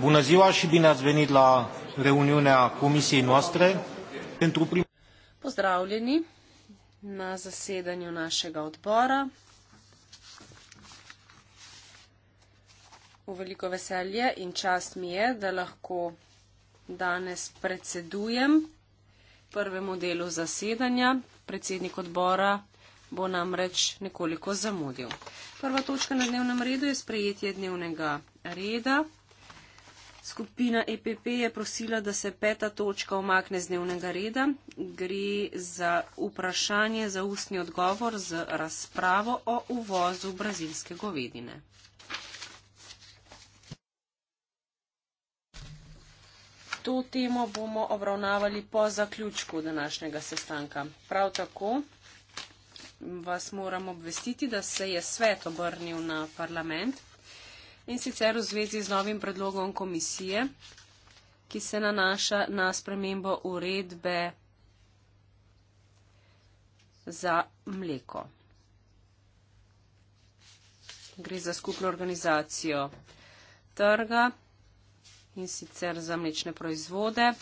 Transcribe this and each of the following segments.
Bună ziua și bine ați venit la reuniunea comisiei noastre pentru prim... Pozdravljeni na zasedanju našega odbora. V veliko veselje in čast mi je, da lahko danes predsedujem prvemu delu zasedanja. Predsednik odbora bo namreč nekoliko zamudil. Prva točka na dnevnem redu je sprejetje dnevnega reda. Skupina EPP je prosila, da se peta točka omakne z dnevnega reda. Gre za vprašanje za ustni odgovor z razpravo o uvozu brazilske govedine. To temo bomo obravnavali po zaključku današnjega sestanka. Prav tako vas moram obvestiti, da se je svet obrnil na parlament in sicer v zvezi z novim predlogom komisije, ki se nanaša na spremembo uredbe za mleko. Gre za skupno organizacijo trga in sicer za mlečne proizvode. Uh,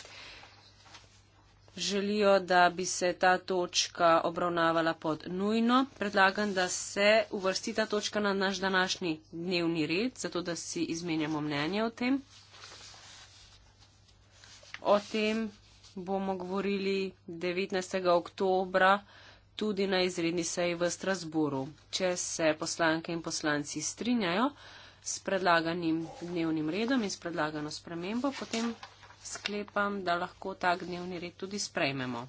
želijo, da bi se ta točka obravnavala pod nujno. Predlagam, da se uvrsti ta točka na naš današnji dnevni red, zato da si izmenjamo mnenje o tem. O tem bomo govorili 19. oktobra tudi na izredni seji v Strasburu, če se poslanke in poslanci strinjajo s predlaganim dnevnim redom in s predlagano spremembo, potem sklepam, da lahko tak dnevni red tudi sprejmemo.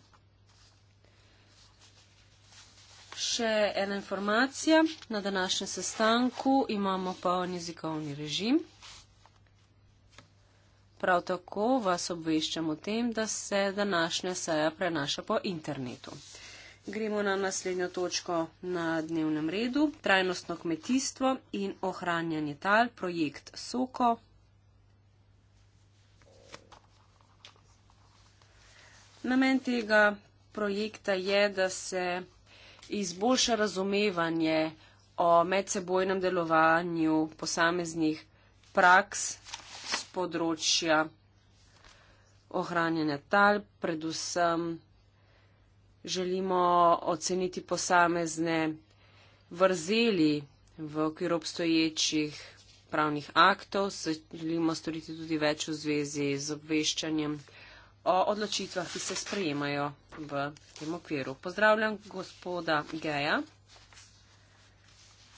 Še ena informacija. Na današnjem sestanku imamo poln jezikovni režim. Prav tako vas obveščam o tem, da se današnja seja prenaša po internetu. Gremo na naslednjo točko na dnevnem redu. Trajnostno kmetijstvo in ohranjanje tal, projekt Soko, Namen tega projekta je, da se izboljša razumevanje o medsebojnem delovanju posameznih praks z področja ohranjanja tal. Predvsem želimo oceniti posamezne vrzeli v okviru obstoječih pravnih aktov. Želimo storiti tudi več v zvezi z obveščanjem o odločitvah, ki se sprejemajo v tem okviru. Pozdravljam gospoda Geja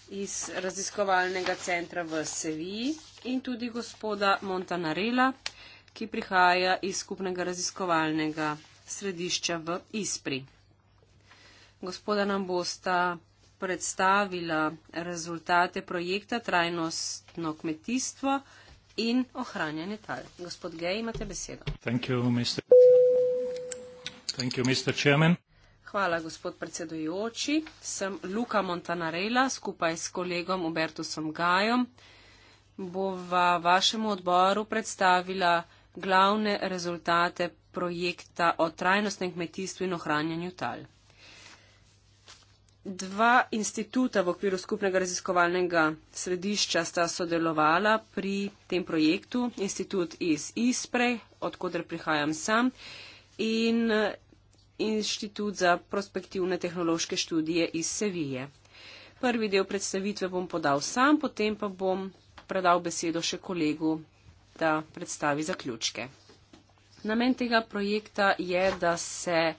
iz raziskovalnega centra v Seviji in tudi gospoda Montanarela, ki prihaja iz skupnega raziskovalnega središča v Ispri. Gospoda nam bosta predstavila rezultate projekta Trajnostno kmetijstvo in ohranjanje tal. Gospod Gej, imate besedo. Thank you, Mr. Thank you, Mr. Chairman. Hvala, gospod predsedujoči. Sem Luka Montanarela skupaj s kolegom Ubertusom Gajom. Bova vašemu odboru predstavila glavne rezultate projekta o trajnostnem kmetijstvu in ohranjanju tal dva instituta v okviru skupnega raziskovalnega središča sta sodelovala pri tem projektu. Institut iz Isprej, odkudar prihajam sam, in eh, Inštitut za prospektivne tehnološke študije iz Sevije. Prvi del predstavitve bom podal sam, potem pa bom predal besedo še kolegu, da predstavi zaključke. Namen tega projekta je, da se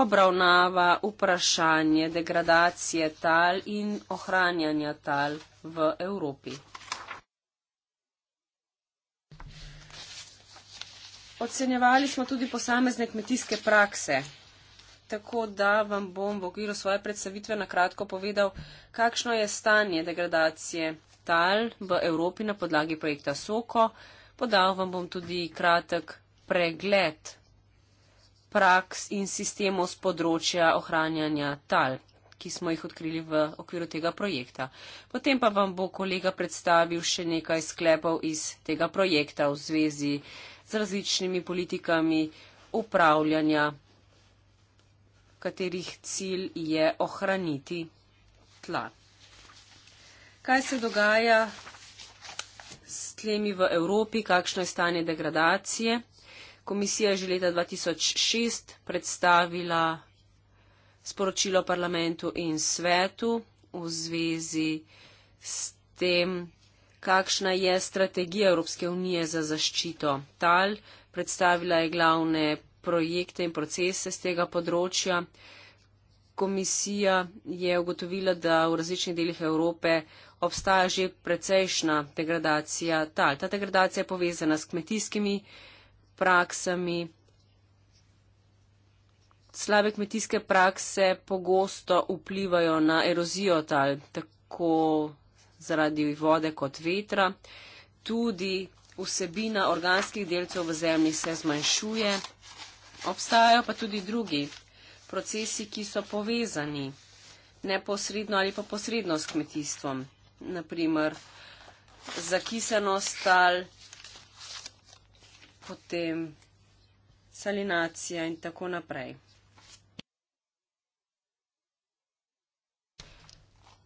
obravnava vprašanje degradacije tal in ohranjanja tal v Evropi. Ocenjevali smo tudi posamezne kmetijske prakse, tako da vam bom v okviru svoje predstavitve na kratko povedal, kakšno je stanje degradacije tal v Evropi na podlagi projekta Soko. Podal vam bom tudi kratek pregled praks in sistemov z področja ohranjanja tal, ki smo jih odkrili v okviru tega projekta. Potem pa vam bo kolega predstavil še nekaj sklepov iz tega projekta v zvezi z različnimi politikami upravljanja, katerih cilj je ohraniti tla. Kaj se dogaja s tlemi v Evropi, kakšno je stanje degradacije? Komisija je že leta 2006 predstavila sporočilo parlamentu in svetu v zvezi s tem, kakšna je strategija Evropske unije za zaščito tal. Predstavila je glavne projekte in procese z tega področja. Komisija je ugotovila, da v različnih delih Evrope obstaja že precejšna degradacija tal. Ta degradacija je povezana s kmetijskimi praksami. Slabe kmetijske prakse pogosto vplivajo na erozijo tal, tako zaradi vode kot vetra. Tudi vsebina organskih delcev v zemlji se zmanjšuje. Obstajajo pa tudi drugi procesi, ki so povezani neposredno ali pa posredno s kmetijstvom. Naprimer, zakisenost tal, potem salinacija in tako naprej.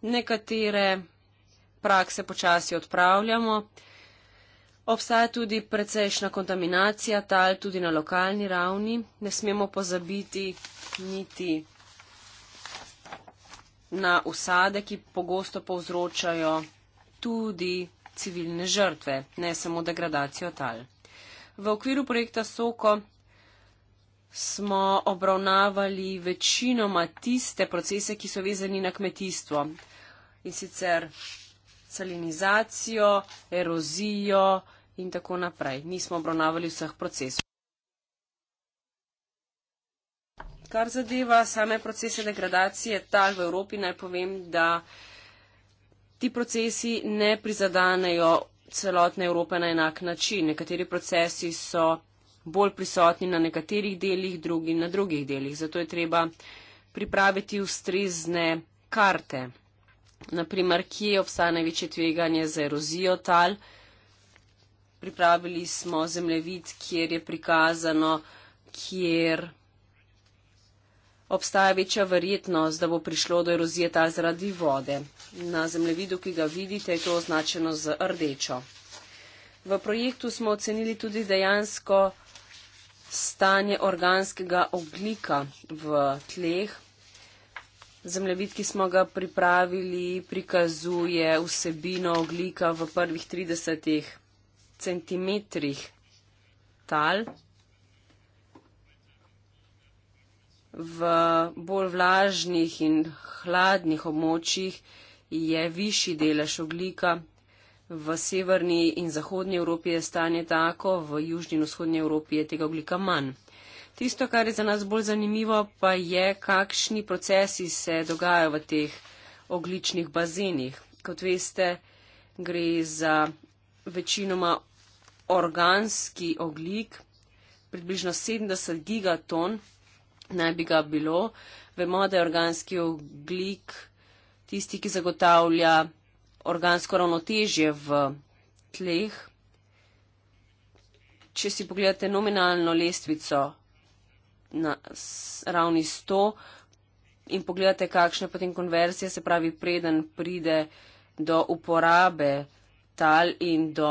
Nekatere prakse počasi odpravljamo. Obstaja tudi precejšna kontaminacija tal, tudi na lokalni ravni. Ne smemo pozabiti niti na usade, ki pogosto povzročajo tudi civilne žrtve, ne samo degradacijo tal. V okviru projekta SOKO smo obravnavali večinoma tiste procese, ki so vezani na kmetijstvo in sicer salinizacijo, erozijo in tako naprej. Nismo obravnavali vseh procesov. Kar zadeva same procese degradacije tal v Evropi, naj povem, da ti procesi ne prizadanejo celotne Evrope na enak način. Nekateri procesi so bolj prisotni na nekaterih delih, drugi na drugih delih. Zato je treba pripraviti ustrezne karte. Naprimer, kje obstaja največje tveganje za erozijo tal. Pripravili smo zemljevid, kjer je prikazano, kjer obstaja večja verjetnost, da bo prišlo do erozije ta zaradi vode. Na zemljevidu, ki ga vidite, je to označeno z rdečo. V projektu smo ocenili tudi dejansko stanje organskega oglika v tleh. Zemljevid, ki smo ga pripravili, prikazuje vsebino oglika v prvih 30 centimetrih tal. v bolj vlažnih in hladnih območjih je višji delež oglika. V severni in zahodnji Evropi je stanje tako, v južni in vzhodnji Evropi je tega oglika manj. Tisto, kar je za nas bolj zanimivo, pa je, kakšni procesi se dogajajo v teh ogličnih bazenih. Kot veste, gre za večinoma organski oglik, približno 70 gigaton naj bi ga bilo. Vemo, da je organski oglik tisti, ki zagotavlja organsko ravnotežje v tleh. Če si pogledate nominalno lestvico na ravni 100 in pogledate, kakšna potem konverzija, se pravi, preden pride do uporabe tal in do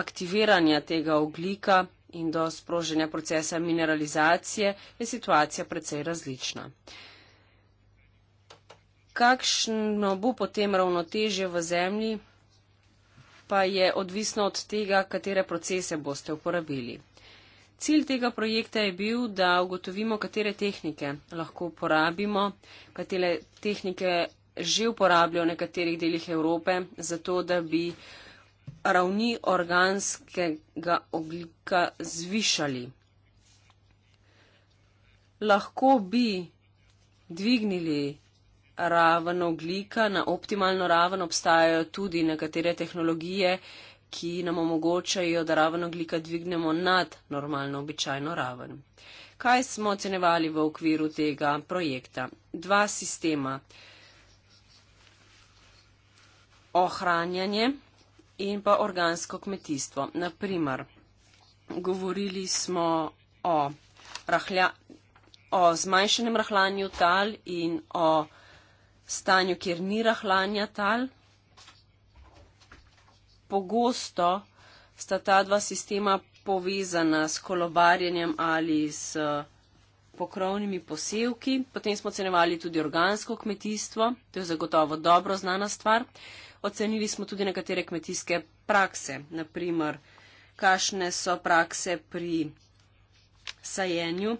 aktiviranja tega oglika, in do sproženja procesa mineralizacije je situacija precej različna. Kakšno bo potem ravnotežje v zemlji, pa je odvisno od tega, katere procese boste uporabili. Cilj tega projekta je bil, da ugotovimo, katere tehnike lahko uporabimo, katere tehnike že uporabljajo v nekaterih delih Evrope, zato da bi uh, ravni organskega oglika zvišali. Lahko bi dvignili raven oglika na optimalno raven, obstajajo tudi nekatere tehnologije, ki nam omogočajo, da raven oglika dvignemo nad normalno običajno raven. Kaj smo ocenevali v okviru tega projekta? Dva sistema. Ohranjanje in pa organsko kmetijstvo. Naprimer, govorili smo o, rahlja, o zmanjšenem rahlanju tal in o stanju, kjer ni rahlanja tal. Pogosto sta ta dva sistema povezana s kolobarjenjem ali s eh, pokrovnimi posevki. Potem smo ocenjevali tudi organsko kmetijstvo, to je zagotovo dobro znana stvar ocenili smo tudi nekatere kmetijske prakse, naprimer, kašne so prakse pri sajenju.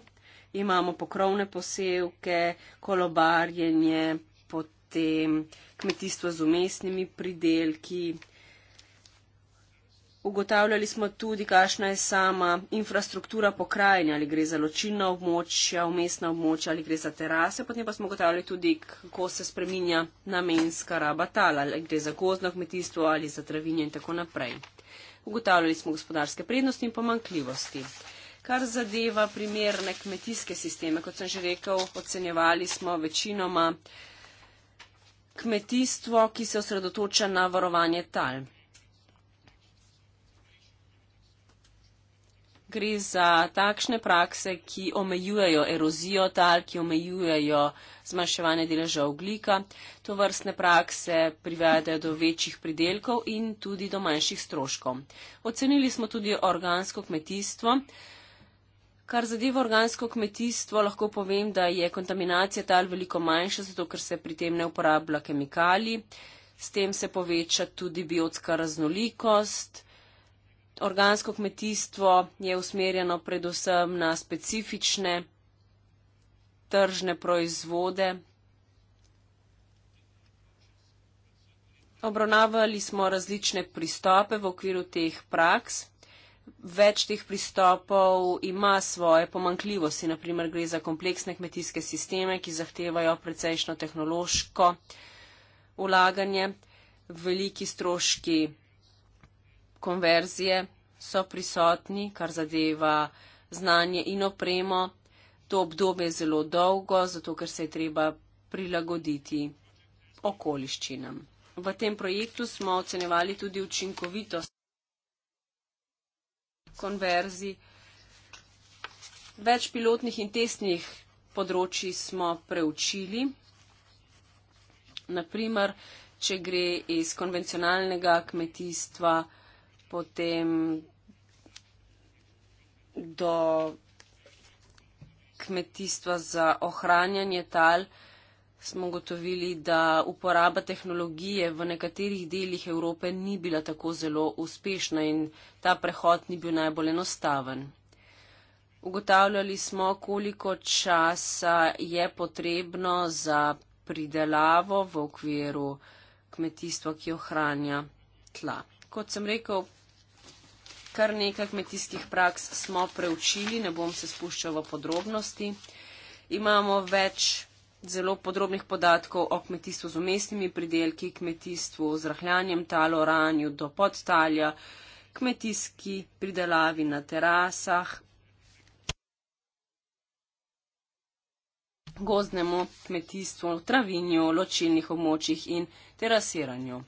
Imamo pokrovne posevke, kolobarjenje, potem kmetijstvo z umestnimi pridelki, ugotavljali smo tudi, kakšna je sama infrastruktura pokrajine, ali gre za ločina območja, umestna območja, ali gre za terase. Potem pa smo ugotavljali tudi, kako se spreminja namenska raba tal, ali gre za gozdno kmetijstvo ali za travinje in tako naprej. Ugotavljali smo gospodarske prednosti in pomankljivosti. Kar zadeva primerne kmetijske sisteme, kot sem že rekel, ocenjevali smo večinoma kmetijstvo, ki se osredotoča na varovanje tal. gre za takšne prakse, ki omejujejo erozijo tal, ki omejujejo zmanjševanje deleža oglika. To vrstne prakse privedajo do večjih pridelkov in tudi do manjših stroškov. Ocenili smo tudi organsko kmetijstvo. Kar zadeva organsko kmetijstvo, lahko povem, da je kontaminacija tal veliko manjša, zato ker se pri tem ne uporablja kemikali. S tem se poveča tudi biotska raznolikost organsko kmetijstvo je usmerjeno predvsem na specifične tržne proizvode. Obravnavali smo različne pristope v okviru teh praks. Več teh pristopov ima svoje pomankljivosti, naprimer gre za kompleksne kmetijske sisteme, ki zahtevajo precejšno tehnološko ulaganje, veliki stroški konverzije so prisotni, kar zadeva znanje in opremo. To obdobje je zelo dolgo, zato ker se je treba prilagoditi okoliščinam. V tem projektu smo ocenjevali tudi učinkovitost konverzij. Več pilotnih in testnih področji smo preučili. Naprimer, če gre iz konvencionalnega kmetijstva, potem do kmetijstva za ohranjanje tal smo gotovili, da uporaba tehnologije v nekaterih delih Evrope ni bila tako zelo uspešna in ta prehod ni bil najbolj enostaven. Ugotavljali smo, koliko časa je potrebno za pridelavo v okviru kmetijstva, ki ohranja tla. Kot sem rekel, kar nekaj kmetijskih praks smo preučili, ne bom se spuščal v podrobnosti. Imamo več zelo podrobnih podatkov o kmetijstvu z umestnimi pridelki, kmetijstvu z rahljanjem tal, oranju do podtalja, kmetijski pridelavi na terasah, gozdnemu kmetijstvu, travinju, ločilnih območjih in terasiranju.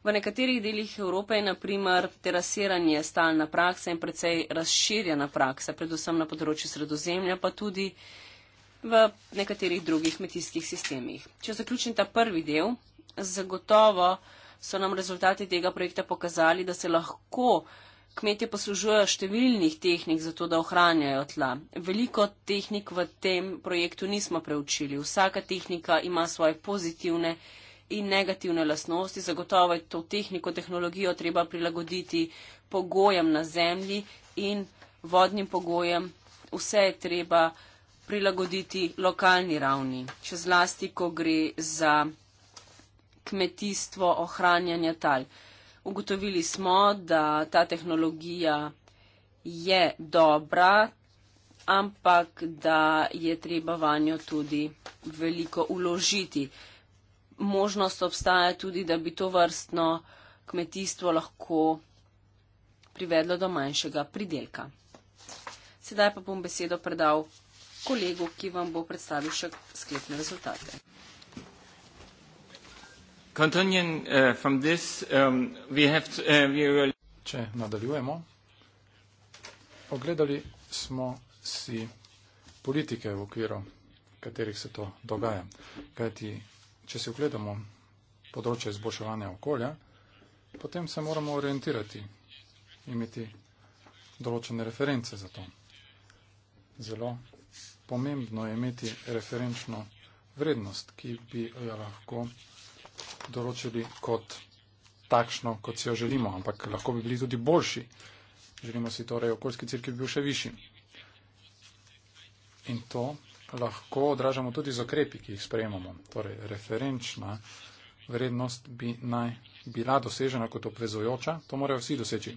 V nekaterih delih Evrope je naprimer terasiranje stalna praksa in precej razširjena praksa, predvsem na področju sredozemlja, pa tudi v nekaterih drugih kmetijskih sistemih. Če zaključim ta prvi del, zagotovo so nam rezultati tega projekta pokazali, da se lahko kmetje poslužujejo številnih tehnik za to, da ohranjajo tla. Veliko tehnik v tem projektu nismo preučili. Vsaka tehnika ima svoje pozitivne in negativne lastnosti. Zagotovo je to tehniko, tehnologijo treba prilagoditi pogojem na zemlji in vodnim pogojem. Vse je treba prilagoditi lokalni ravni, še zlasti, ko gre za kmetijstvo, ohranjanje tal. Ugotovili smo, da ta tehnologija je dobra, ampak da je treba vanjo tudi veliko uložiti možnost obstaja tudi, da bi to vrstno kmetijstvo lahko privedlo do manjšega pridelka. Sedaj pa bom besedo predal kolegu, ki vam bo predstavil še sklepne rezultate. Eh, um, eh, Če nadaljujemo, ogledali smo si politike v okviru, katerih se to dogaja. Kajti če si ogledamo področje izboljševanja okolja, potem se moramo orientirati, imeti določene reference za to. Zelo pomembno je imeti referenčno vrednost, ki bi jo lahko določili kot takšno, kot si jo želimo, ampak lahko bi bili tudi boljši. Želimo si torej okoljski cilj, ki bi bil še višji. In to lahko odražamo tudi z okrepi, ki jih sprejemamo. Torej, referenčna vrednost bi naj bila dosežena kot obvezojoča, to morajo vsi doseči.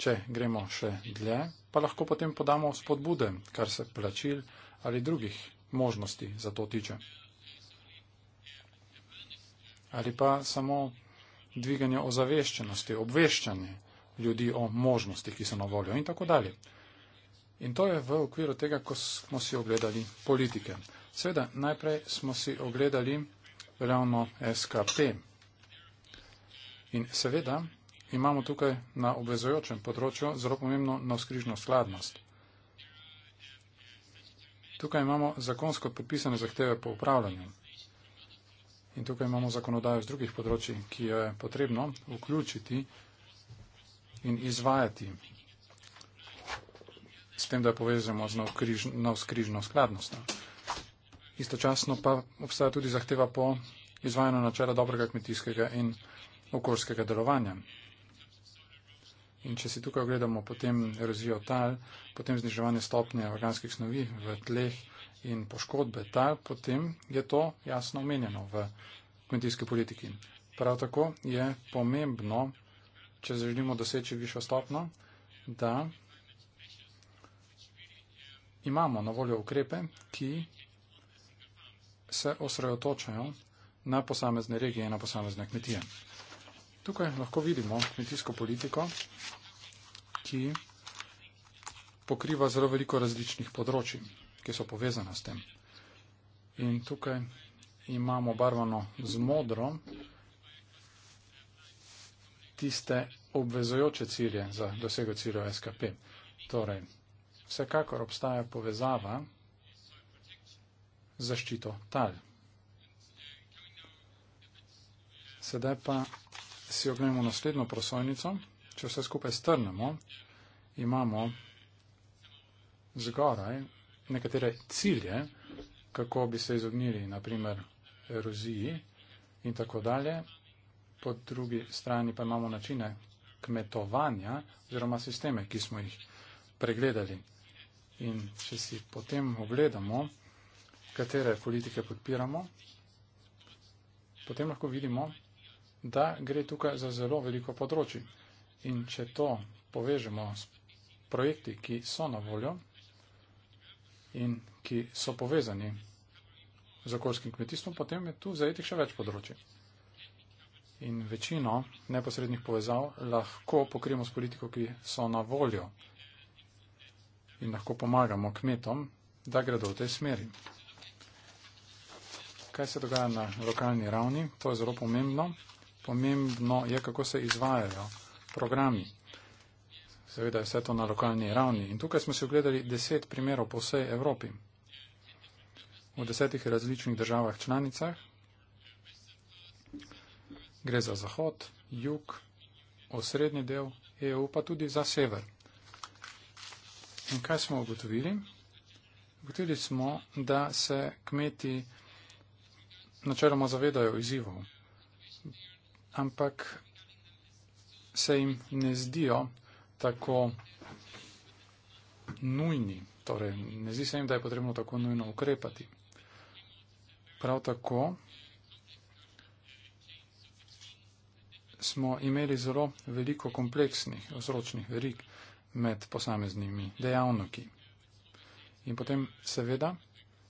Če gremo še dlje, pa lahko potem podamo spodbude, kar se plačil ali drugih možnosti za to tiče. Ali pa samo dviganje ozaveščenosti, obveščanje ljudi o možnosti, ki so na voljo in tako dalje. In to je v okviru tega, ko smo si ogledali politike. Sveda, najprej smo si ogledali ravno SKP. In seveda imamo tukaj na obvezojočem področju zelo pomembno navskrižno skladnost. Tukaj imamo zakonsko podpisane zahteve po upravljanju. In tukaj imamo zakonodajo z drugih področji, ki jo je potrebno vključiti in izvajati s tem, da povežemo z novskrižno križ, nov skladnostjo. Istočasno pa obstaja tudi zahteva po izvajanju načela dobrega kmetijskega in okoljskega delovanja. In če si tukaj ogledamo potem erozijo tal, potem zniževanje stopnje organskih snovi v tleh in poškodbe tal, potem je to jasno omenjeno v kmetijski politiki. Prav tako je pomembno, če želimo doseči višjo stopno, da imamo na voljo ukrepe, ki se osredotočajo na posamezne regije, na posamezne kmetije. Tukaj lahko vidimo kmetijsko politiko, ki pokriva zelo veliko različnih področji, ki so povezana s tem. In tukaj imamo barvano z modro tiste obvezojoče cilje za dosego cilja SKP. Torej, vsekakor obstaja povezava z zaščito tal. Sedaj pa si ognemo naslednjo prosojnico. Če vse skupaj strnemo, imamo zgoraj nekatere cilje, kako bi se izognili, naprimer, eroziji in tako dalje. Po drugi strani pa imamo načine kmetovanja oziroma sisteme, ki smo jih pregledali. In če si potem ogledamo, katere politike podpiramo, potem lahko vidimo, da gre tukaj za zelo veliko področji. In če to povežemo s projekti, ki so na voljo in ki so povezani z okoljskim kmetijstvom, potem je tu zajetih še več področji. In večino neposrednih povezav lahko pokrijemo s politiko, ki so na voljo in lahko pomagamo kmetom, da gredo v tej smeri. Kaj se dogaja na lokalni ravni? To je zelo pomembno. Pomembno je, kako se izvajajo programi. Seveda je vse to na lokalni ravni. In tukaj smo si ogledali deset primerov po vsej Evropi. V desetih različnih državah članicah. Gre za zahod, jug, osrednji del EU, pa tudi za sever. In kaj smo ugotovili? Ugotovili smo, da se kmeti načeloma zavedajo izzivov, ampak se jim ne zdijo tako nujni, torej ne zdi se jim, da je potrebno tako nujno ukrepati. Prav tako smo imeli zelo veliko kompleksnih vzročnih verig, med posameznimi dejavniki. In potem, seveda,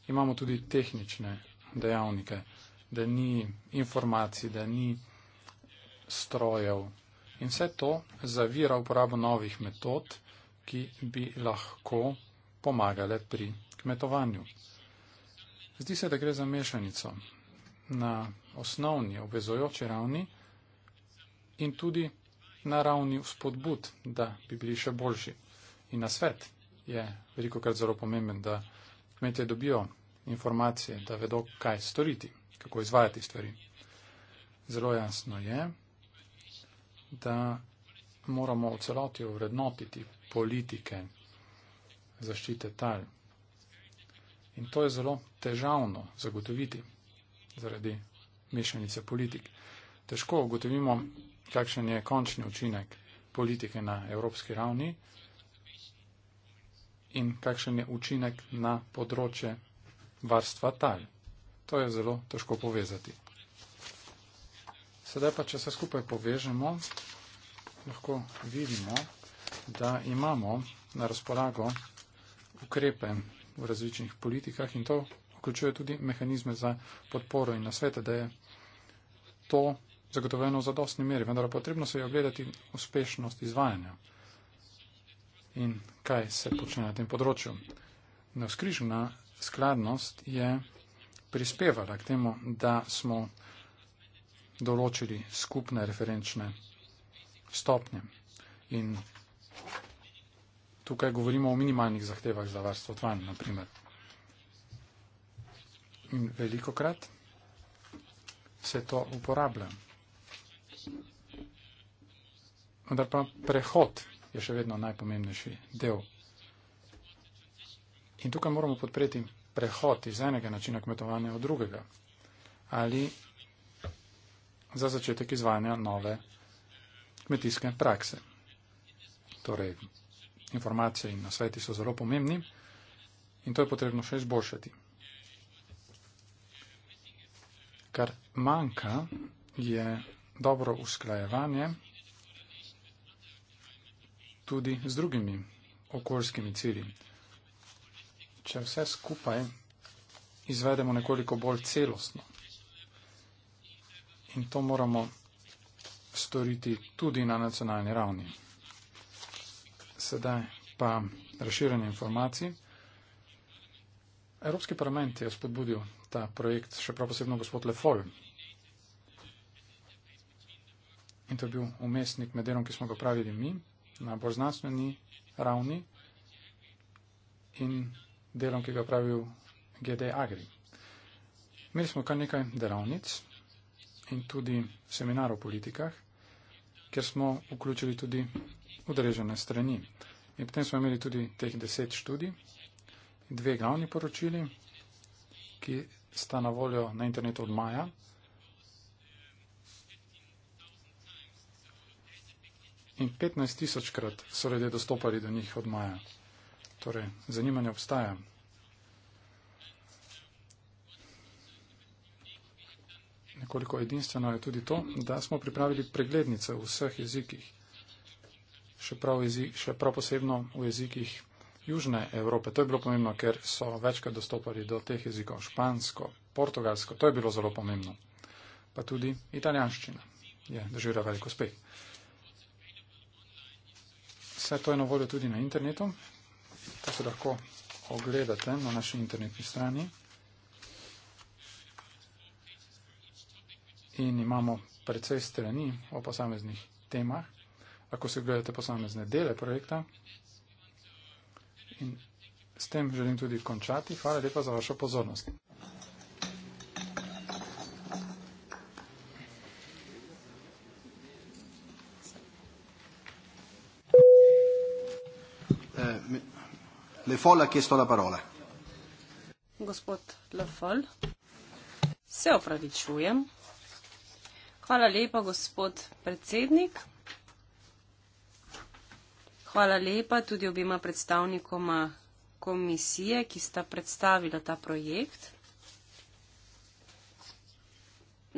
imamo tudi tehnične dejavnike, da ni informacij, da ni strojev. In vse to zavira uporabo novih metod, ki bi lahko pomagale pri kmetovanju. Zdi se, da gre za mešanico na osnovni, obvezojoči ravni in tudi na ravni vzpodbud, da bi bili še boljši. In na svet je veliko krat zelo pomemben, da kmetje dobijo informacije, da vedo, kaj storiti, kako izvajati stvari. Zelo jasno je, da moramo v celoti vrednotiti politike zaščite tal. In to je zelo težavno zagotoviti zaradi mešanice politik. Težko ugotovimo, kakšen je končni učinek politike na evropski ravni in kakšen je učinek na področje varstva tal. To je zelo težko povezati. Sedaj pa, če se skupaj povežemo, lahko vidimo, da imamo na razpolago ukrepe v različnih politikah in to vključuje tudi mehanizme za podporo in nasvete, da je to zagotovljeno v zadostni meri, vendar potrebno se je ogledati uspešnost izvajanja in kaj se počne na tem področju. Navskrižna skladnost je prispevala k temu, da smo določili skupne referenčne stopnje. In tukaj govorimo o minimalnih zahtevah za varstvo tvan, na primer. In veliko krat se to uporablja. Vendar pa prehod je še vedno najpomembnejši del. In tukaj moramo podpreti prehod iz enega načina kmetovanja v drugega. Ali za začetek izvajanja nove kmetijske prakse. Torej, informacije in nasveti so zelo pomembni in to je potrebno še izboljšati. Kar manjka je dobro usklajevanje tudi z drugimi okoljskimi cilji. Če vse skupaj izvedemo nekoliko bolj celostno in to moramo storiti tudi na nacionalni ravni. Sedaj pa razširanje informacij. Evropski parlament je spodbudil ta projekt, še prav posebno gospod Lefol, In to je bil umestnik med delom, ki smo ga pravili mi, na bolj znanstveni ravni in delom, ki ga pravil GD Agri. Imeli smo kar nekaj delavnic in tudi seminar o politikah, kjer smo vključili tudi udeležene strani. In potem smo imeli tudi teh deset študij, dve glavni poročili, ki sta na voljo na internetu od maja in 15 tisočkrat so ljudje dostopali do njih od maja. Torej, zanimanje obstaja. Nekoliko edinstveno je tudi to, da smo pripravili preglednice v vseh jezikih, še prav, jezik, še prav posebno v jezikih Južne Evrope. To je bilo pomembno, ker so večkrat dostopali do teh jezikov. Špansko, portugalsko, to je bilo zelo pomembno. Pa tudi italijanščina je doživela veliko uspeha vse to je na voljo tudi na internetu. To se lahko ogledate na naši internetni strani. In imamo precej strani o posameznih temah. Lahko si gledate posamezne dele projekta. In s tem želim tudi končati. Hvala lepa za vašo pozornost. Le Foll ha chiesto la parola. Gospod Le Foll, se opravičujem. Hvala lepa, gospod predsednik. Hvala lepa tudi obima predstavnikoma komisije, ki sta predstavila ta projekt.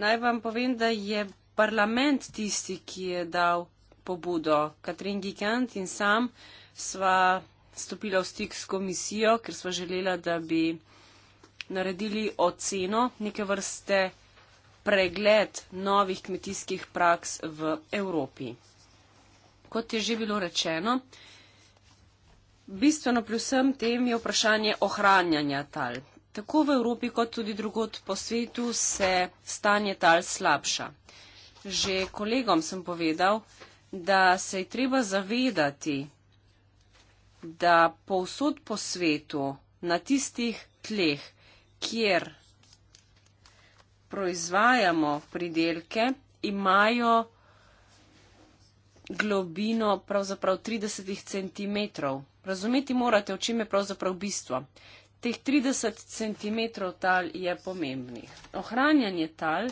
Naj vam povem, da je parlament tisti, ki je dal pobudo. Katrin Gigant in sam sva stopila v stik s komisijo, ker smo želela, da bi naredili oceno neke vrste pregled novih kmetijskih praks v Evropi. Kot je že bilo rečeno, bistveno pri vsem tem je vprašanje ohranjanja tal. Tako v Evropi kot tudi drugot po svetu se stanje tal slabša. Že kolegom sem povedal, da se je treba zavedati, da povsod po svetu, na tistih tleh, kjer proizvajamo pridelke, imajo globino pravzaprav 30 cm. Razumeti morate, v čem je pravzaprav bistvo. Teh 30 cm tal je pomembnih. Ohranjanje tal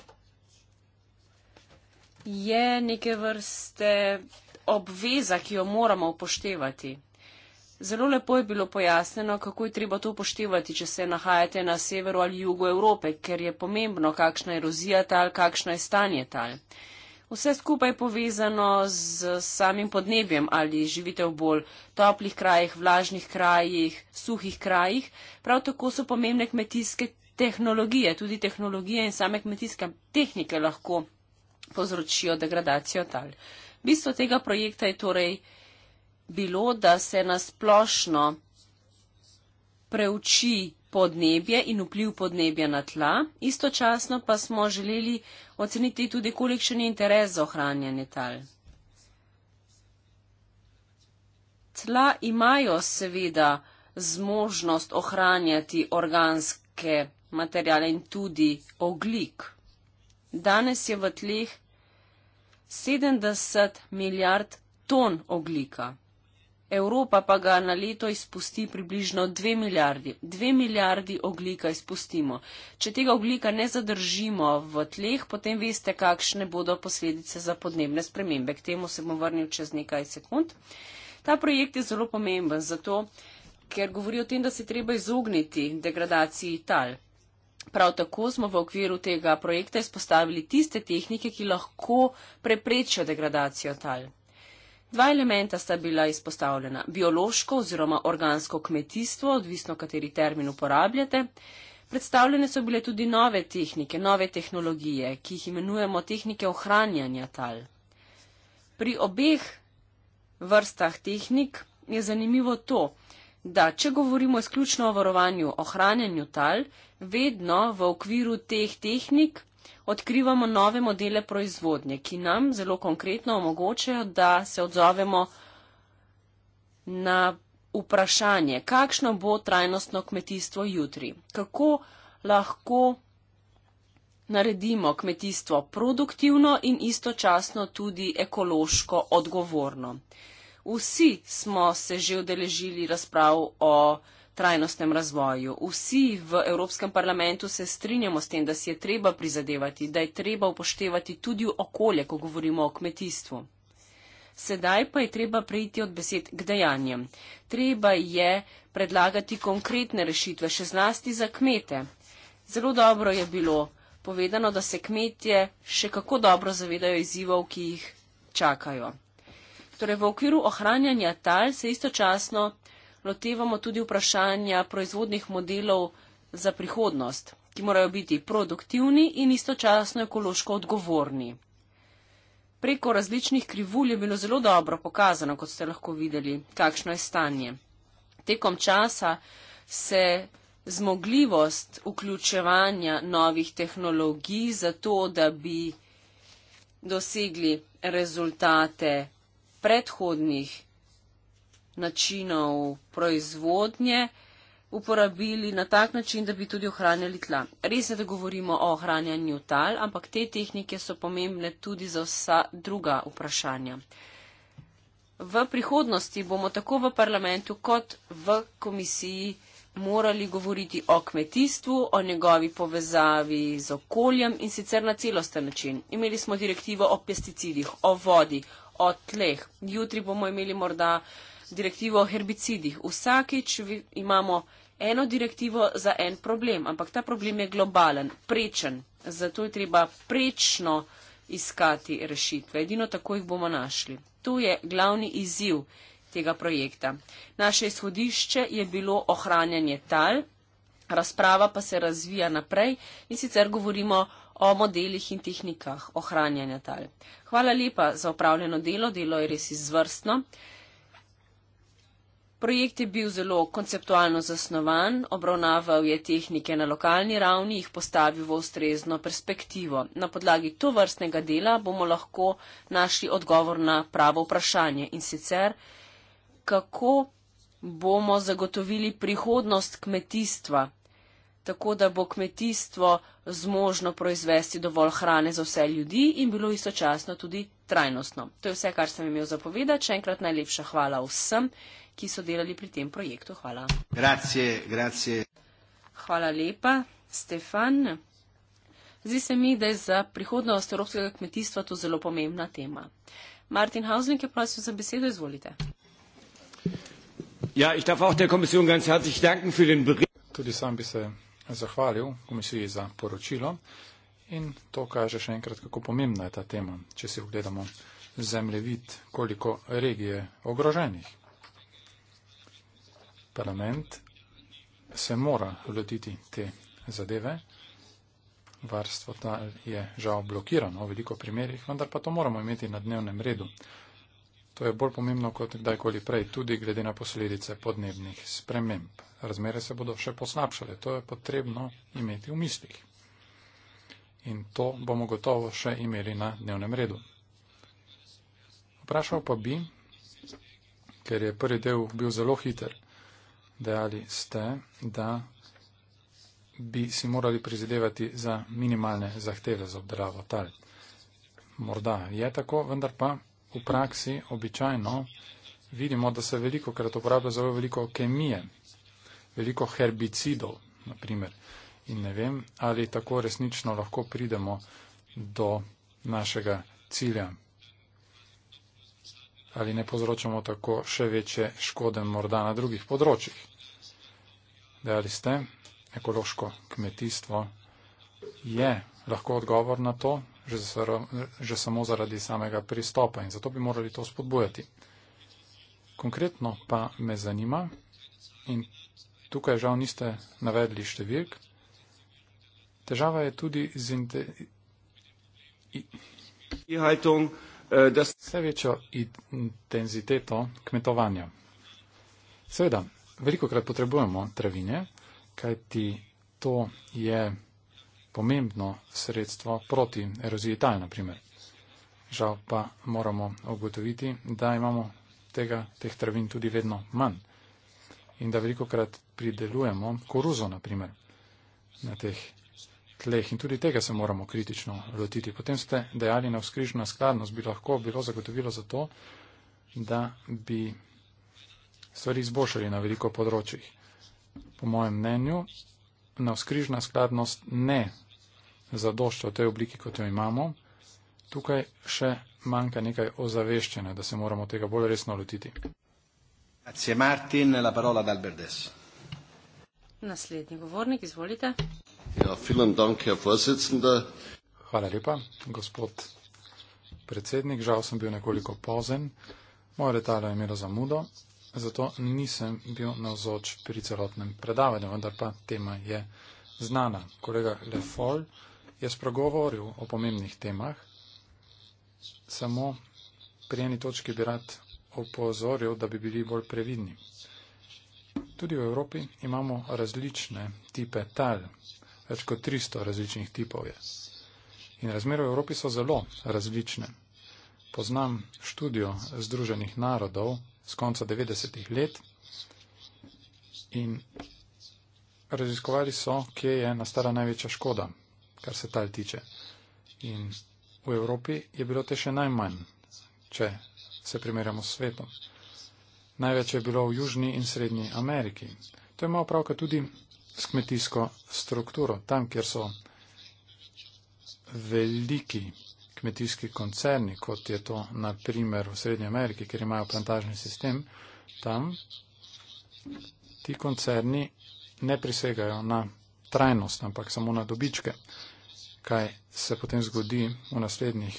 je neke vrste obveza, ki jo moramo upoštevati. Zelo lepo je bilo pojasneno, kako je treba to upoštevati, če se nahajate na severu ali jugu Evrope, ker je pomembno, kakšna je rozija tal, kakšno je stanje tal. Vse skupaj je povezano z samim podnebjem, ali živite v bolj toplih krajih, vlažnih krajih, suhih krajih. Prav tako so pomembne kmetijske tehnologije, tudi tehnologije in same kmetijske tehnike lahko povzročijo degradacijo tal. Bistvo tega projekta je torej bilo, da se nasplošno preuči podnebje in vpliv podnebja na tla, istočasno pa smo želeli oceniti tudi, kolikšen je interes za ohranjanje tal. Tla imajo seveda zmožnost ohranjati organske materijale in tudi oglik. Danes je v tleh 70 milijard ton oglika. Evropa pa ga na leto izpusti približno 2 milijardi. 2 milijardi oglika izpustimo. Če tega oglika ne zadržimo v tleh, potem veste, kakšne bodo posledice za podnebne spremembe. K temu se bom vrnil čez nekaj sekund. Ta projekt je zelo pomemben zato, ker govori o tem, da se treba izogniti degradaciji tal. Prav tako smo v okviru tega projekta izpostavili tiste tehnike, ki lahko preprečijo degradacijo tal. Dva elementa sta bila izpostavljena: biološko oziroma organsko kmetijstvo, odvisno kateri termin uporabljate. Predstavljene so bile tudi nove tehnike, nove tehnologije, ki jih imenujemo tehnike ohranjanja tal. Pri obeh vrstah tehnik je zanimivo to, da če govorimo izključno o varovanju, ohranjanju tal, vedno v okviru teh tehnik odkrivamo nove modele proizvodnje, ki nam zelo konkretno omogočajo, da se odzovemo na vprašanje, kakšno bo trajnostno kmetijstvo jutri, kako lahko naredimo kmetijstvo produktivno in istočasno tudi ekološko odgovorno. Vsi smo se že odeležili razprav o trajnostnem razvoju. Vsi v Evropskem parlamentu se strinjamo s tem, da si je treba prizadevati, da je treba upoštevati tudi okolje, ko govorimo o kmetijstvu. Sedaj pa je treba preiti od besed k dejanjem. Treba je predlagati konkretne rešitve, še zlasti za kmete. Zelo dobro je bilo povedano, da se kmetje še kako dobro zavedajo izzivov, ki jih čakajo. Torej, v okviru ohranjanja tal se istočasno lotevamo tudi vprašanja proizvodnih modelov za prihodnost, ki morajo biti produktivni in istočasno ekološko odgovorni. Preko različnih krivulj je bilo zelo dobro pokazano, kot ste lahko videli, kakšno je stanje. Tekom časa se zmogljivost vključevanja novih tehnologij za to, da bi dosegli rezultate predhodnih načinov proizvodnje uporabili na tak način, da bi tudi ohranjali tla. Res je, da govorimo o ohranjanju tal, ampak te tehnike so pomembne tudi za vsa druga vprašanja. V prihodnosti bomo tako v parlamentu kot v komisiji morali govoriti o kmetijstvu, o njegovi povezavi z okoljem in sicer na celosten način. Imeli smo direktivo o pesticidih, o vodi, o tleh. Jutri bomo imeli morda uh, direktivo o herbicidih. Vsakič imamo eno direktivo za en problem, ampak ta problem je globalen, prečen. Zato je treba prečno iskati rešitve. Edino tako jih bomo našli. To je glavni izziv tega projekta. Naše izhodišče je bilo ohranjanje tal, razprava pa se razvija naprej in sicer govorimo o modelih in tehnikah ohranjanja tal. Hvala lepa za opravljeno delo, delo je res izvrstno. Projekt je bil zelo konceptualno zasnovan, obravnaval je tehnike na lokalni ravni, jih postavil v ustrezno perspektivo. Na podlagi to vrstnega dela bomo lahko našli odgovor na pravo vprašanje in sicer, kako bomo zagotovili prihodnost kmetijstva, tako da bo kmetijstvo zmožno proizvesti dovolj hrane za vse ljudi in bilo istočasno tudi trajnostno. To je vse, kar sem imel zapovedati. Še enkrat najlepša hvala vsem ki so delali pri tem projektu. Hvala. Grazie, grazie. Hvala lepa, Stefan. Zdi se mi, da je za prihodnost evropskega kmetijstva to zelo pomembna tema. Martin Hausnik je prosil za besedo, izvolite. Ja, ich darf auch der Kommission ganz herzlich danken für den Bericht. Tudi sam bi se zahvalil komisiji za poročilo in to kaže še enkrat, kako pomembna je ta tema, če si ogledamo zemljevid, koliko regije ogroženih parlament se mora lotiti te zadeve. Varstvo tal je žal blokirano v veliko primerjih, vendar pa to moramo imeti na dnevnem redu. To je bolj pomembno kot kdajkoli prej, tudi glede na posledice podnebnih sprememb. Razmere se bodo še poslabšale, to je potrebno imeti v mislih. In to bomo gotovo še imeli na dnevnem redu. Vprašal pa bi, ker je prvi del bil zelo hiter, dejali ste, da bi si morali prizadevati za minimalne zahteve za obdelavo tal. Morda je tako, vendar pa v praksi običajno vidimo, da se veliko krat uporablja zelo veliko kemije, veliko herbicidov, naprimer. In ne vem, ali tako resnično lahko pridemo do našega cilja. Ali ne povzročamo tako še večje škode morda na drugih področjih dejali ste, ekološko kmetijstvo je lahko odgovor na to, že, zaro, že samo zaradi samega pristopa in zato bi morali to spodbujati. Konkretno pa me zanima in tukaj žal niste navedli številk, težava je tudi z inte... Eh, vse večjo intenziteto kmetovanja. Seveda, veliko krat potrebujemo travinje, kajti to je pomembno sredstvo proti eroziji tal, naprimer. Žal pa moramo ugotoviti, da imamo tega, teh travin tudi vedno manj in da veliko krat pridelujemo koruzo, naprimer, na teh tleh in tudi tega se moramo kritično lotiti. Potem ste dejali na vzkrižna skladnost, bi lahko bilo zagotovilo za to, da bi stvari izboljšali na veliko področjih. Po mojem mnenju, navskrižna skladnost ne zadošča v tej obliki, kot jo imamo. Tukaj še manjka nekaj ozaveščene, da se moramo tega bolj resno lotiti. Grazie Martin, la parola d'Alberdes. Naslednji govornik, izvolite. Ja, vielen Dank, Herr Vorsitzender. Hvala lepa, gospod predsednik. Žal sem bil nekoliko pozen. Moje letalo je imelo zamudo, zato nisem bil navzoč pri celotnem predavanju, vendar pa tema je znana. Kolega Lefol je spregovoril o pomembnih temah, samo pri eni točki bi rad opozoril, da bi bili bolj previdni. Tudi v Evropi imamo različne tipe tal, več kot 300 različnih tipov je. In razmere v Evropi so zelo različne. Poznam študijo Združenih narodov z konca 90-ih let in raziskovali so, kje je nastala največja škoda, kar se tal tiče. In v Evropi je bilo te še najmanj, če se primerjamo s svetom. Največ je bilo v Južni in Srednji Ameriki. To ima opravka tudi s kmetijsko strukturo, tam, kjer so veliki kmetijski koncerni, kot je to na primer v Srednji Ameriki, kjer imajo plantažni sistem, tam ti koncerni ne prisegajo na trajnost, ampak samo na dobičke. Kaj se potem zgodi v naslednjih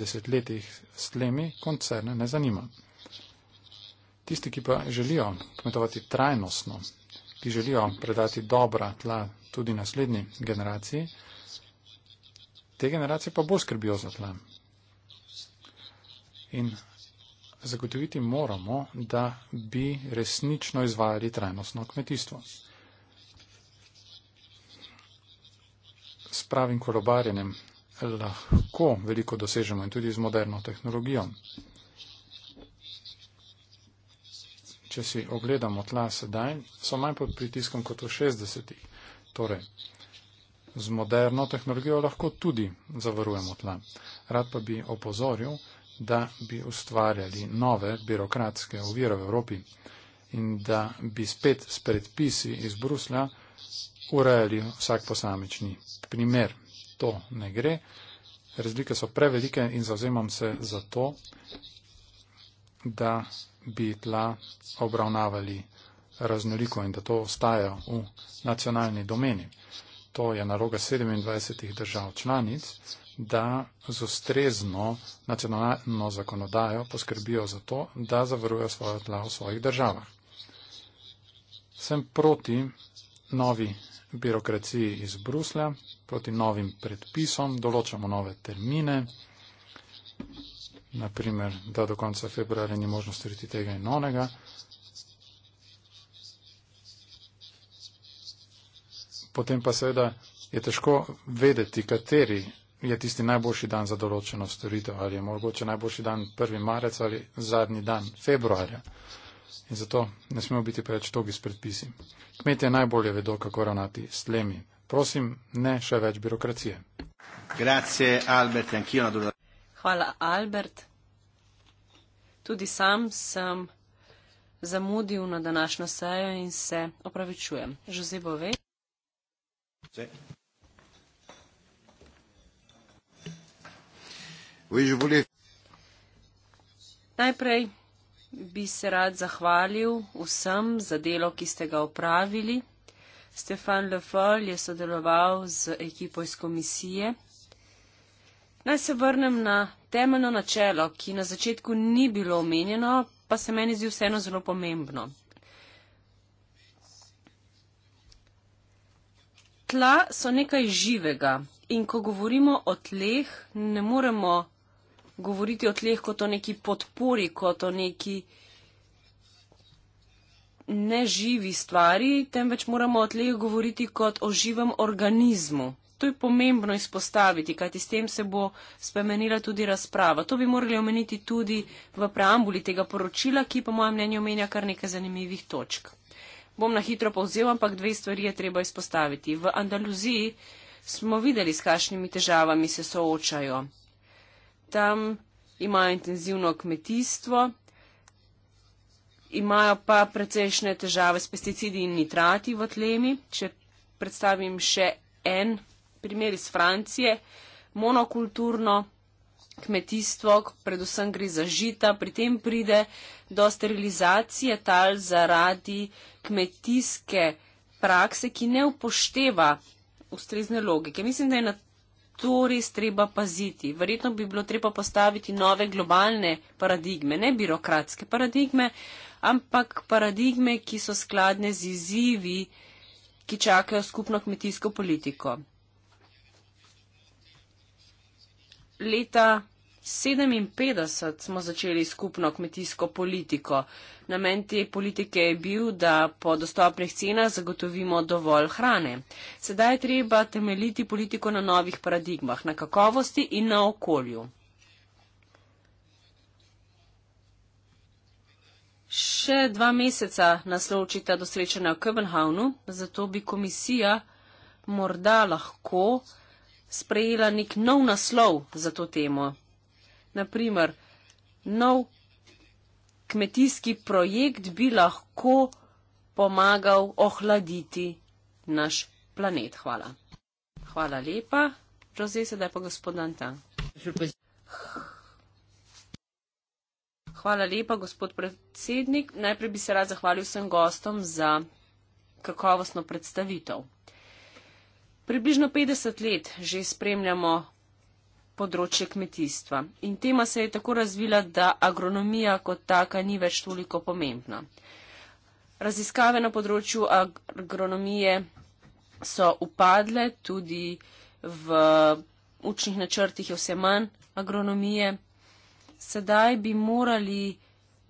desetletjih s tlemi, koncerne ne zanima. Tisti, ki pa želijo kmetovati trajnostno, ki želijo predati dobra tla tudi naslednji generaciji, te generacije pa bolj skrbijo za tlem. In zagotoviti moramo, da bi resnično izvajali trajnostno kmetijstvo. S pravim korobarjenjem lahko veliko dosežemo in tudi z moderno tehnologijo. Če si ogledamo tla sedaj, so manj pod pritiskom kot v 60-ih. Torej, z moderno tehnologijo lahko tudi zavarujemo tla. Rad pa bi opozoril, da bi ustvarjali nove birokratske ovire v Evropi in da bi spet s predpisi iz Bruslja urejali vsak posamični primer. To ne gre. Razlike so prevelike in zauzemam se za to, da bi tla obravnavali raznoliko in da to ostaja v nacionalni domeni to je naloga 27 držav članic, da z ustrezno nacionalno zakonodajo poskrbijo za to, da zavarujo svoje tla v svojih državah. Sem proti novi birokraciji iz Bruslja, proti novim predpisom, določamo nove termine, naprimer, da do konca februarja ni možno storiti tega in onega, potem pa seveda je težko vedeti, kateri je tisti najboljši dan za določeno storitev, ali je mogoče najboljši dan 1. marec ali zadnji dan februarja. In zato ne smemo biti preveč togi s predpisi. Kmetje najbolje vedo, kako ravnati s tlemi. Prosim, ne še več birokracije. Grazie, Albert, e Hvala, Albert. Tudi sam sem zamudil na današnjo sejo in se opravičujem. Žozebove. Najprej bi se rad zahvalil vsem za delo, ki ste ga upravili. Stefan Lefol je sodeloval z ekipo iz komisije. Naj se vrnem na temeljno načelo, ki na začetku ni bilo omenjeno, pa se meni zdi vseeno zelo pomembno. tla so nekaj živega in ko govorimo o tleh, ne moremo govoriti o tleh kot o neki podpori, kot o neki neživi stvari, temveč moramo o tleh govoriti kot o živem organizmu. To je pomembno izpostaviti, kajti s tem se bo spremenila tudi razprava. To bi morali omeniti tudi v preambuli tega poročila, ki pa moja mnenja omenja kar nekaj zanimivih točk bom na hitro povzel, ampak dve stvari je treba izpostaviti. V Andaluziji smo videli, s kakšnimi težavami se soočajo. Tam imajo intenzivno kmetijstvo, imajo pa precejšnje težave s pesticidi in nitrati v tlemi. Če predstavim še en primer iz Francije, monokulturno kmetijstvo, predvsem gre za žita, pri tem pride do sterilizacije tal zaradi kmetijske prakse, ki ne upošteva ustrezne logike. Mislim, da je na to res treba paziti. Verjetno bi bilo treba postaviti nove globalne paradigme, ne birokratske paradigme, ampak paradigme, ki so skladne z izzivi, ki čakajo skupno kmetijsko politiko. Leta 1957 smo začeli skupno kmetijsko politiko. Namen te politike je bil, da po dostopnih cenah zagotovimo dovolj hrane. Sedaj je treba temeljiti politiko na novih paradigmah, na kakovosti in na okolju. Še dva meseca naslovčita do srečanja v Kopenhavnu, zato bi komisija morda lahko sprejela nek nov naslov za to temo naprimer, nov kmetijski projekt bi lahko pomagal ohladiti naš planet. Hvala. Hvala lepa. Prosim, sedaj pa gospod Anta. Hvala lepa, gospod predsednik. Najprej bi se rad zahvalil vsem gostom za kakovostno predstavitev. Približno 50 let že spremljamo področje kmetijstva. In tema se je tako razvila, da agronomija kot taka ni več toliko pomembna. Raziskave na področju agronomije so upadle, tudi v učnih načrtih je vse manj agronomije. Sedaj bi morali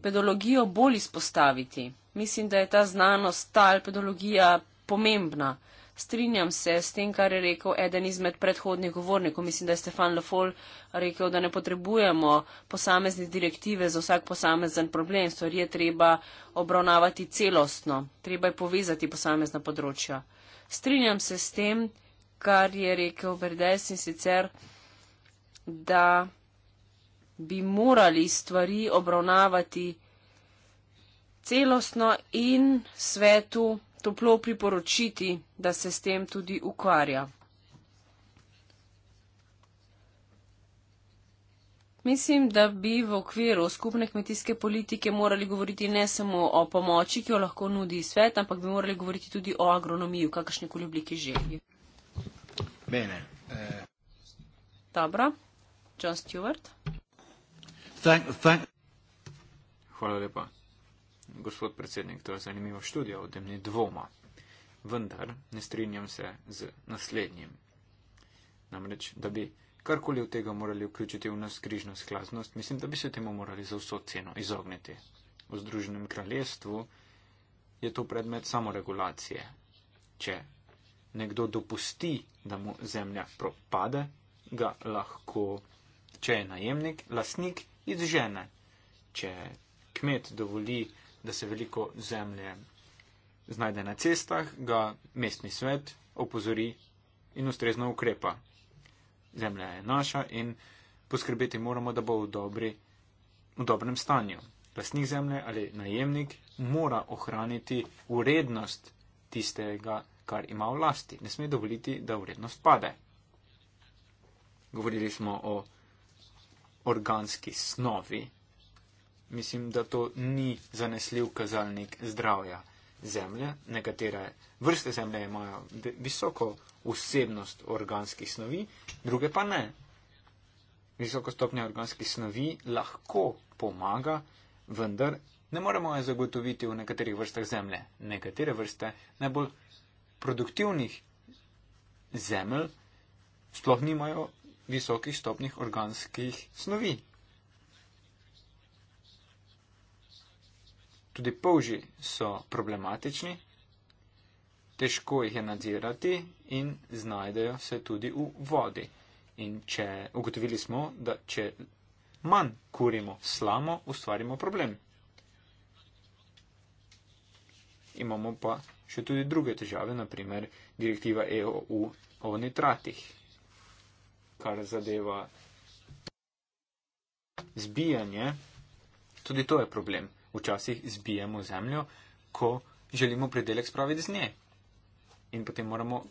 pedologijo bolj izpostaviti. Mislim, da je ta znanost, ta pedologija pomembna strinjam se s tem, kar je rekel eden izmed predhodnih govornikov. Mislim, da je Stefan Lefol rekel, da ne potrebujemo posamezne direktive za vsak posamezen problem. Stvari je treba obravnavati celostno, treba je povezati posamezna področja. Strinjam se s tem, kar je rekel Berdes in sicer, da bi morali stvari obravnavati celostno in svetu toplo priporočiti, da se s tem tudi ukvarja. Mislim, da bi v okviru skupne kmetijske politike morali govoriti ne samo o pomoči, ki jo lahko nudi svet, ampak bi morali govoriti tudi o agronomiji v kakršne koli obliki želji. Bene. Eh. Dobro. John Stewart. Thank, thank. Hvala lepa gospod predsednik, to je zanimivo študijo, o tem ni dvoma. Vendar ne strinjam se z naslednjim. Namreč, da bi karkoli od tega morali vključiti v nas križno skladnost, mislim, da bi se temu morali za vso ceno izogniti. V Združenem kraljestvu je to predmet samoregulacije. Če nekdo dopusti, da mu zemlja propade, ga lahko, če je najemnik, lasnik izžene. Če kmet dovoli, da se veliko zemlje znajde na cestah, ga mestni svet opozori in ustrezno ukrepa. Zemlja je naša in poskrbeti moramo, da bo v, dobri, v dobrem stanju. Lastnik zemlje ali najemnik mora ohraniti urednost tistega, kar ima v lasti. Ne sme dovoliti, da urednost pade. Govorili smo o organski snovi mislim, da to ni zanesljiv kazalnik zdravja zemlje. Nekatere vrste zemlje imajo visoko vsebnost organskih snovi, druge pa ne. Visoko stopnja organskih snovi lahko pomaga, vendar ne moremo je zagotoviti v nekaterih vrstah zemlje. Nekatere vrste najbolj produktivnih zemelj sploh nimajo visokih stopnih organskih snovi. Tudi polži so problematični, težko jih je nadzirati in znajdejo se tudi v vodi. In če ugotovili smo, da če manj kurimo slamo, ustvarimo problem. Imamo pa še tudi druge težave, naprimer direktiva EU o nitratih, kar zadeva zbijanje. Tudi to je problem včasih zbijemo zemljo, ko želimo predelek spraviti z nje. In potem moramo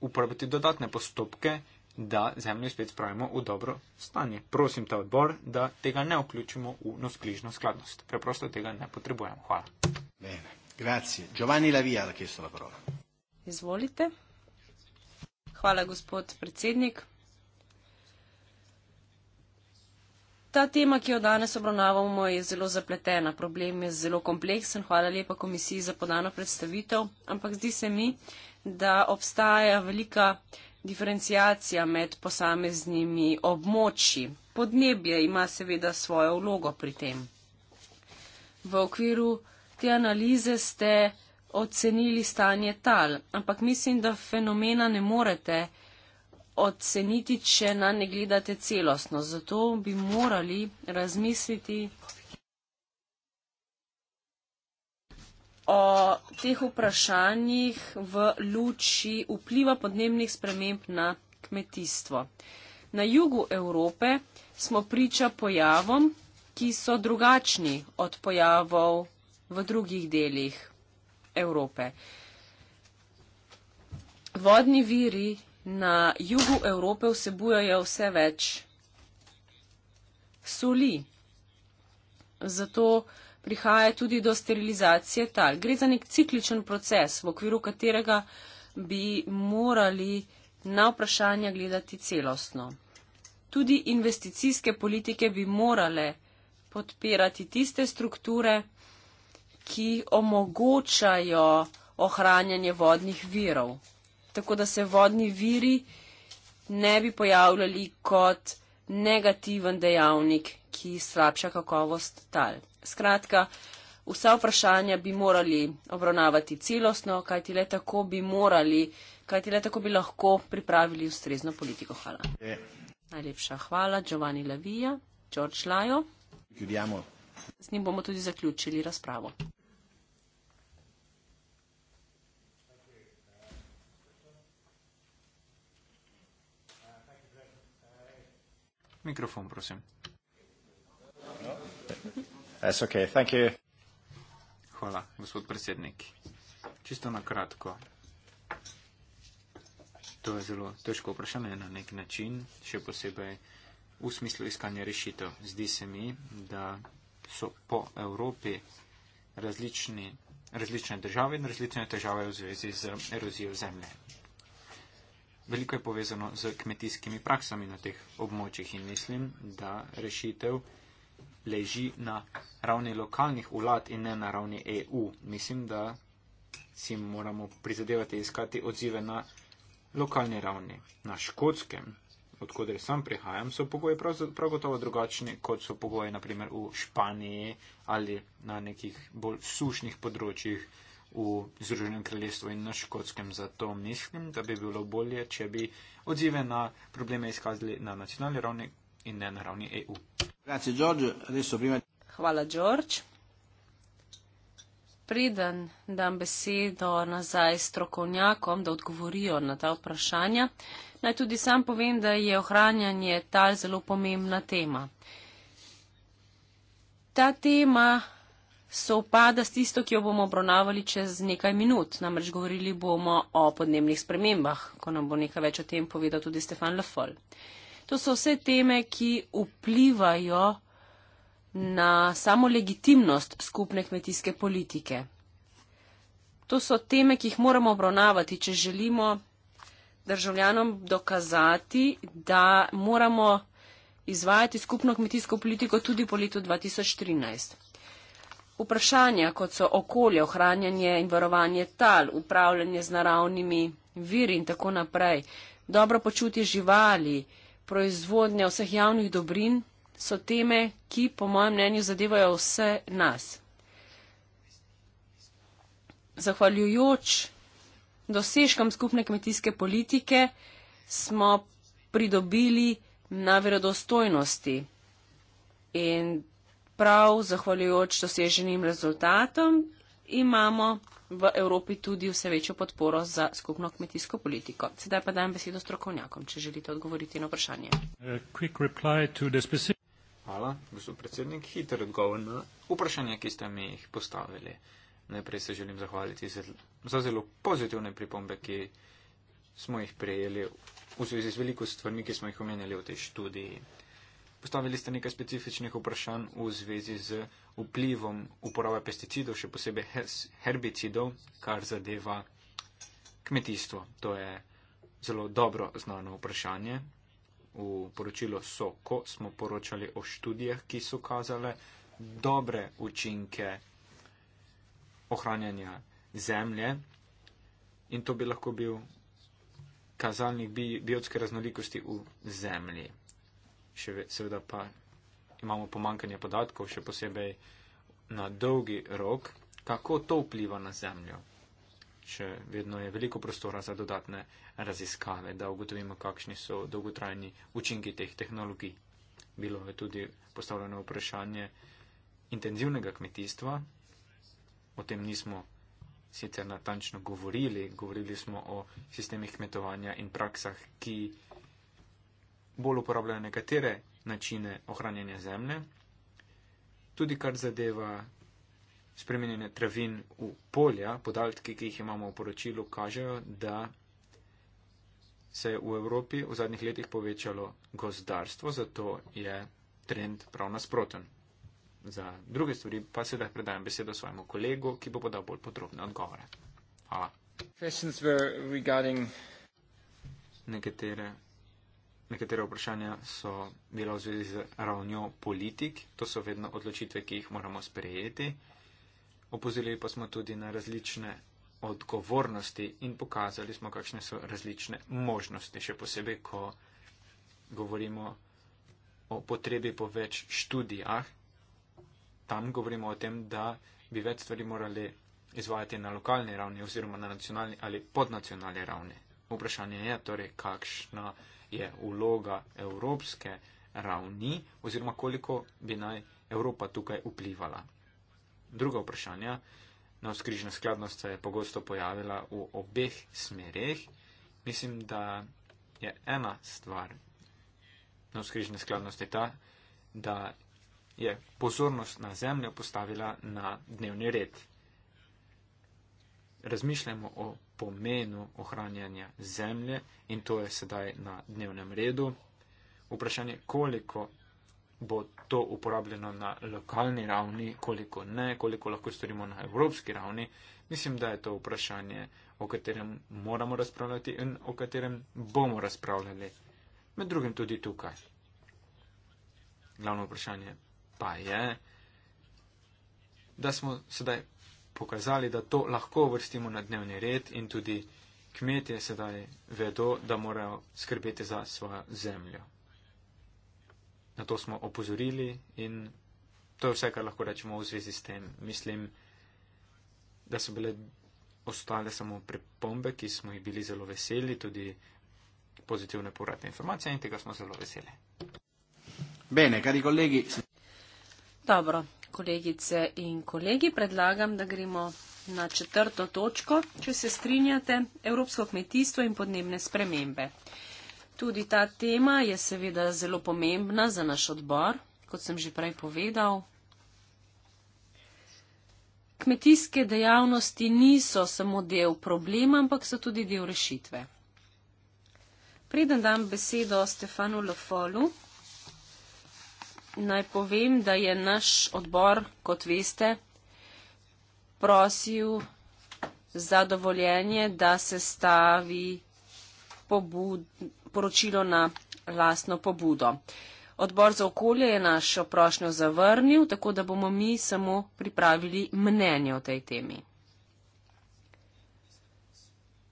uporabiti dodatne postopke, da zemljo spet spravimo v dobro stanje. Prosim ta odbor, da tega ne vključimo v nosbližno skladnost. Preprosto tega ne potrebujemo. Hvala. Bene, grazie. Giovanni Lavija, da kje so la parola. Izvolite. Hvala, gospod predsednik. Ta tema, ki jo danes obravnavamo, je zelo zapletena. Problem je zelo kompleksen. Hvala lepa komisiji za podano predstavitev. Ampak zdi se mi, da obstaja velika diferencijacija med posameznimi območji. Podnebje ima seveda svojo vlogo pri tem. V okviru te analize ste ocenili stanje tal, ampak mislim, da fenomena ne morete oceniti, če na ne gledate celostno. Zato bi morali razmisliti o teh vprašanjih v luči vpliva podnebnih sprememb na kmetijstvo. Na jugu Evrope smo priča pojavom, ki so drugačni od pojavov v drugih delih Evrope. Vodni viri na jugu Evrope vsebujejo vse več soli. Zato prihaja tudi do sterilizacije tal. Gre za nek cikličen proces, v okviru katerega bi morali na vprašanja gledati celostno. Tudi investicijske politike bi morale podpirati tiste strukture, ki omogočajo ohranjanje vodnih virov tako da se vodni viri ne bi pojavljali kot negativen dejavnik, ki slabša kakovost tal. Skratka, vsa vprašanja bi morali obravnavati celostno, kajti le tako bi morali, kajti le tako bi lahko pripravili ustrezno politiko. Hvala. E. Najlepša hvala, Giovanni Lavija, George Lajo. Z njim bomo tudi zaključili razpravo. Mikrofon, prosim. Hvala, gospod predsednik. Čisto na kratko. To je zelo težko vprašanje na nek način, še posebej v smislu iskanja rešitev. Zdi se mi, da so po Evropi različni, različne države in različne težave v zvezi z erozijo zemlje veliko je povezano z kmetijskimi praksami na teh območjih in mislim, da rešitev leži na ravni lokalnih vlad in ne na ravni EU. Mislim, da si moramo prizadevati iskati odzive na lokalni ravni. Na škotskem, odkudre sam prihajam, so pogoji prav, prav gotovo drugačni, kot so pogoji naprimer v Španiji ali na nekih bolj sušnih področjih v Združenem kraljestvu in na škotskem. Zato mislim, da bi bilo bolje, če bi odzive na probleme izkazali na nacionalni ravni in ne na ravni EU. Grazie, George. Hvala, George. Preden dam besedo nazaj strokovnjakom, da odgovorijo na ta vprašanja, naj tudi sam povem, da je ohranjanje tal zelo pomembna tema. Ta tema sovpada s tisto, ki jo bomo obravnavali čez nekaj minut. Namreč govorili bomo o podnebnih spremembah, ko nam bo nekaj več o tem povedal tudi Stefan Lefol. To so vse teme, ki vplivajo na samo legitimnost skupne kmetijske politike. To so teme, ki jih moramo obravnavati, če želimo državljanom dokazati, da moramo izvajati skupno kmetijsko politiko tudi po letu 2013. Vprašanja, kot so okolje, ohranjanje in varovanje tal, upravljanje z naravnimi viri in tako naprej, dobro počutje živali, proizvodnja vseh javnih dobrin, so teme, ki po mojem mnenju zadevajo vse nas. Zahvaljujoč dosežkom skupne kmetijske politike smo pridobili na verodostojnosti. In prav zahvaljujoč doseženim rezultatom imamo v Evropi tudi vse večjo podporo za skupno kmetijsko politiko. Sedaj pa dajem besedo strokovnjakom, če želite odgovoriti na vprašanje. Hvala, gospod predsednik. Hiter odgovor na vprašanje, ki ste mi jih postavili. Najprej se želim zahvaliti za zelo pozitivne pripombe, ki smo jih prejeli v zvezi z veliko stvarmi, ki smo jih omenjali v tej študiji. Postavili ste nekaj specifičnih vprašanj v zvezi z vplivom uporabe pesticidov, še posebej herbicidov, kar zadeva kmetijstvo. To je zelo dobro znano vprašanje. V poročilo SOKO smo poročali o študijah, ki so kazale dobre učinke ohranjanja zemlje in to bi lahko bil kazalnik bi biotske raznolikosti v zemlji še seveda pa imamo pomankanje podatkov, še posebej na dolgi rok, kako to vpliva na zemljo. Še vedno je veliko prostora za dodatne raziskave, da ugotovimo, kakšni so dolgotrajni učinki teh tehnologij. Bilo je tudi postavljeno vprašanje intenzivnega kmetijstva. O tem nismo sicer natančno govorili, govorili smo o sistemih kmetovanja in praksah, ki bolj uporabljajo nekatere načine ohranjanja zemlje, tudi kar zadeva spremenjene travin v polja. Podatki, ki jih imamo v poročilu, kažejo, da se je v Evropi v zadnjih letih povečalo gozdarstvo, zato je trend prav nasproten. Za druge stvari pa se da predajam besedo svojemu kolegu, ki bo podal bolj podrobne odgovore. Hvala. Nekatere nekatere vprašanja so bila v zvezi z ravnjo politik, to so vedno odločitve, ki jih moramo sprejeti. Opozorili pa smo tudi na različne odgovornosti in pokazali smo, kakšne so različne možnosti, še posebej, ko govorimo o potrebi po več študijah. Tam govorimo o tem, da bi več stvari morali izvajati na lokalni ravni oziroma na nacionalni ali podnacionalni ravni. Vprašanje je torej, kakšna je vloga evropske ravni oziroma koliko bi naj Evropa tukaj vplivala. Druga vprašanja. Navskrižna skladnost se je pogosto pojavila v obeh smereh. Mislim, da je ena stvar navskrižne skladnosti ta, da je pozornost na zemljo postavila na dnevni red razmišljamo o pomenu ohranjanja zemlje in to je sedaj na dnevnem redu. Vprašanje, koliko bo to uporabljeno na lokalni ravni, koliko ne, koliko lahko storimo na evropski ravni, mislim, da je to vprašanje, o katerem moramo razpravljati in o katerem bomo razpravljali. Med drugim tudi tukaj. Glavno vprašanje pa je, da smo sedaj pokazali, da to lahko vrstimo na dnevni red in tudi kmetje sedaj vedo, da morajo skrbeti za svojo zemljo. Na to smo opozorili in to je vse, kar lahko rečemo v zvezi s tem. Mislim, da so bile ostale samo pripombe, ki smo jih bili zelo veseli, tudi pozitivne povratne informacije in tega smo zelo veseli. Bene, cari colleghi. Dobro, kolegice in kolegi, predlagam, da gremo na četrto točko, če se strinjate, Evropsko kmetijstvo in podnebne spremembe. Tudi ta tema je seveda zelo pomembna za naš odbor, kot sem že prej povedal. Kmetijske dejavnosti niso samo del problema, ampak so tudi del rešitve. Preden dam besedo Stefanu Lofolu, naj povem, da je naš odbor, kot veste, prosil za dovoljenje, da se stavi pobud, poročilo na lastno pobudo. Odbor za okolje je našo prošnjo zavrnil, tako da bomo mi samo pripravili mnenje o tej temi.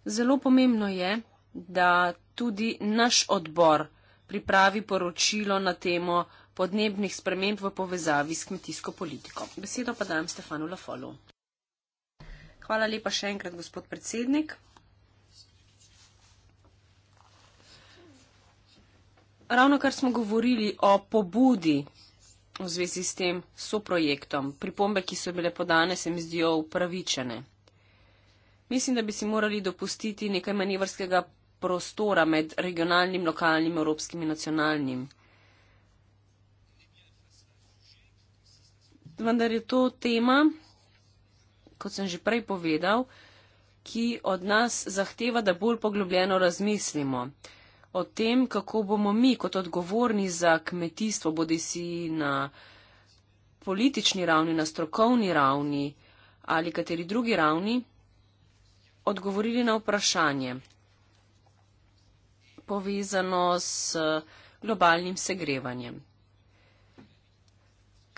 Zelo pomembno je, da tudi naš odbor pripravi poročilo na temo podnebnih sprememb v povezavi s kmetijsko politiko. Besedo pa dajem Stefanu Lafolu. Hvala lepa še enkrat, gospod predsednik. Ravno kar smo govorili o pobudi v zvezi s tem soprojektom, pripombe, ki so bile podane, se mi zdijo upravičene. Mislim, da bi si morali dopustiti nekaj manevrskega prostora med regionalnim, lokalnim, evropskim in nacionalnim. vendar je to tema, kot sem že prej povedal, ki od nas zahteva, da bolj poglobljeno razmislimo o tem, kako bomo mi kot odgovorni za kmetijstvo, bodi si na politični ravni, na strokovni ravni ali kateri drugi ravni, odgovorili na vprašanje povezano s eh, globalnim segrevanjem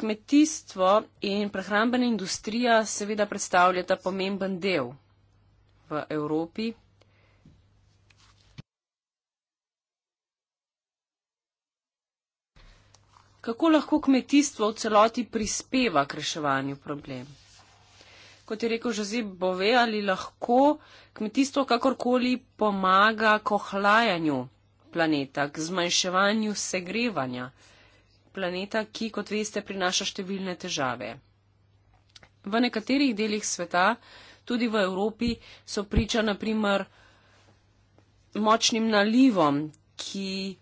kmetijstvo in prehrambena industrija seveda predstavljata pomemben del v Evropi. Kako lahko kmetijstvo v celoti prispeva k reševanju problem? Kot je rekel Žozeb Bove, ali lahko kmetijstvo kakorkoli pomaga k ohlajanju planeta, k zmanjševanju segrevanja? planeta, ki, kot veste, prinaša številne težave. V nekaterih delih sveta, tudi v Evropi, so priča naprimer močnim nalivom, ki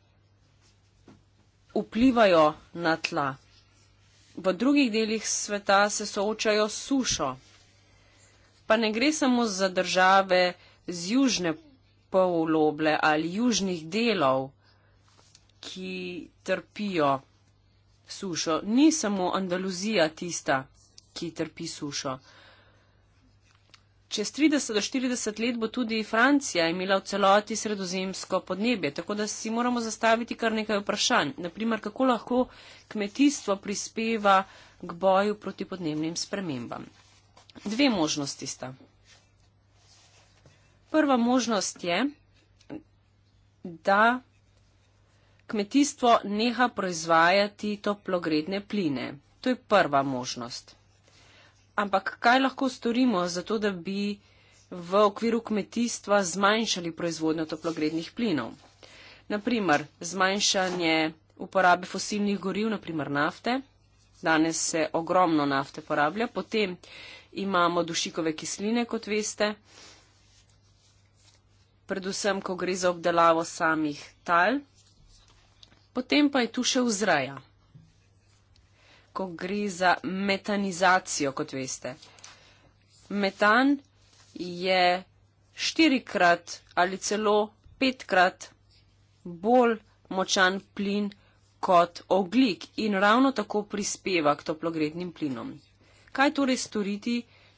vplivajo na tla. V drugih delih sveta se soočajo s sušo. Pa ne gre samo za države z južne poloble ali južnih delov, ki trpijo sušo. Ni samo Andaluzija tista, ki trpi sušo. Čez 30 do 40 let bo tudi Francija imela v celoti sredozemsko podnebje, tako da si moramo zastaviti kar nekaj vprašanj. Naprimer, kako lahko kmetijstvo prispeva k boju proti podnebnim spremembam. Dve možnosti sta. Prva možnost je, da kmetijstvo neha proizvajati toplogredne pline. To je prva možnost. Ampak kaj lahko storimo za to, da bi v okviru kmetijstva zmanjšali proizvodnjo toplogrednih plinov? Naprimer, zmanjšanje uporabe fosilnih goriv, naprimer nafte. Danes se ogromno nafte porablja, potem imamo dušikove kisline, kot veste, predvsem, ko gre za obdelavo samih tal, Potem pa je tu še vzraja, ko gre za metanizacijo, kot veste. Metan je štirikrat ali celo petkrat bolj močan plin kot oglik in ravno tako prispeva k toplogrednim plinom. Kaj torej storiti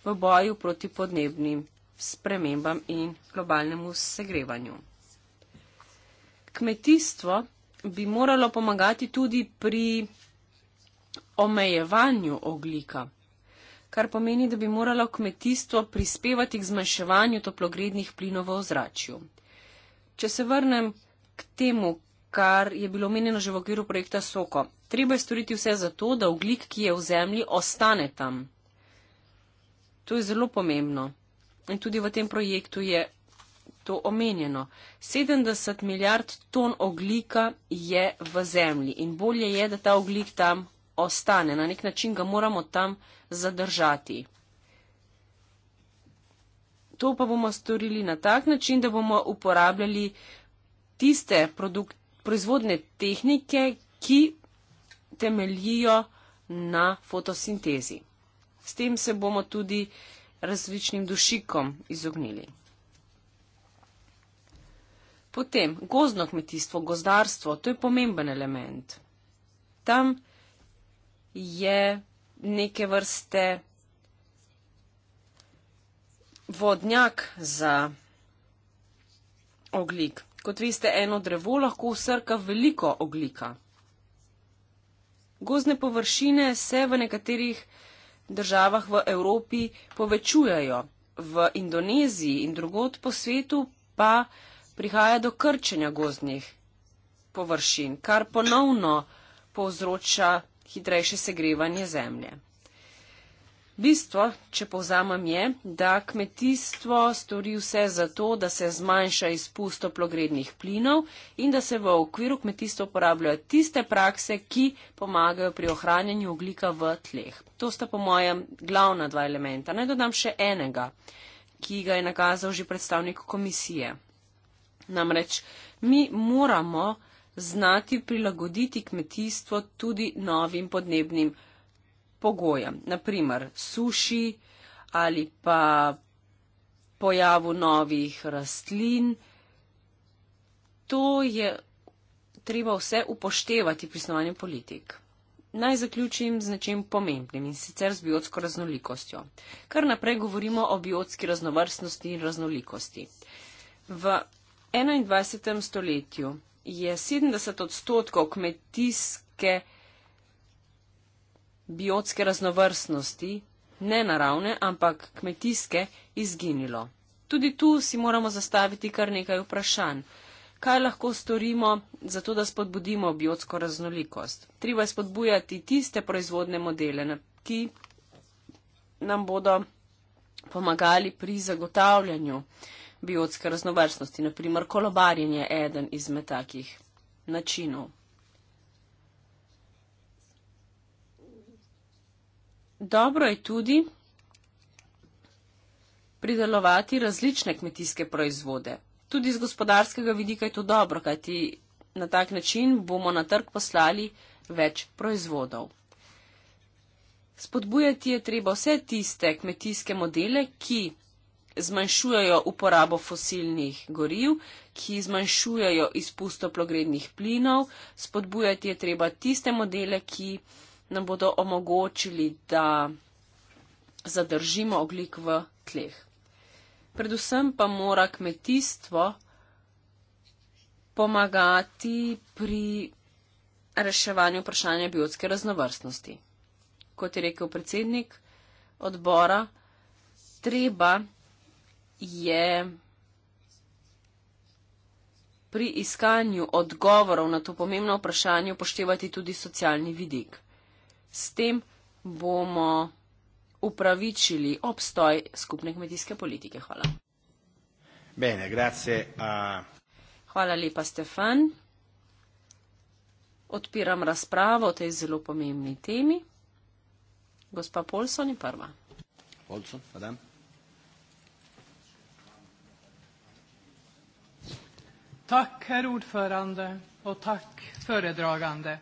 v boju proti podnebnim spremembam in globalnemu segrevanju? Kmetijstvo bi moralo pomagati tudi pri omejevanju oglika, kar pomeni, da bi moralo kmetijstvo prispevati k zmanjševanju toplogrednih plinov v ozračju. Če se vrnem k temu, kar je bilo omenjeno že v okviru projekta Soko, treba je storiti vse za to, da oglik, ki je v zemlji, ostane tam. To je zelo pomembno. In tudi v tem projektu je to omenjeno. 70 milijard ton oglika je v zemlji in bolje je, da ta oglik tam ostane. Na nek način ga moramo tam zadržati. To pa bomo storili na tak način, da bomo uporabljali tiste proizvodne tehnike, ki temeljijo na fotosintezi. S tem se bomo tudi različnim dušikom izognili. Potem gozdno kmetijstvo, gozdarstvo, to je pomemben element. Tam je neke vrste vodnjak za oglik. Kot veste, eno drevo lahko usrka veliko oglika. Gozne površine se v nekaterih državah v Evropi povečujajo, v Indoneziji in drugod po svetu pa prihaja do krčenja gozdnih površin, kar ponovno povzroča hitrejše segrevanje zemlje. Bistvo, če povzamem, je, da kmetijstvo stori vse za to, da se zmanjša izpust toplogrednih plinov in da se v okviru kmetijstva uporabljajo tiste prakse, ki pomagajo pri ohranjanju oglika v tleh. To sta po mojem glavna dva elementa. Naj dodam še enega, ki ga je nakazal že predstavnik komisije. Namreč mi moramo znati prilagoditi kmetijstvo tudi novim podnebnim pogojem, naprimer suši ali pa pojavu novih rastlin. To je treba vse upoštevati pri snovanju politik. Naj zaključim z nečim pomembnim in sicer z biotsko raznolikostjo. Kar naprej govorimo o biotski raznovrstnosti in raznolikosti. V 21. stoletju je 70 odstotkov kmetijske biotske raznovrstnosti, ne naravne, ampak kmetijske, izginilo. Tudi tu si moramo zastaviti kar nekaj vprašanj. Kaj lahko storimo za to, da spodbudimo biotsko raznolikost? Treba je spodbujati tiste proizvodne modele, ki nam bodo pomagali pri zagotavljanju biotske raznovrstnosti, naprimer kolobarjenje je eden izmed takih načinov. Dobro je tudi pridelovati različne kmetijske proizvode. Tudi z gospodarskega vidika je to dobro, kajti na tak način bomo na trg poslali več proizvodov. Spodbujati je treba vse tiste kmetijske modele, ki zmanjšujejo uporabo fosilnih goriv, ki zmanjšujejo izpust toplogrednih plinov. Spodbujati je treba tiste modele, ki nam bodo omogočili, da zadržimo oglik v tleh. Predvsem pa mora kmetijstvo pomagati pri reševanju vprašanja biotske raznovrstnosti. Kot je rekel predsednik odbora, treba je pri iskanju odgovorov na to pomembno vprašanje upoštevati tudi socialni vidik. S tem bomo upravičili obstoj skupne kmetijske politike. Hvala. Bene, grazie, uh... Hvala lepa, Stefan. Odpiram razpravo o tej zelo pomembni temi. Gospa Polson je prva. Polson, madame. Tack, herr ordförande, och tack, föredragande.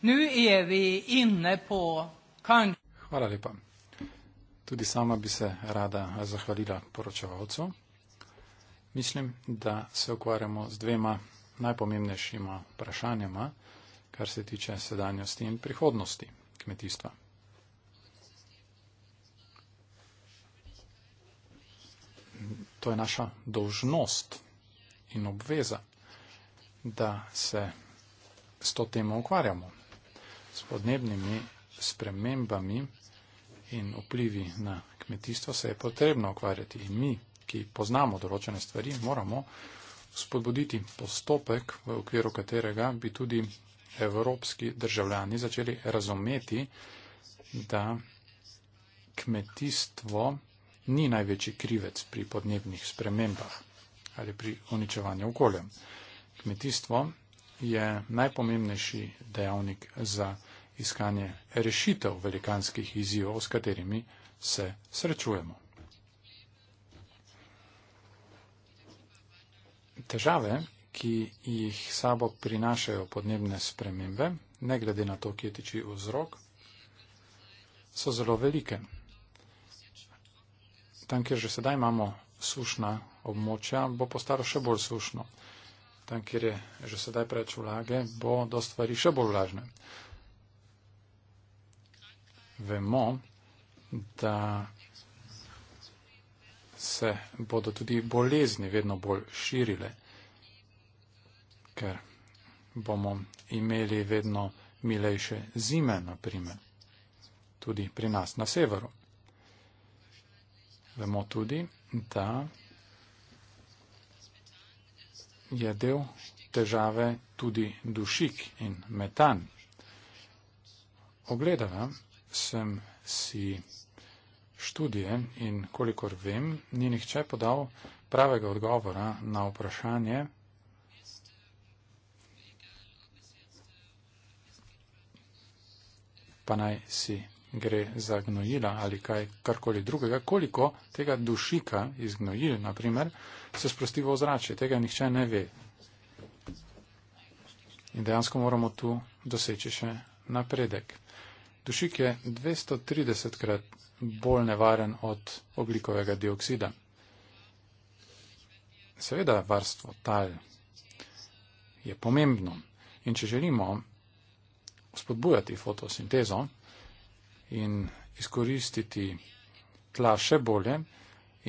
Nu är vi inne på... Kan... Hvala lepa. Tudi sama bi se rada zahvalila poročevalcu. Mislim, da se ukvarjamo z dvema najpomembnejšima vprašanjama, kar se tiče sedanjosti in prihodnosti kmetijstva. To je naša dolžnost in obveza, da se s to temo ukvarjamo, s podnebnimi spremembami in vplivi na kmetijstvo se je potrebno ukvarjati in mi, ki poznamo določene stvari, moramo spodbuditi postopek, v okviru katerega bi tudi evropski državljani začeli razumeti, da kmetijstvo ni največji krivec pri podnebnih spremembah ali pri uničevanju okolja. Kmetijstvo je najpomembnejši dejavnik za iskanje rešitev velikanskih izzivov, s katerimi se srečujemo. Težave, ki jih sabo prinašajo podnebne spremembe, ne glede na to, kje tiči vzrok, so zelo velike. Tam, kjer že sedaj imamo sušna območja, bo postalo še bolj sušno. Tam, kjer je že sedaj preveč vlage, bo do stvari še bolj vlažne. Vemo, da se bodo tudi bolezni vedno bolj širile, ker bomo imeli vedno milejše zime, naprimer, tudi pri nas na severu. Vemo tudi, da je del težave tudi dušik in metan. Ogledala sem si študije in kolikor vem, ni nihče podal pravega odgovora na vprašanje, pa naj si gre za gnojila ali kaj karkoli drugega, koliko tega dušika iz gnojil, naprimer, se sprosti v ozračje, tega nihče ne ve. In dejansko moramo tu doseči še napredek. Dušik je 230 krat bolj nevaren od oglikovega dioksida. Seveda varstvo tal je pomembno in če želimo spodbujati fotosintezo, in izkoristiti tla še bolje.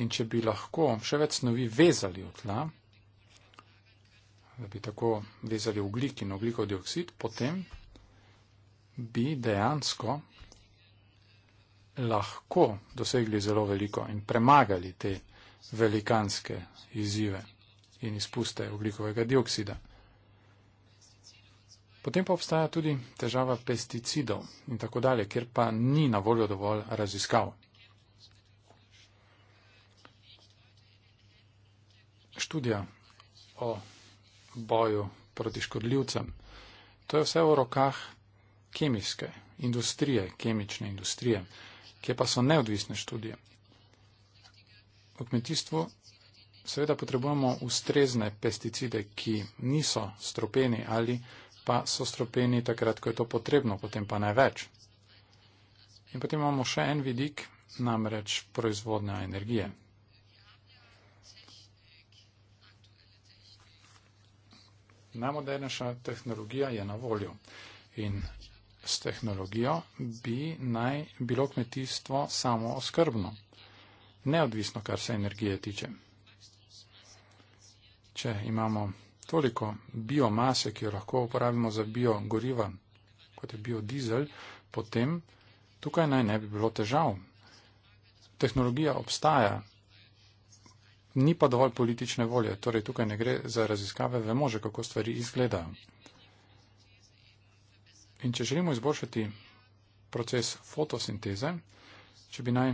In če bi lahko še več snovi vezali v tla, da bi tako vezali oglik in ogliko dioksid, potem bi dejansko lahko dosegli zelo veliko in premagali te velikanske izzive in izpuste oglikovega dioksida. Potem pa obstaja tudi težava pesticidov in tako dalje, kjer pa ni na voljo dovolj raziskav. Študija o boju proti škodljivcem. To je vse v rokah kemijske industrije, kemične industrije, kje pa so neodvisne študije. V kmetijstvu seveda potrebujemo ustrezne pesticide, ki niso stropeni ali pa so stropeni takrat, ko je to potrebno, potem pa ne več. In potem imamo še en vidik, namreč proizvodnja energije. Najmodernejša tehnologija je na voljo in s tehnologijo bi naj bilo kmetijstvo samo oskrbno, neodvisno, kar se energije tiče. Če imamo toliko biomase, ki jo lahko uporabimo za biogoriva, kot je biodizel, potem tukaj naj ne bi bilo težav. Tehnologija obstaja, ni pa dovolj politične volje, torej tukaj ne gre za raziskave, vemo že, kako stvari izgledajo. In če želimo izboljšati proces fotosinteze, če bi naj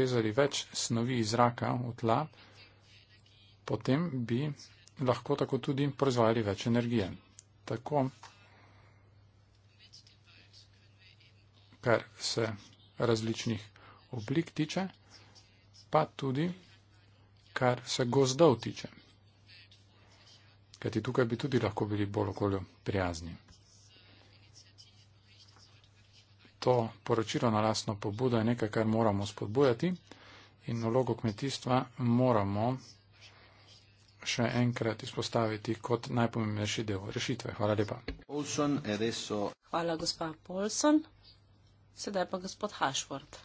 vezali več snovi iz zraka v tla, potem bi lahko tako tudi proizvajali več energije. Tako, kar se različnih oblik tiče, pa tudi, kar se gozdov tiče. Kajti tukaj bi tudi lahko bili bolj okolju prijazni. To poročilo na lastno pobudo je nekaj, kar moramo spodbujati in nalogo kmetijstva moramo še enkrat izpostaviti kot najpomembnejši del rešitve. Hvala lepa. Olson, edeso. Hvala, gospa Polson. Sedaj pa gospod Hašford.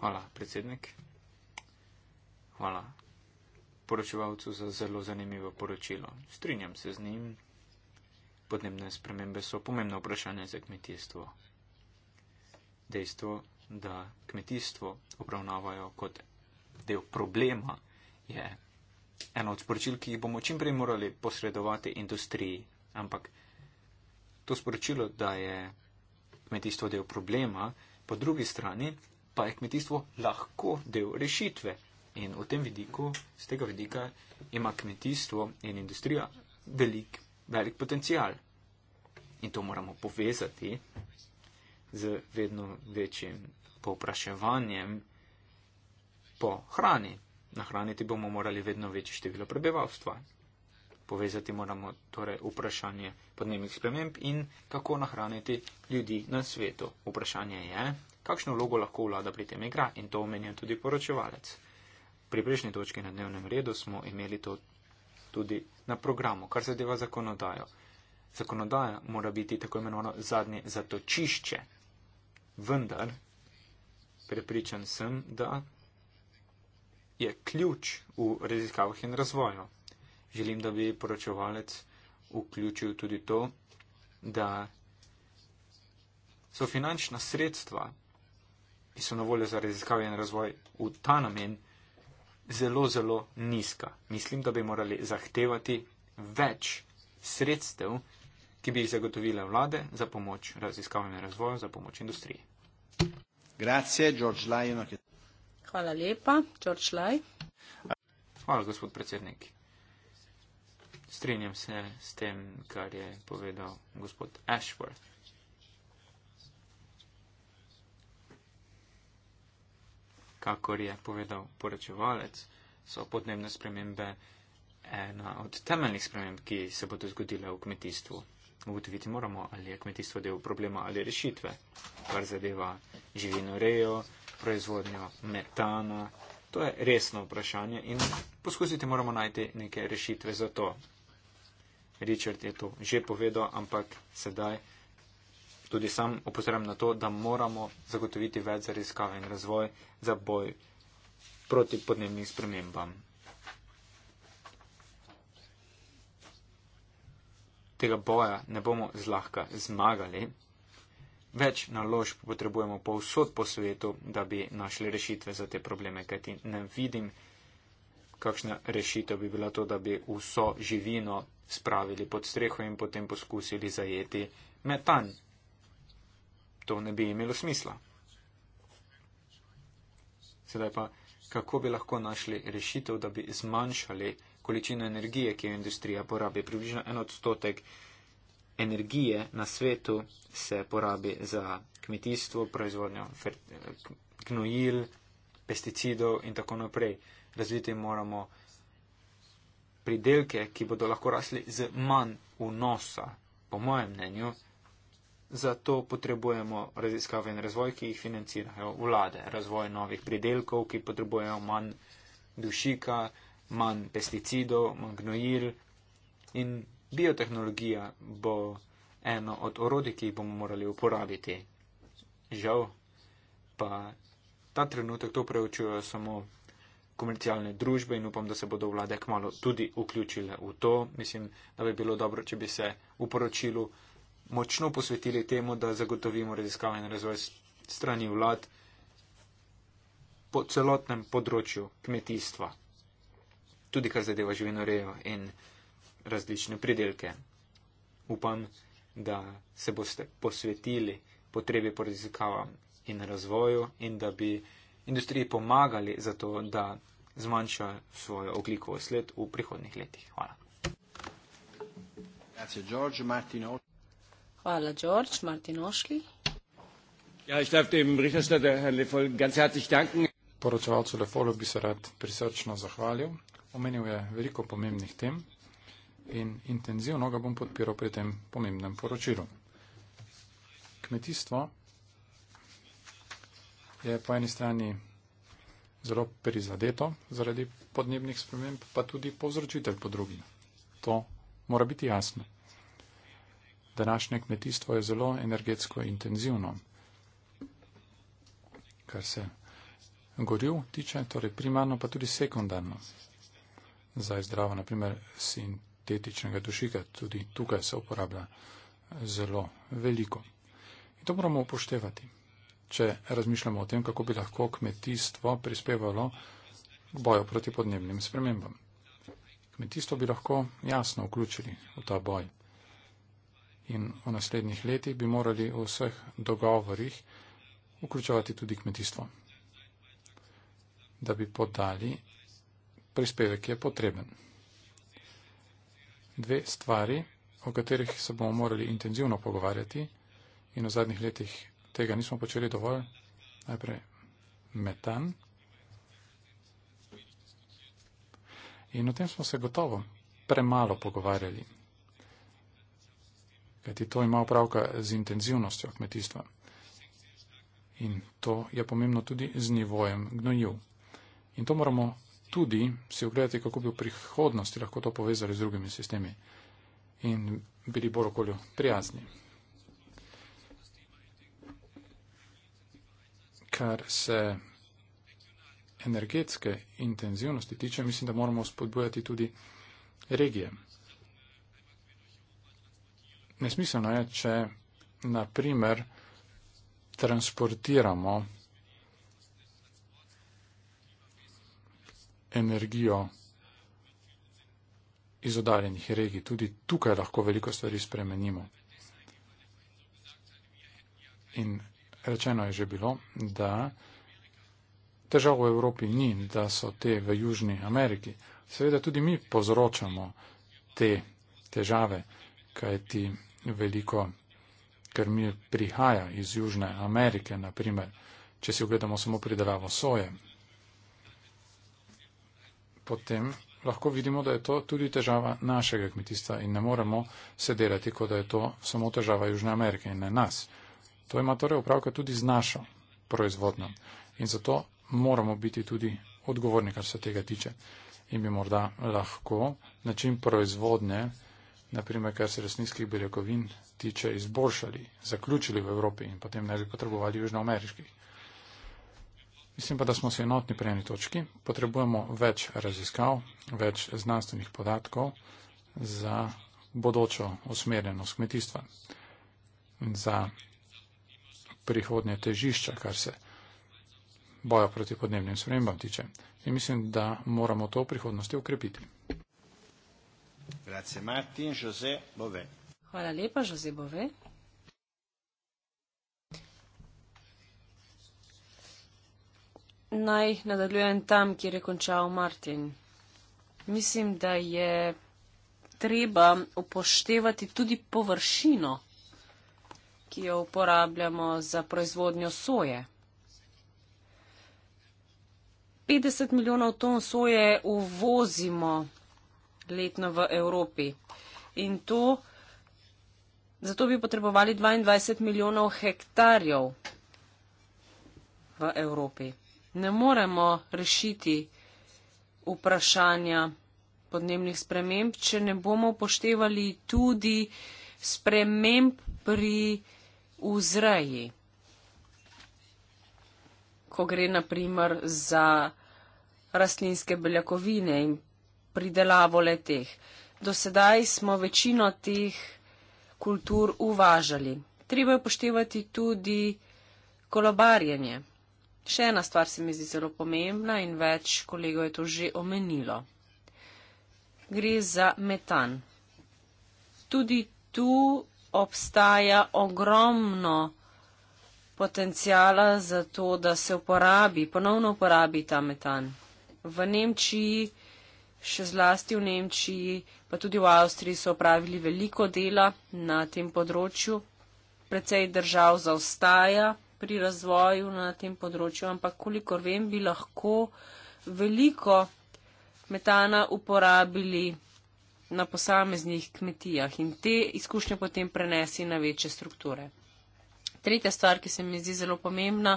Hvala, predsednik. Hvala poročevalcu za zelo zanimivo poročilo. Strinjam se z njim. Podnebne spremembe so pomembno vprašanje za kmetijstvo. Dejstvo, da kmetijstvo obravnavajo kot del problema, je eno od sporočil, ki jih bomo čimprej morali posredovati industriji. Ampak to sporočilo, da je kmetijstvo del problema, po drugi strani pa je kmetijstvo lahko del rešitve. In v tem vidiku, z tega vidika, ima kmetijstvo in industrija velik, velik potencial. In to moramo povezati z vedno večjim povpraševanjem po hrani. Nahraniti bomo morali vedno večje število prebivalstva. Povezati moramo torej vprašanje podnebnih sprememb in kako nahraniti ljudi na svetu. Vprašanje je, kakšno vlogo lahko vlada pri tem igra in to omenja tudi poročevalec. Pri prejšnji točki na dnevnem redu smo imeli to tudi na programu, kar zadeva zakonodajo. Zakonodaja mora biti tako imenovano zadnje zatočišče. Vendar prepričan sem, da je ključ v raziskavah in razvoju. Želim, da bi poročevalec vključil tudi to, da so finančna sredstva, ki so na voljo za raziskave in razvoj v ta namen, zelo, zelo nizka. Mislim, da bi morali zahtevati več sredstev, ki bi jih zagotovile vlade za pomoč raziskavam in razvoju, za pomoč industriji. Grazie, George Lyon. Hvala lepa, George Lai. Hvala, gospod predsednik. Strinjam se s tem, kar je povedal gospod Ashworth. Kakor je povedal poročevalec, so podnebne spremembe ena od temeljnih sprememb, ki se bodo zgodile v kmetijstvu ugotoviti moramo, ali je kmetijstvo del problema ali rešitve, kar zadeva živino rejo, proizvodnjo metana. To je resno vprašanje in poskusiti moramo najti neke rešitve za to. Richard je to že povedal, ampak sedaj tudi sam opozorjam na to, da moramo zagotoviti več za raziskave in razvoj, za boj proti podnebnim spremembam. tega boja ne bomo zlahka zmagali. Več naložb potrebujemo povsod po svetu, da bi našli rešitve za te probleme, kajti ne vidim, kakšna rešitev bi bila to, da bi vso živino spravili pod streho in potem poskusili zajeti metan. To ne bi imelo smisla. Sedaj pa, kako bi lahko našli rešitev, da bi zmanjšali količino energije, ki jo industrija porabi. Približno en odstotek energije na svetu se porabi za kmetijstvo, proizvodnjo gnojil, pesticidov in tako naprej. Razviti moramo pridelke, ki bodo lahko rasli z manj vnosa, po mojem mnenju. Zato potrebujemo raziskave in razvoj, ki jih financirajo vlade, razvoj novih pridelkov, ki potrebujejo manj dušika, manj pesticidov, manj gnojil in biotehnologija bo eno od orodij, ki jih bomo morali uporabiti. Žal pa ta trenutek to preučujejo samo komercialne družbe in upam, da se bodo vlade kmalo tudi vključile v to. Mislim, da bi bilo dobro, če bi se v poročilu močno posvetili temu, da zagotovimo raziskave in razvoj strani vlad po celotnem področju kmetijstva tudi kar zadeva živinorejo in različne pridelke. Upam, da se boste posvetili potrebi po raziskavam in razvoju in da bi industriji pomagali za to, da zmanjša svojo oglikovo sled v prihodnih letih. Hvala. Hvala, George Martin Ošli. Ja, ich darf dem Berichterstatter Herrn Lefol ganz herzlich danken. Poročevalcu Lefolu bi se rad prisrčno zahvalil omenil je veliko pomembnih tem in intenzivno ga bom podpiral pri tem pomembnem poročilu. Kmetijstvo je po eni strani zelo prizadeto zaradi podnebnih sprememb, pa tudi povzročitelj po drugi. To mora biti jasno. Današnje kmetijstvo je zelo energetsko intenzivno, kar se goril tiče, torej primarno, pa tudi sekundarno za izdravo, naprimer, sintetičnega dušika. Tudi tukaj se uporablja zelo veliko. In to moramo upoštevati, če razmišljamo o tem, kako bi lahko kmetijstvo prispevalo k boju proti podnebnim spremembam. Kmetijstvo bi lahko jasno vključili v ta boj. In v naslednjih letih bi morali v vseh dogovorih vključevati tudi kmetijstvo, da bi podali prispevek je potreben. Dve stvari, o katerih se bomo morali intenzivno pogovarjati in v zadnjih letih tega nismo počeli dovolj. Najprej metan. In o tem smo se gotovo premalo pogovarjali, kajti to ima opravka z intenzivnostjo kmetijstva. In to je pomembno tudi z nivojem gnojiv. In to moramo tudi si ogledati, kako bi v prihodnosti lahko to povezali z drugimi sistemi in bili bolj okolju prijazni. Kar se energetske intenzivnosti tiče, mislim, da moramo spodbujati tudi regije. Nesmiselno je, če, na primer, transportiramo energijo iz oddaljenih regij. Tudi tukaj lahko veliko stvari spremenimo. In rečeno je že bilo, da težav v Evropi ni, da so te v Južni Ameriki. Seveda tudi mi povzročamo te težave, kajti veliko krmil prihaja iz Južne Amerike, naprimer, če si ogledamo samo pridelavo soje, potem lahko vidimo, da je to tudi težava našega kmetijstva in ne moremo se delati, kot da je to samo težava Južne Amerike in ne nas. To ima torej upravka tudi z našo proizvodnjo in zato moramo biti tudi odgovorni, kar se tega tiče. In bi morda lahko način proizvodnje, naprimer, kar se resninskih beljakovin tiče, izboljšali, zaključili v Evropi in potem ne bi potrebovali južnoameriških. Mislim pa, da smo se enotni pri eni točki. Potrebujemo več raziskav, več znanstvenih podatkov za bodočo usmerjenost kmetijstva in za prihodnje težišča, kar se boja proti podnebnim spremembam tiče. In mislim, da moramo to v prihodnosti ukrepiti. Grazie, Martin, Jose, Hvala lepa, Jose Bove. naj nadaljujem tam, kjer je končal Martin. Mislim, da je treba upoštevati tudi površino, ki jo uporabljamo za proizvodnjo soje. 50 milijonov ton soje uvozimo letno v Evropi in to, zato bi potrebovali 22 milijonov hektarjev v Evropi ne moremo rešiti vprašanja podnebnih sprememb, če ne bomo poštevali tudi sprememb pri vzreji. Ko gre naprimer za rastlinske beljakovine in pridelavo le teh. Do sedaj smo večino teh kultur uvažali. Treba je poštevati tudi kolobarjenje. Še ena stvar se mi zdi zelo pomembna in več kolegov je to že omenilo. Gre za metan. Tudi tu obstaja ogromno potencijala za to, da se uporabi, ponovno uporabi ta metan. V Nemčiji, še zlasti v Nemčiji, pa tudi v Avstriji so opravili veliko dela na tem področju. Predvsej držav zaostaja pri razvoju na tem področju, ampak kolikor vem, bi lahko veliko metana uporabili na posameznih kmetijah in te izkušnje potem prenesi na večje strukture. Tretja stvar, ki se mi zdi zelo pomembna,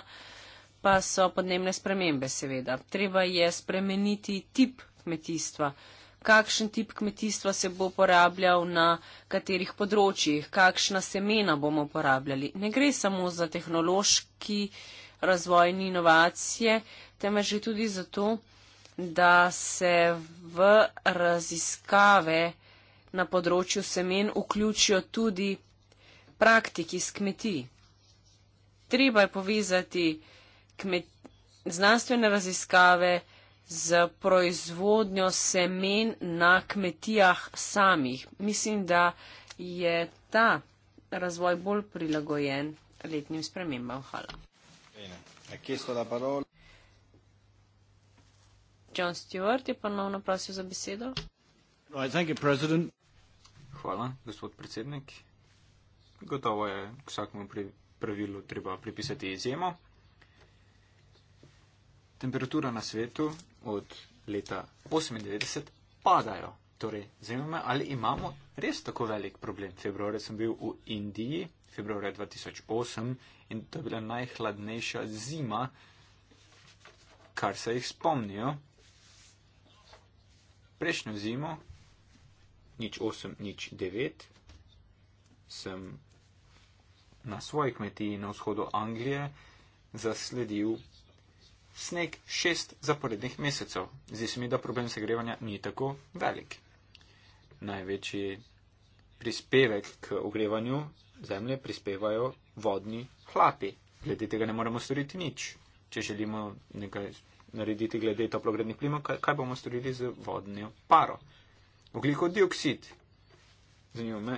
pa so podnebne spremembe, seveda. Treba je spremeniti tip kmetijstva kakšen tip kmetijstva se bo uporabljal na katerih področjih, kakšna semena bomo uporabljali. Ne gre samo za tehnološki razvoj in inovacije, temveč že tudi zato, da se v raziskave na področju semen vključijo tudi praktiki z kmetij. Treba je povezati kmet, znanstvene raziskave, z proizvodnjo semen na kmetijah samih. Mislim, da je ta razvoj bolj prilagojen letnim spremembam. Hvala. John Stewart je ponovno prosil za besedo. Hvala, gospod predsednik. Gotovo je vsakmu pravilu treba pripisati izjemo temperatura na svetu od leta 1998 padajo. Torej, zanima me, ali imamo res tako velik problem. Februarja sem bil v Indiji, februarja 2008 in to je bila najhladnejša zima, kar se jih spomnijo. Prejšnjo zimo, nič 8, nič 9, sem na svoji kmetiji na vzhodu Anglije zasledil sneg šest zaporednih mesecev. Zdi se mi, da problem segrevanja ni tako velik. Največji prispevek k ogrevanju zemlje prispevajo vodni hlapi. Glede tega ne moramo storiti nič. Če želimo nekaj narediti glede toplogrednih plimov, kaj, kaj bomo storili z vodno paro? Ogljikov dioksid. Zanima me,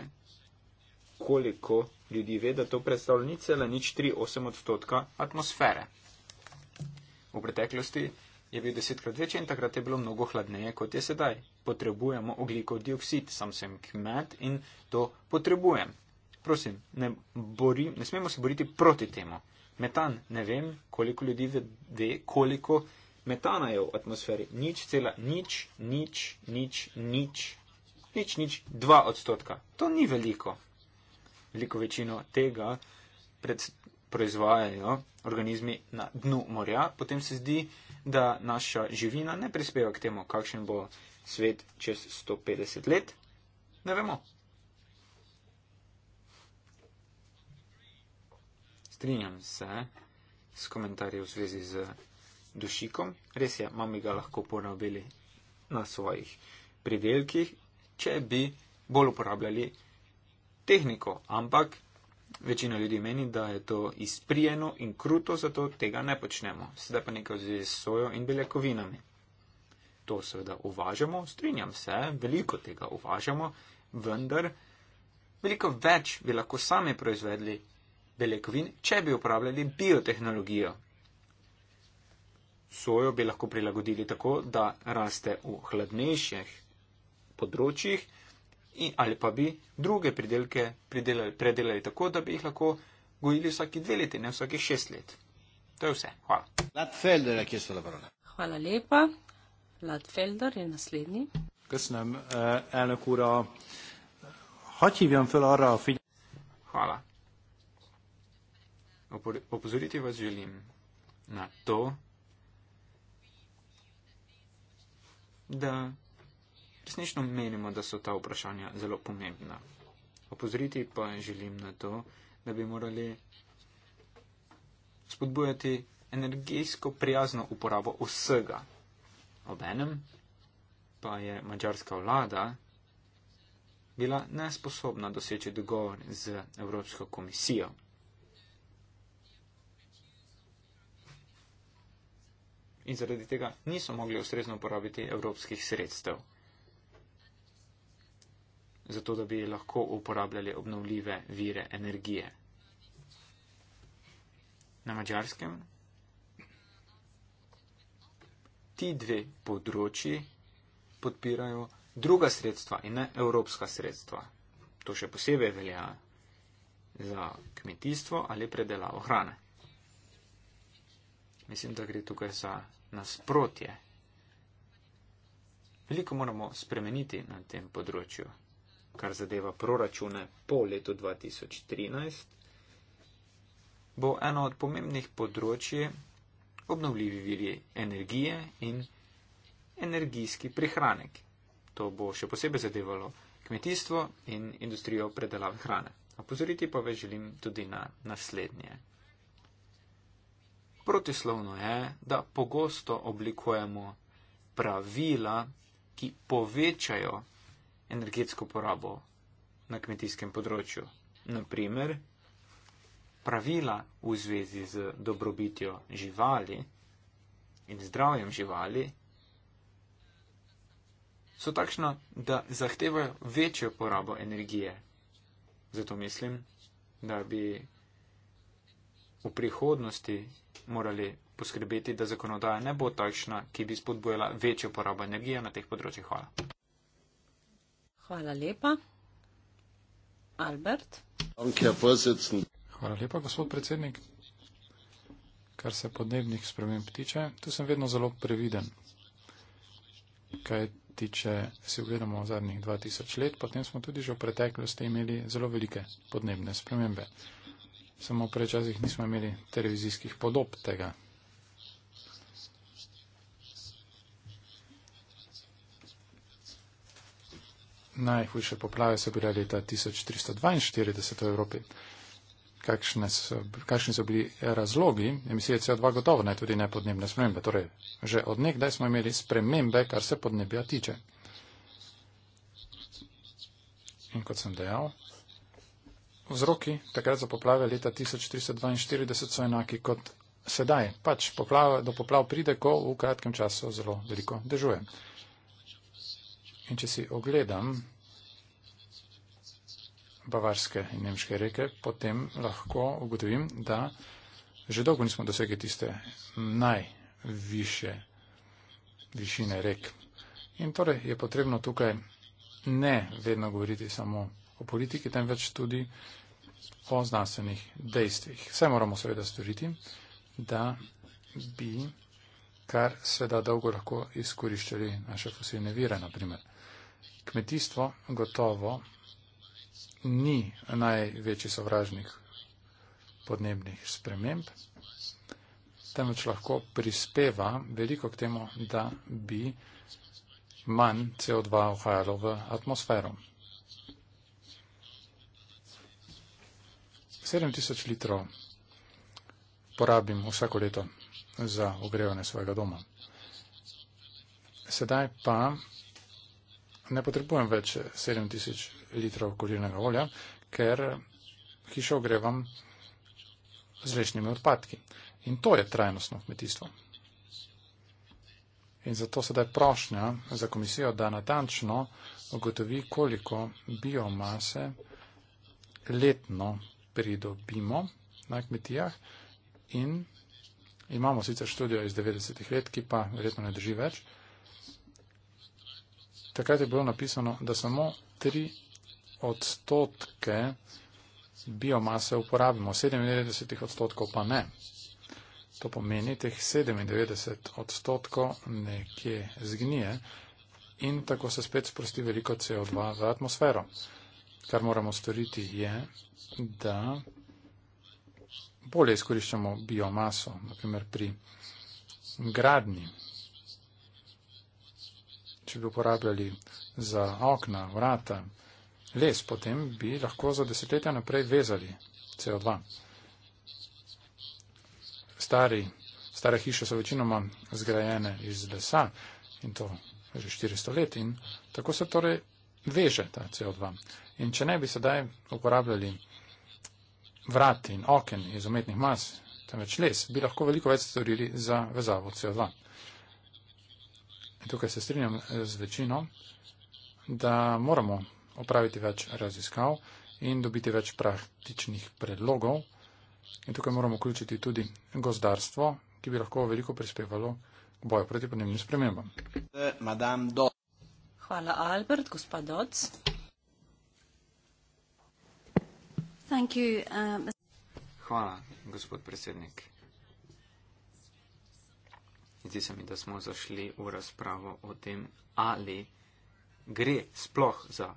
koliko ljudi ve, da to predstavlja nič cela nič 3-8 odstotka atmosfere. V preteklosti je bil desetkrat večji in takrat je bilo mnogo hladneje, kot je sedaj. Potrebujemo oglikov dioksid, sam sem kmet in to potrebujem. Prosim, ne, bori, ne smemo se boriti proti temu. Metan, ne vem, koliko ljudi ve, koliko metana je v atmosferi. Nič, cela, nič, nič, nič, nič, nič, nič, dva odstotka. To ni veliko. Veliko večino tega pred, proizvajajo organizmi na dnu morja, potem se zdi, da naša živina ne prispeva k temu, kakšen bo svet čez 150 let. Ne vemo. Strinjam se s komentarji v zvezi z dušikom. Res je, mami ga lahko porabili na svojih pridelkih, če bi bolj uporabljali tehniko, ampak Večina ljudi meni, da je to izprijeno in kruto, zato tega ne počnemo. Sedaj pa nekaj zvezi s sojo in beljakovinami. To seveda uvažamo, strinjam se, veliko tega uvažamo, vendar veliko več bi lahko sami proizvedli beljakovin, če bi uporabljali biotehnologijo. Sojo bi lahko prilagodili tako, da raste v hladnejših področjih, in ali pa bi druge pridelke pridelali, predelali tako, da bi jih lahko gojili vsaki dve leti, ne vsakih šest let. To je vse. Hvala. Latfelder, ki je sva dobrodošla. Hvala lepa. Latfelder je naslednji. Köszönöm, eh, elnök úr, a... hagyj hívjam föl arra a figyelmet. Hála. Opozoríti vás želím na to, da resnično menimo, da so ta vprašanja zelo pomembna. Opozoriti pa želim na to, da bi morali spodbujati energijsko prijazno uporabo vsega. Obenem pa je mađarska vlada bila nesposobna doseči dogovor z Evropsko komisijo. In zaradi tega niso mogli ustrezno uporabiti evropskih sredstev zato da bi lahko uporabljali obnovljive vire energije. Na mačarskem ti dve področji podpirajo druga sredstva in ne evropska sredstva. To še posebej velja za kmetijstvo ali predelavo hrane. Mislim, da gre tukaj za nasprotje. Veliko moramo spremeniti na tem področju kar zadeva proračune po letu 2013, bo eno od pomembnih področji obnovljivi viri energije in energijski prihranek. To bo še posebej zadevalo kmetijstvo in industrijo predelave hrane. Opozoriti pa ve želim tudi na naslednje. Protislovno je, da pogosto oblikujemo pravila, ki povečajo energetsko porabo na kmetijskem področju. Naprimer, pravila v zvezi z dobrobitjo živali in zdravjem živali so takšna, da zahtevajo večjo porabo energije. Zato mislim, da bi v prihodnosti morali poskrbeti, da zakonodaja ne bo takšna, ki bi spodbojala večjo porabo energije na teh področjih. Hvala. Hvala lepa. Albert. Hvala lepa, gospod predsednik. Kar se podnebnih sprememb tiče, tu sem vedno zelo previden. Kaj tiče, si ogledamo v zadnjih 2000 let, potem smo tudi že v preteklosti imeli zelo velike podnebne spremembe. Samo v prečasih nismo imeli televizijskih podob tega, Najhujše poplave so bile leta 1342 v Evropi. Kakšne so, kakšni so bili razlogi emisije CO2? Gotovo ne tudi nepodnebne spremembe. Torej, že od nekdaj smo imeli spremembe, kar se podnebja tiče. In kot sem dejal, vzroki takrat za poplave leta 1342 so enaki kot sedaj. Pač poplava, do poplav pride, ko v kratkem času zelo veliko dežuje. In če si ogledam bavarske in nemške reke, potem lahko ugotovim, da že dolgo nismo dosegli tiste najviše višine rek. In torej je potrebno tukaj ne vedno govoriti samo o politiki, temveč tudi o znanstvenih dejstvih. Vse moramo seveda storiti, da bi kar seveda dolgo lahko izkoriščali naše fosilne vire, naprimer kmetijstvo gotovo ni največji sovražnik podnebnih sprememb, temveč lahko prispeva veliko k temu, da bi manj CO2 ohajalo v atmosfero. 7000 litrov porabim vsako leto za ogrevanje svojega doma. Sedaj pa ne potrebujem več 7000 litrov kurilnega olja, ker hišo ogrevam z lešnimi odpadki. In to je trajnostno kmetijstvo. In zato sedaj prošnja za komisijo, da natančno ugotovi, koliko biomase letno pridobimo na kmetijah in imamo sicer študijo iz 90-ih let, ki pa verjetno ne drži več takrat je bilo napisano, da samo 3 odstotke biomase uporabimo, 97 odstotkov pa ne. To pomeni, teh 97 odstotkov nekje zgnije in tako se spet sprosti veliko CO2 v atmosfero. Kar moramo storiti je, da bolje izkoriščamo biomaso, naprimer pri gradni bi uporabljali za okna, vrata, les, potem bi lahko za desetletja naprej vezali CO2. Stari, stare hiše so večinoma zgrajene iz lesa in to že 400 let in tako se torej veže ta CO2. In če ne bi sedaj uporabljali vrati in oken iz umetnih mas, temveč les, bi lahko veliko več storili za vezavo CO2 tukaj se strinjam eh, z večino, da moramo opraviti več raziskav in dobiti več praktičnih predlogov. In tukaj moramo vključiti tudi gozdarstvo, ki bi lahko veliko prispevalo k boju proti podnebnim spremembam. Hvala, Albert. Gospa Doc. Uh, Hvala, gospod predsednik resnici se mi, da smo zašli v razpravo o tem, ali gre sploh za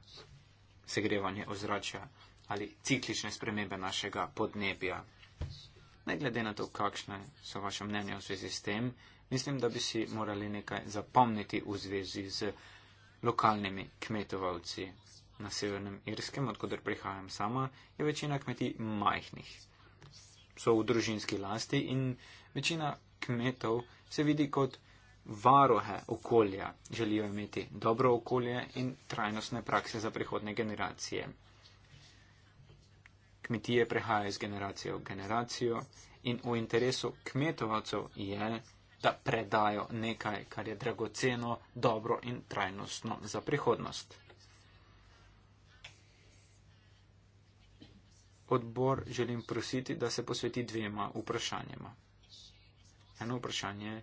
segrevanje ozračja ali ciklične spremembe našega podnebja. Ne glede na to, kakšne so vaše mnenje v zvezi s tem, mislim, da bi si morali nekaj zapomniti v zvezi z lokalnimi kmetovalci. Na severnem Irskem, odkudar prihajam sama, je večina kmetij majhnih. So v družinski lasti in večina kmetov se vidi kot varohe okolja. Želijo imeti dobro okolje in trajnostne prakse za prihodne generacije. Kmetije prehajajo iz generacije v generacijo in v interesu kmetovcev je, da predajo nekaj, kar je dragoceno, dobro in trajnostno za prihodnost. Odbor želim prositi, da se posveti dvema vprašanjima. Eno vprašanje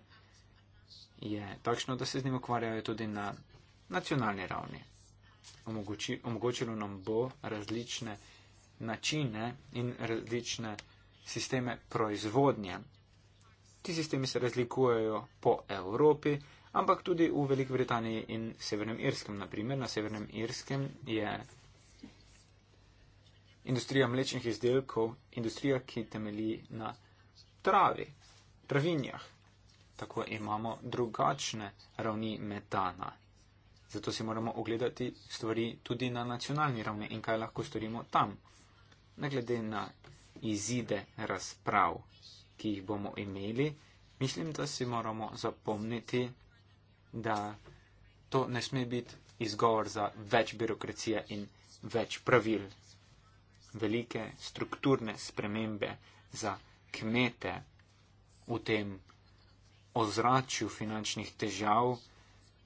je takšno, da se z njim ukvarjajo tudi na nacionalni ravni. Omogoči, omogočilo nam bo različne načine in različne sisteme proizvodnje. Ti sistemi se razlikujejo po Evropi, ampak tudi v Veliki Britaniji in Severnem Irskem. Naprimer, na Severnem Irskem je industrija mlečnih izdelkov, industrija, ki temelji na travi, travinjah. Tako imamo drugačne ravni metana. Zato si moramo ogledati stvari tudi na nacionalni ravni in kaj lahko storimo tam, ne glede na izide razprav, ki jih bomo imeli. Mislim, da si moramo zapomniti, da to ne sme biti izgovor za več birokracije in več pravil. Velike strukturne spremembe za kmete v tem ozračju finančnih težav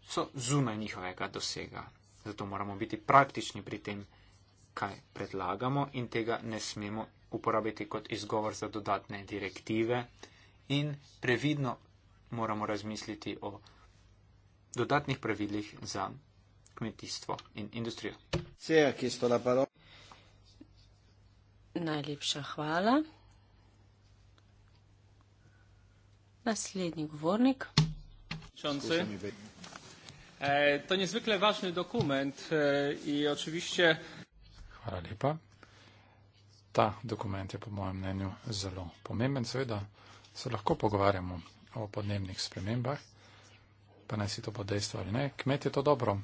so zunaj njihovega dosega. Zato moramo biti praktični pri tem, kaj predlagamo in tega ne smemo uporabiti kot izgovor za dodatne direktive in previdno moramo razmisliti o dodatnih pravilih za kmetijstvo in industrijo. Najlepša hvala. Naslednji govornik. Przewodniczący. E, to niezwykle ważny dokument e, i oczywiście. Hvala lepa. Ta dokument je po mojem mnenju zelo pomemben. Seveda se lahko pogovarjamo o podnebnih spremembah, pa naj si to bo dejstvo ali ne. Kmetje to dobro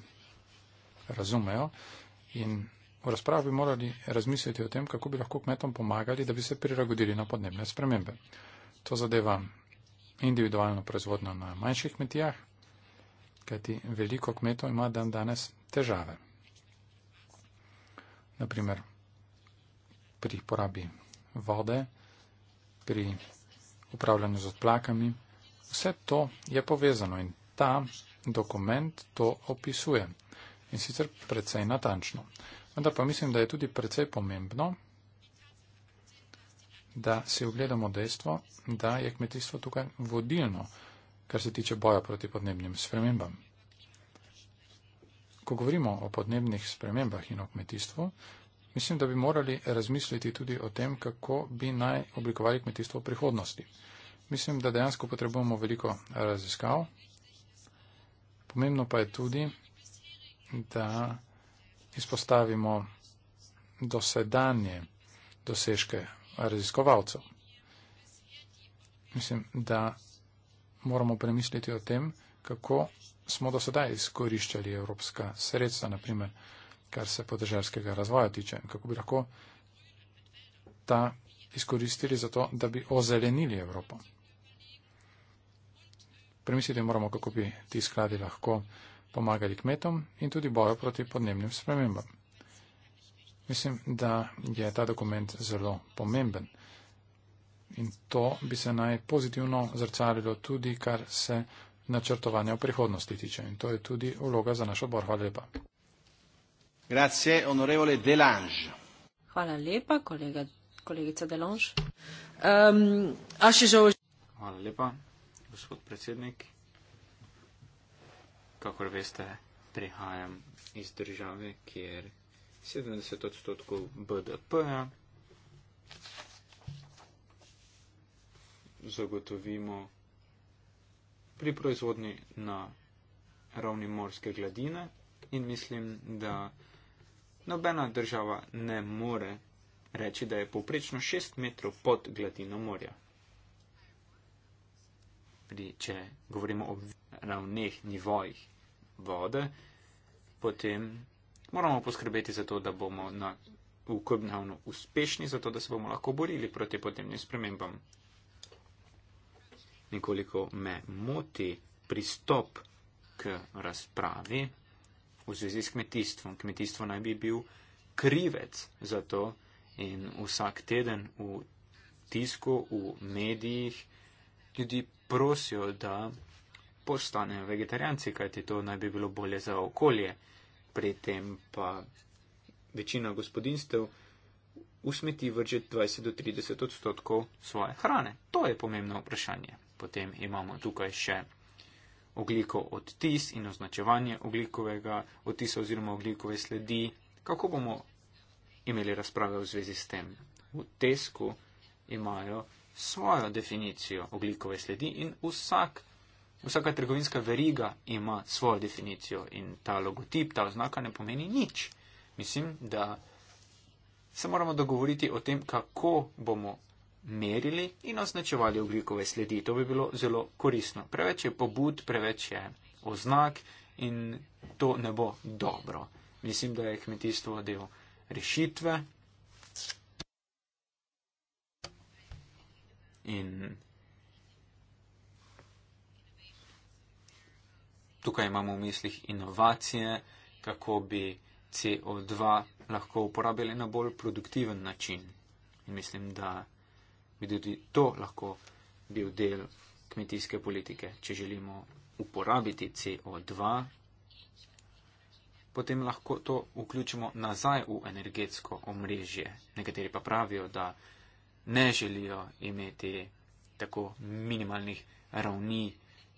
razumejo in v razpravi bi morali razmisliti o tem, kako bi lahko kmetom pomagali, da bi se prilagodili na podnebne spremembe. To zadeva individualno proizvodno na manjših kmetijah, kajti veliko kmetov ima dan danes težave. Naprimer, pri porabi vode, pri upravljanju z odplakami, vse to je povezano in ta dokument to opisuje. In sicer precej natančno. Vendar pa mislim, da je tudi precej pomembno, da si ogledamo dejstvo, da je kmetijstvo tukaj vodilno, kar se tiče boja proti podnebnim spremembam. Ko govorimo o podnebnih spremembah in o kmetijstvu, mislim, da bi morali razmisliti tudi o tem, kako bi naj oblikovali kmetijstvo v prihodnosti. Mislim, da dejansko potrebujemo veliko raziskav. Pomembno pa je tudi, da izpostavimo dosedanje dosežke raziskovalcev. Mislim, da moramo premisliti o tem, kako smo do sedaj izkoriščali evropska sredstva, naprimer, kar se podeželskega razvoja tiče, in kako bi lahko ta izkoristili za to, da bi ozelenili Evropo. Premisliti moramo, kako bi ti skladi lahko pomagali kmetom in tudi bojo proti podnebnim spremembam. Mislim, da je ta dokument zelo pomemben. In to bi se naj pozitivno zrcalilo tudi, kar se načrtovanja v prihodnosti tiče. In to je tudi vloga za naš odbor. Hvala lepa. Grazie, onorevole Delange. Hvala lepa, kolega, kolegica Delange. Um, a še žal. Hvala lepa, gospod predsednik. Kakor veste, prihajam iz države, kjer 70 odstotkov BDP zagotovimo pri proizvodni na ravni morske gladine in mislim, da nobena država ne more reči, da je poprečno 6 metrov pod gladino morja. Pri, če govorimo o ravneh nivojih vode, potem moramo poskrbeti za to, da bomo na, v Kobnavnu uspešni, zato da se bomo lahko borili proti podnebnim spremembam. Nekoliko me moti pristop k razpravi v zvezi s kmetijstvom. Kmetijstvo naj bi bil krivec za to in vsak teden v tisku, v medijih ljudi prosijo, da postanejo vegetarijanci, kajti to naj bi bilo bolje za okolje pri tem pa večina gospodinstev v smeti vrže 20 do 30 odstotkov svoje hrane. To je pomembno vprašanje. Potem imamo tukaj še ogliko odtis in označevanje oglikovega odtisa oziroma oglikove sledi. Kako bomo imeli razprave v zvezi s tem? V tesku imajo svojo definicijo oglikove sledi in vsak Vsaka trgovinska veriga ima svojo definicijo in ta logotip, ta oznaka ne pomeni nič. Mislim, da se moramo dogovoriti o tem, kako bomo merili in označevali oglikove sledi. To bi bilo zelo koristno. Preveč je pobud, preveč je oznak in to ne bo dobro. Mislim, da je kmetijstvo del rešitve. In tukaj imamo v mislih inovacije, kako bi CO2 lahko uporabili na bolj produktiven način. In mislim, da bi tudi to lahko bil del kmetijske politike. Če želimo uporabiti CO2, potem lahko to vključimo nazaj v energetsko omrežje. Nekateri pa pravijo, da ne želijo imeti tako minimalnih ravni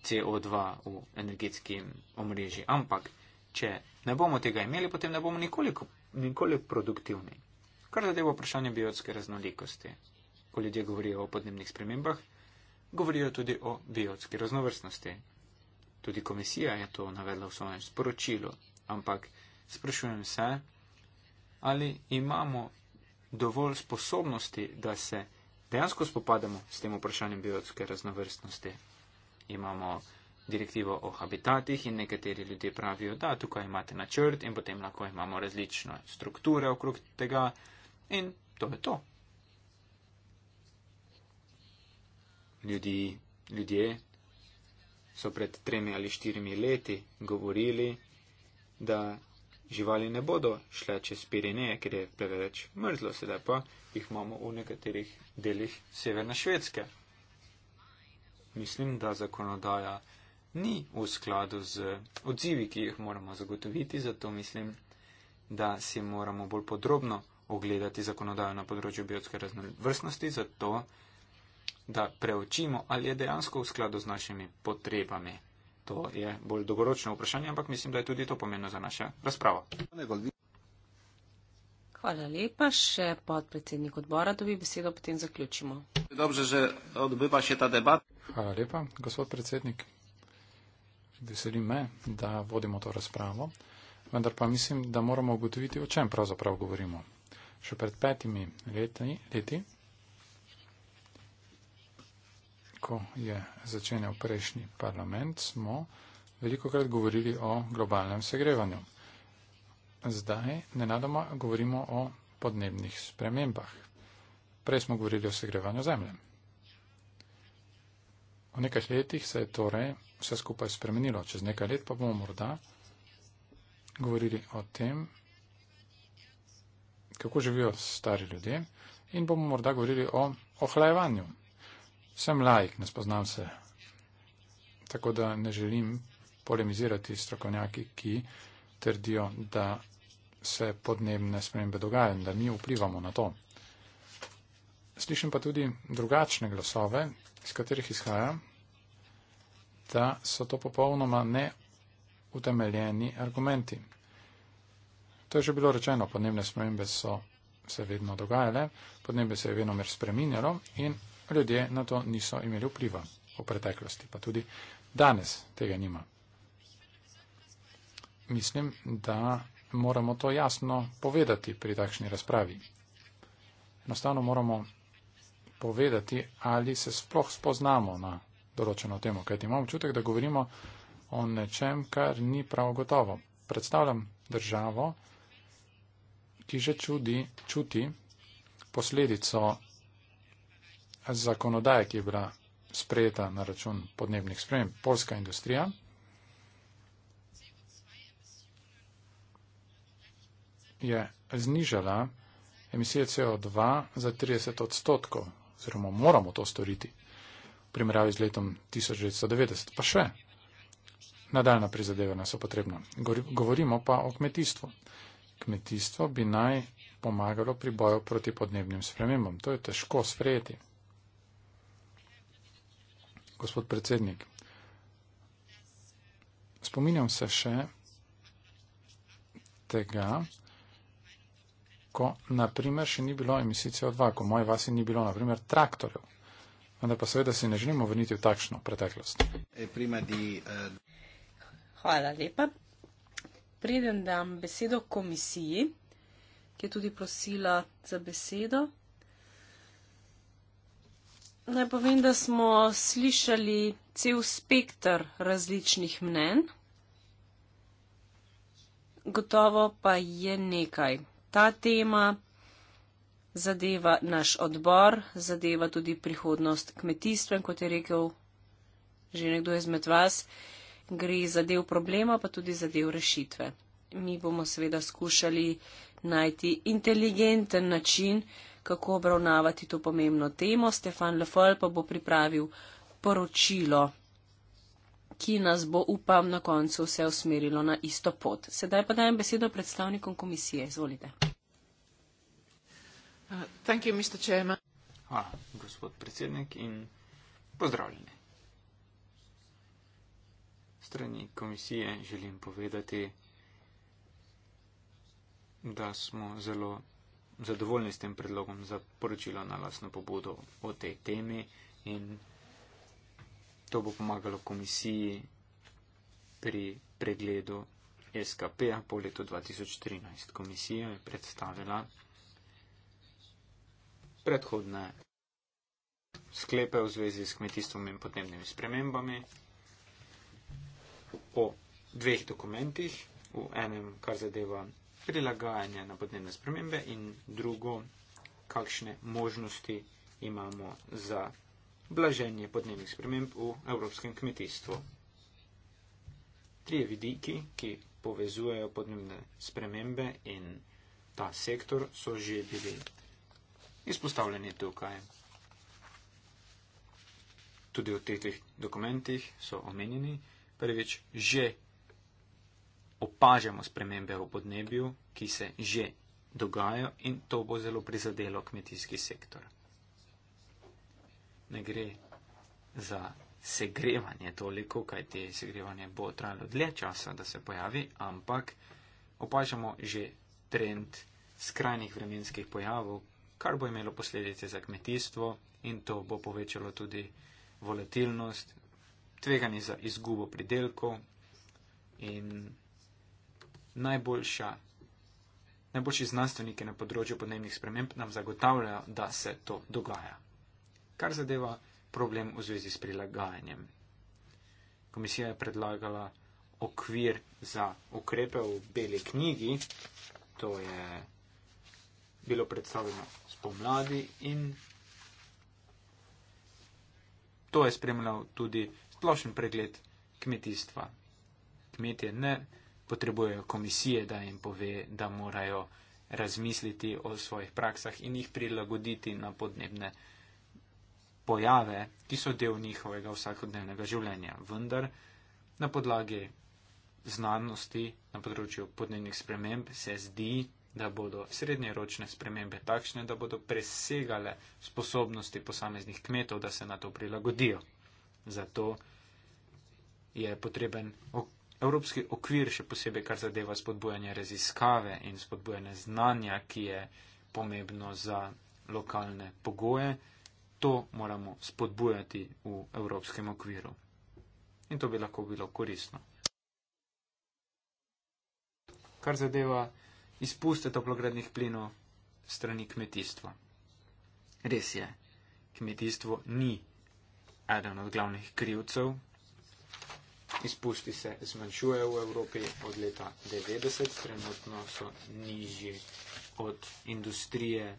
CO2 v energetskem omrežju. Ampak, če ne bomo tega imeli, potem ne bomo nikoli, nikoli produktivni. Kar zadeva vprašanje biotske raznolikosti. Ko ljudje govorijo o podnebnih spremembah, govorijo tudi o biotski raznovrstnosti. Tudi komisija je to navedla v svojem sporočilu, ampak sprašujem se, ali imamo dovolj sposobnosti, da se dejansko spopademo s tem vprašanjem biotske raznovrstnosti imamo direktivo o habitatih in nekateri ljudje pravijo, da tukaj imate načrt in potem lahko imamo različne strukture okrog tega in to je to. Ljudi, ljudje so pred tremi ali štirimi leti govorili, da živali ne bodo šle čez Pirineje, ker je preveč mrzlo, sedaj pa jih imamo v nekaterih delih severne Švedske mislim, da zakonodaja ni v skladu z odzivi, ki jih moramo zagotoviti, zato mislim, da si moramo bolj podrobno ogledati zakonodajo na področju biotske raznovrstnosti, zato da preučimo, ali je dejansko v skladu z našimi potrebami. To je bolj dolgoročno vprašanje, ampak mislim, da je tudi to pomembno za našo razpravo. Hvala lepa. Še podpredsednik odbora dobi besedo, potem zaključimo. Dobro, že odbiva še ta debat. Hvala lepa, gospod predsednik. Veseli me, da vodimo to razpravo, vendar pa mislim, da moramo ugotoviti, o čem pravzaprav govorimo. Še pred petimi leti, leti ko je začenjal prejšnji parlament, smo veliko krat govorili o globalnem segrevanju zdaj nenadoma govorimo o podnebnih spremembah. Prej smo govorili o segrevanju zemlje. V nekaj letih se je torej vse skupaj spremenilo. Čez nekaj let pa bomo morda govorili o tem, kako živijo stari ljudje in bomo morda govorili o ohlajevanju. Sem laik, ne spoznam se, tako da ne želim polemizirati strokovnjaki, ki trdijo, da se podnebne spremembe dogajajo in da mi vplivamo na to. Slišim pa tudi drugačne glasove, iz katerih izhaja, da so to popolnoma neutemeljeni argumenti. To je že bilo rečeno, podnebne spremembe so se vedno dogajale, podnebje se je vedno mer spreminjalo in ljudje na to niso imeli vpliva v preteklosti, pa tudi danes tega nima. Mislim, da moramo to jasno povedati pri takšni razpravi. Enostavno moramo povedati, ali se sploh spoznamo na določeno temo, kajti imamo občutek, da govorimo o nečem, kar ni prav gotovo. Predstavljam državo, ki že čudi, čuti posledico zakonodaje, ki je bila sprejeta na račun podnebnih sprememb, polska industrija je znižala emisije CO2 za 30 odstotkov, oziroma moramo to storiti, v primerjavi z letom 1990. Pa še, nadaljna prizadevanja so potrebna. Govorimo pa o kmetijstvu. Kmetijstvo bi naj pomagalo pri boju proti podnebnim spremembam. To je težko sprejeti. Gospod predsednik, spominjam se še tega, ko naprimer še ni bilo emisij CO2, ko moje vasi ni bilo naprimer traktorjev. Vendar pa seveda si ne želimo vrniti v takšno preteklost. Eh, eh, Hvala lepa. Preden dam besedo komisiji, ki je tudi prosila za besedo. Naj povem, da smo slišali cel spektr različnih mnen. Gotovo pa je nekaj, ta tema zadeva naš odbor, zadeva tudi prihodnost kmetijstva, kot je rekel že nekdo izmed vas, gre za del problema, pa tudi za del rešitve. Mi bomo seveda skušali najti inteligenten način, kako obravnavati to pomembno temo. Stefan Lefol pa bo pripravil poročilo ki nas bo, upam, na koncu vse usmerilo na isto pot. Sedaj pa dajem besedo predstavnikom komisije. Izvolite. Uh, Hvala, gospod predsednik in pozdravljeni. Strani komisije želim povedati, da smo zelo zadovoljni s tem predlogom za poročilo na lasno pobudo o tej temi in To bo pomagalo komisiji pri pregledu SKP-a po letu 2013. Komisija je predstavila predhodne sklepe v zvezi s kmetijstvom in podnebnimi spremembami o dveh dokumentih, v enem, kar zadeva prilagajanje na podnebne spremembe in drugo, kakšne možnosti imamo za blaženje podnebnih sprememb v evropskem kmetijstvu. Trije vidiki, ki povezujejo podnebne spremembe in ta sektor, so že bili izpostavljeni tukaj. Tudi v teh dveh dokumentih so omenjeni. Prvič, že opažamo spremembe v podnebju, ki se že dogajajo in to bo zelo prizadelo kmetijski sektor ne gre za segrevanje toliko, kaj te segrevanje bo trajalo dlje časa, da se pojavi, ampak opažamo že trend skrajnih vremenskih pojavov, kar bo imelo posledice za kmetijstvo in to bo povečalo tudi volatilnost, tveganje za izgubo pridelkov in najboljša. Najboljši znanstveniki na področju podnebnih sprememb nam zagotavljajo, da se to dogaja kar zadeva problem v zvezi s prilagajanjem. Komisija je predlagala okvir za ukrepe v beli knjigi, to je bilo predstavljeno spomladi in to je spremljal tudi splošen pregled kmetijstva. Kmetje ne potrebujejo komisije, da jim pove, da morajo razmisliti o svojih praksah in jih prilagoditi na podnebne pojave, ki so del njihovega vsakodnevnega življenja. Vendar na podlagi znanosti na področju podnebnih sprememb se zdi, da bodo srednjeročne spremembe takšne, da bodo presegale sposobnosti posameznih kmetov, da se na to prilagodijo. Zato je potreben evropski okvir, še posebej kar zadeva spodbujanje raziskave in spodbujanje znanja, ki je pomembno za lokalne pogoje to moramo spodbujati v evropskem okviru. In to bi lahko bilo korisno. Kar zadeva izpuste toplogrednih plinov strani kmetijstva. Res je, kmetijstvo ni eden od glavnih krivcev. Izpusti se zmanjšujejo v Evropi od leta 90, trenutno so nižji od industrije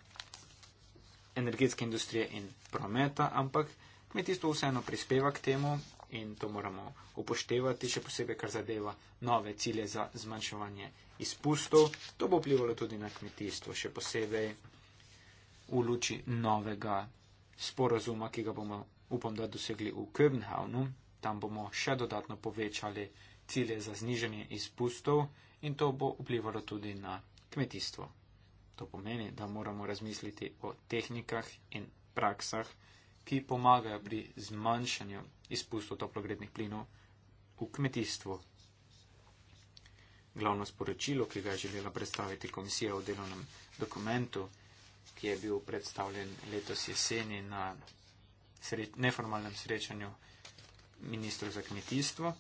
energetske industrije in prometa, ampak kmetijstvo vseeno prispeva k temu in to moramo upoštevati, še posebej, kar zadeva nove cilje za zmanjševanje izpustov. To bo vplivalo tudi na kmetijstvo, še posebej v luči novega sporazuma, ki ga bomo, upam, da dosegli v Köbenhavnu. Tam bomo še dodatno povečali cilje za znižanje izpustov in to bo vplivalo tudi na kmetijstvo. To pomeni, da moramo razmisliti o tehnikah in praksah, ki pomagajo pri zmanjšanju izpustov toplogrednih plinov v kmetijstvu. Glavno sporočilo, ki ga je želela predstaviti komisija v delovnem dokumentu, ki je bil predstavljen letos jeseni na sreč neformalnem srečanju ministra za kmetijstvo,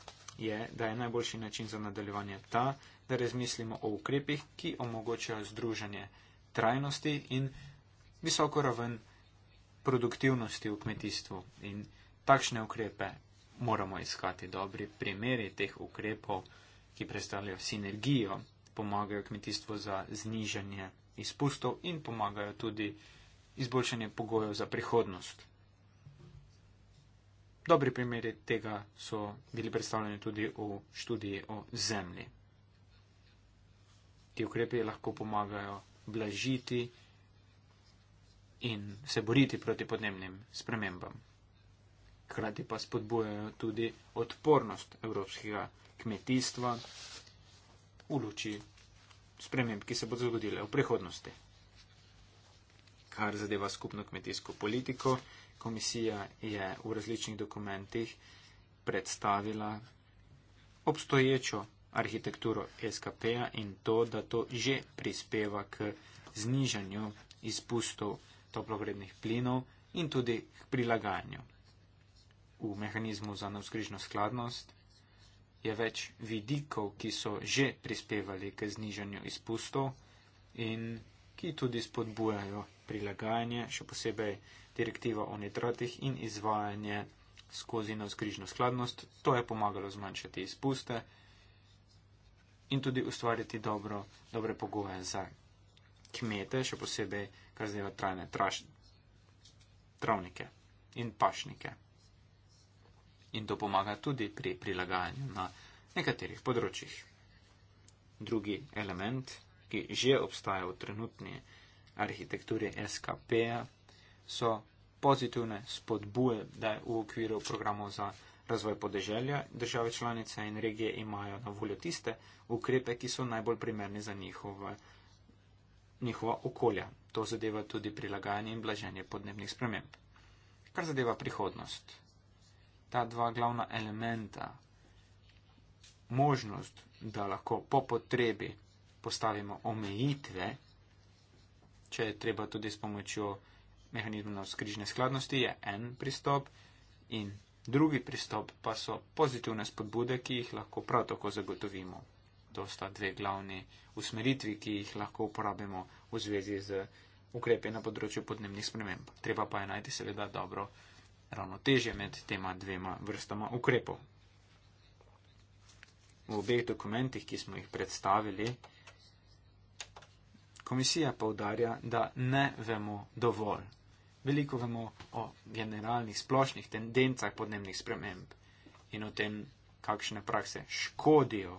je, da je najboljši način za nadaljevanje ta, da razmislimo o ukrepih, ki omogočajo združanje trajnosti in visoko raven produktivnosti v kmetijstvu. In takšne ukrepe moramo iskati. Dobri primeri teh ukrepov, ki predstavljajo sinergijo, pomagajo kmetijstvu za znižanje izpustov in pomagajo tudi izboljšanje pogojev za prihodnost. Dobri primeri tega so bili predstavljeni tudi v študiji o zemlji. Ti ukrepi lahko pomagajo blažiti in se boriti proti podnebnim spremembam. Hkrati pa spodbujajo tudi odpornost evropskega kmetijstva v luči sprememb, ki se bodo zgodile v prihodnosti. Kar zadeva skupno kmetijsko politiko, komisija je v različnih dokumentih predstavila obstoječo arhitekturo SKP-ja in to, da to že prispeva k znižanju izpustov toplogrednih plinov in tudi k prilagajanju. V mehanizmu za navzkrižno skladnost je več vidikov, ki so že prispevali k znižanju izpustov in ki tudi spodbujajo prilagajanje, še posebej direktiva o nitratih in izvajanje skozi navzkrižno skladnost. To je pomagalo zmanjšati izpuste in tudi ustvariti dobro, dobre pogoje za kmete, še posebej, kar zdaj je trajne traš, travnike in pašnike. In to pomaga tudi pri prilagajanju na nekaterih področjih. Drugi element, ki že obstaja v trenutni arhitekturi SKP-ja, so pozitivne spodbuje, da je v okviru programov za razvoj podeželja, države članice in regije imajo na voljo tiste ukrepe, ki so najbolj primerni za njihove, njihova okolja. To zadeva tudi prilagajanje in blaženje podnebnih sprememb. Kar zadeva prihodnost. Ta dva glavna elementa, možnost, da lahko po potrebi postavimo omejitve, če je treba tudi s pomočjo mehanizma skrižne skladnosti, je en pristop in Drugi pristop pa so pozitivne spodbude, ki jih lahko prav tako zagotovimo. To sta dve glavni usmeritvi, ki jih lahko uporabimo v zvezi z ukrepe na področju podnebnih sprememb. Treba pa je najti seveda dobro ravnotežje med tema dvema vrstama ukrepov. V obeh dokumentih, ki smo jih predstavili, komisija poudarja, da ne vemo dovolj veliko vemo o generalnih splošnih tendencah podnebnih sprememb in o tem, kakšne prakse škodijo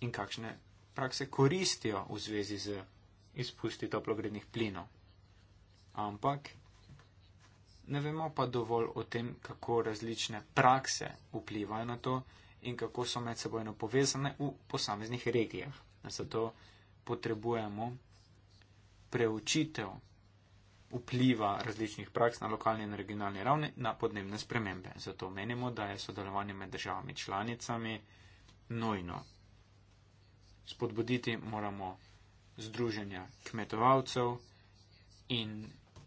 in kakšne prakse koristijo v zvezi z izpusti toplogrednih plinov. Ampak ne vemo pa dovolj o tem, kako različne prakse vplivajo na to in kako so med sebojno povezane v posameznih regijah. Zato potrebujemo preučitev vpliva različnih praks na lokalni in regionalni ravni na podnebne spremembe. Zato menimo, da je sodelovanje med državami članicami nojno. Spodbuditi moramo združenja kmetovalcev in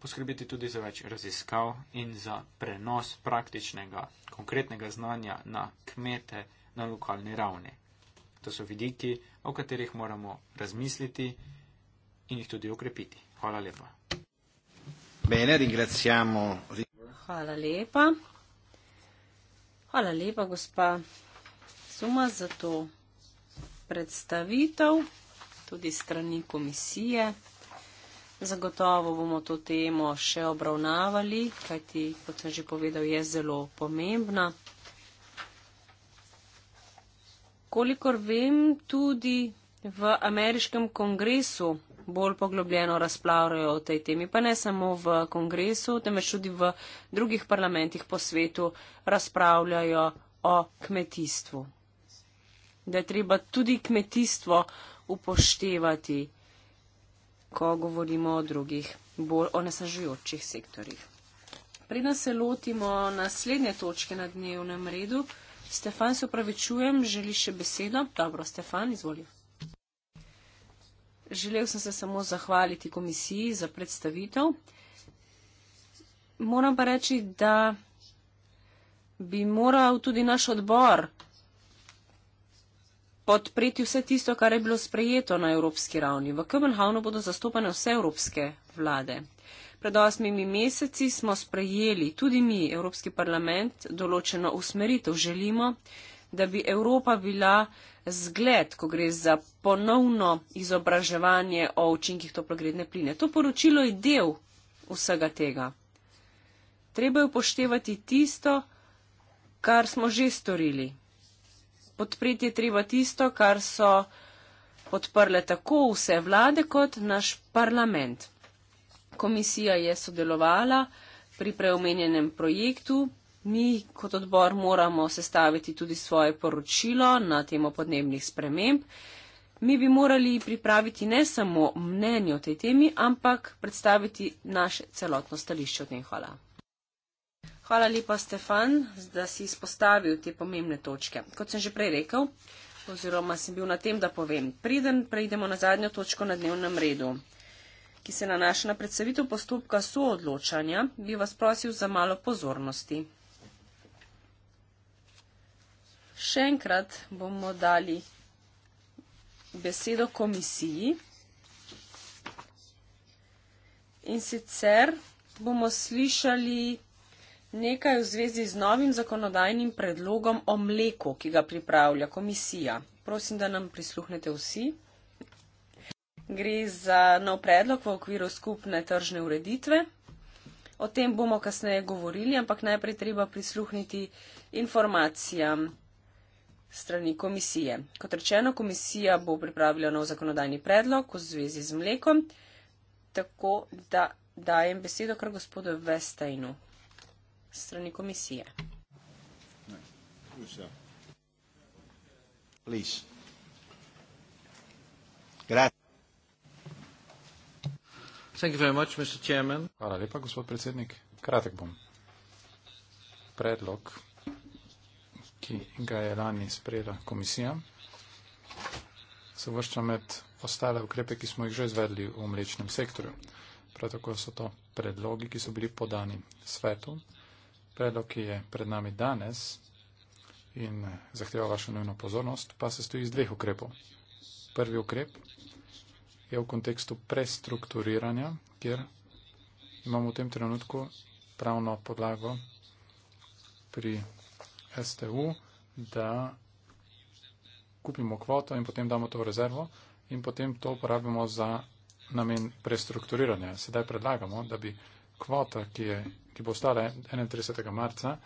poskrbeti tudi za več raziskav in za prenos praktičnega, konkretnega znanja na kmete na lokalni ravni. To so vidiki, o katerih moramo razmisliti in jih tudi okrepiti. Hvala lepa. Bene, ringraziamo. Hvala lepa. Hvala lepa, gospa Suma, za to predstavitev tudi strani komisije. Zagotovo bomo to temo še obravnavali, kajti, kot sem že povedal, je zelo pomembna. Kolikor vem, tudi v ameriškem kongresu bolj poglobljeno razplavljajo o tej temi, pa ne samo v kongresu, temveč tudi v drugih parlamentih po svetu razpravljajo o kmetijstvu. Da je treba tudi kmetijstvo upoštevati, ko govorimo o drugih bolj onesažujočih sektorjih. Preden se lotimo naslednje točke na dnevnem redu, Stefan, se upravičujem, želi še besedo. Dobro, Stefan, izvolite. Želel sem se samo zahvaliti komisiji za predstavitev. Moram pa reči, da bi moral tudi naš odbor podpreti vse tisto, kar je bilo sprejeto na evropski ravni. V Kopenhavnu bodo zastopane vse evropske vlade. Pred osmimi meseci smo sprejeli tudi mi, Evropski parlament, določeno usmeritev želimo, da bi Evropa bila zgled, ko gre za ponovno izobraževanje o učinkih toplogredne pline. To poročilo je del vsega tega. Treba je upoštevati tisto, kar smo že storili. Podpreti je treba tisto, kar so podprle tako vse vlade kot naš parlament. Komisija je sodelovala pri preomenjenem projektu, Mi kot odbor moramo sestaviti tudi svoje poročilo na temo podnebnih sprememb. Mi bi morali pripraviti ne samo mnenje o tej temi, ampak predstaviti naše celotno stališče o tem. Hvala. Hvala lepa, Stefan, da si izpostavil te pomembne točke. Kot sem že prej rekel, oziroma sem bil na tem, da povem, preden preidemo na zadnjo točko na dnevnem redu, ki se nanaša na predstavitev postopka soodločanja, bi vas prosil za malo pozornosti. Še enkrat bomo dali besedo komisiji in sicer bomo slišali nekaj v zvezi z novim zakonodajnim predlogom o mleku, ki ga pripravlja komisija. Prosim, da nam prisluhnete vsi. Gre za nov predlog v okviru skupne tržne ureditve. O tem bomo kasneje govorili, ampak najprej treba prisluhniti informacijam strani komisije. Kot rečeno, komisija bo pripravila nov zakonodajni predlog v zvezi z mlekom, tako da dajem besedo kar gospodu Vestajnu strani komisije. Much, Hvala lepa, gospod predsednik. Kratek bom. Predlog ki ga je lani sprejela komisija. Se vršča med ostale ukrepe, ki smo jih že izvedli v mlečnem sektorju. Prav tako so to predlogi, ki so bili podani svetu. Predlog, ki je pred nami danes in zahteva vašo nujno pozornost, pa se stoji iz dveh ukrepov. Prvi ukrep je v kontekstu prestrukturiranja, kjer imamo v tem trenutku pravno podlago pri STU, da kupimo kvoto in potem damo to v rezervo in potem to uporabimo za namen prestrukturiranja. Sedaj predlagamo, da bi kvota, ki, je, ki bo ostala 31. marca,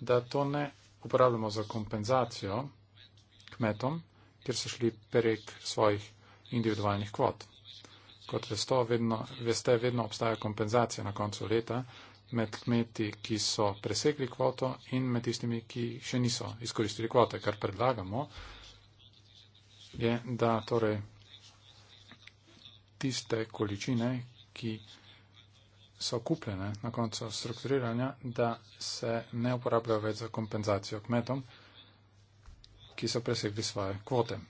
da to ne uporabljamo za kompenzacijo kmetom, kjer so šli prek svojih individualnih kvot. Kot veste, vedno, veste, vedno obstaja kompenzacija na koncu leta med kmeti, ki so presegli kvoto in med tistimi, ki še niso izkoristili kvote. Kar predlagamo je, da torej tiste količine, ki so kupljene na koncu strukturiranja, da se ne uporabljajo več za kompenzacijo kmetom, ki so presegli svoje kvote.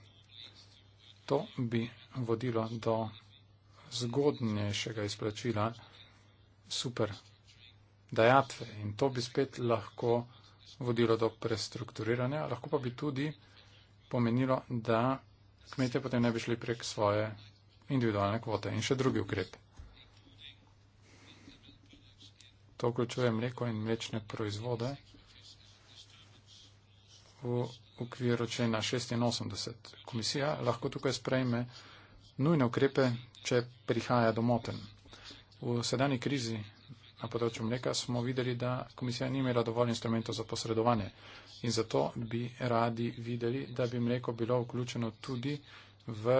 To bi vodilo do zgodnejšega izplačila super dajatve in to bi spet lahko vodilo do prestrukturiranja, lahko pa bi tudi pomenilo, da kmete potem ne bi šli prek svoje individualne kvote in še drugi ukrep. To vključuje mleko in mlečne proizvode v okviru člena 86. Komisija lahko tukaj sprejme nujne ukrepe, če prihaja do moten. V sedanji krizi na področju mleka, smo videli, da komisija ni imela dovolj instrumentov za posredovanje. In zato bi radi videli, da bi mleko bilo vključeno tudi v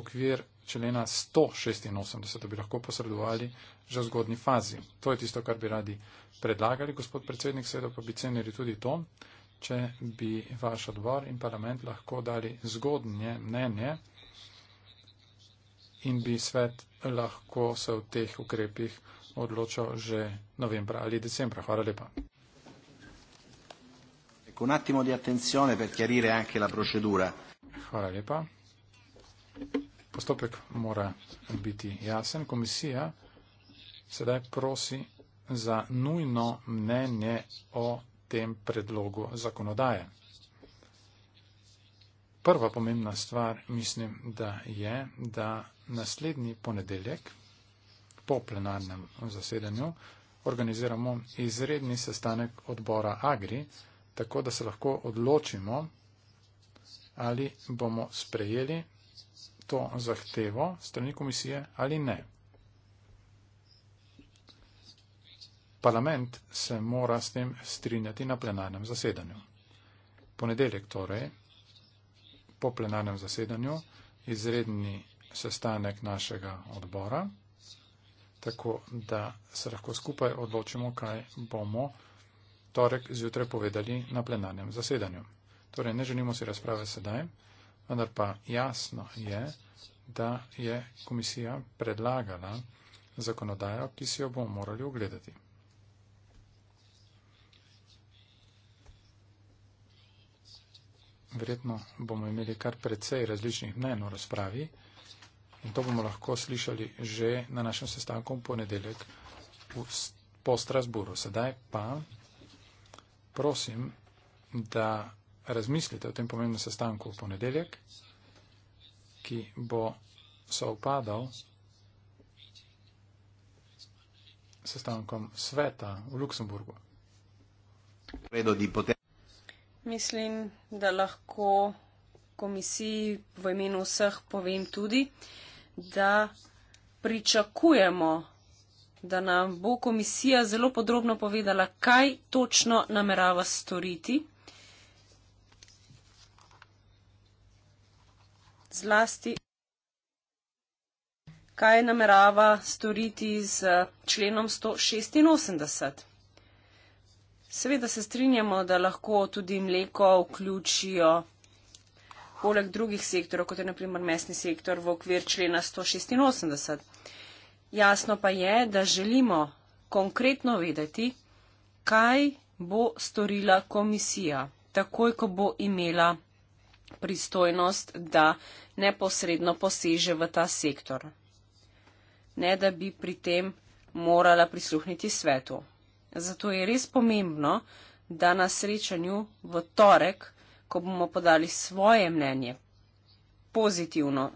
okvir člena 186, da bi lahko posredovali že v zgodni fazi. To je tisto, kar bi radi predlagali, gospod predsednik, seveda pa bi cenili tudi to, če bi vaš odbor in parlament lahko dali zgodnje mnenje in bi svet lahko se v teh ukrepih odločal že novembra ali decembra. Hvala lepa. Hvala lepa. Postopek mora biti jasen. Komisija sedaj prosi za nujno mnenje o tem predlogu zakonodaje. Prva pomembna stvar mislim, da je, da naslednji ponedeljek po plenarnem zasedanju organiziramo izredni sestanek odbora Agri, tako da se lahko odločimo, ali bomo sprejeli to zahtevo strani komisije ali ne. Parlament se mora s tem strinjati na plenarnem zasedanju. Ponedeljek torej, po plenarnem zasedanju, izredni sestanek našega odbora tako da se lahko skupaj odločimo, kaj bomo torek zjutraj povedali na plenarnem zasedanju. Torej, ne želimo si razprave sedaj, vendar pa jasno je, da je komisija predlagala zakonodajo, ki si jo bomo morali ogledati. Verjetno bomo imeli kar precej različnih mnen v razpravi. In to bomo lahko slišali že na našem sestanku v ponedeljek v, po Strasburu. Sedaj pa prosim, da razmislite o tem pomembnem sestanku v ponedeljek, ki bo sovpadal sestankom sveta v Luksemburgu. Mislim, da lahko komisiji v imenu vseh povem tudi, da pričakujemo, da nam bo komisija zelo podrobno povedala, kaj točno namerava storiti. Zlasti, kaj namerava storiti z členom 186. Seveda se strinjamo, da lahko tudi mleko vključijo poleg drugih sektorov, kot je naprimer mesni sektor, v okvir člena 186. Jasno pa je, da želimo konkretno vedeti, kaj bo storila komisija, takoj, ko bo imela pristojnost, da neposredno poseže v ta sektor, ne da bi pri tem morala prisluhniti svetu. Zato je res pomembno, da na srečanju v torek ko bomo podali svoje mnenje, pozitivno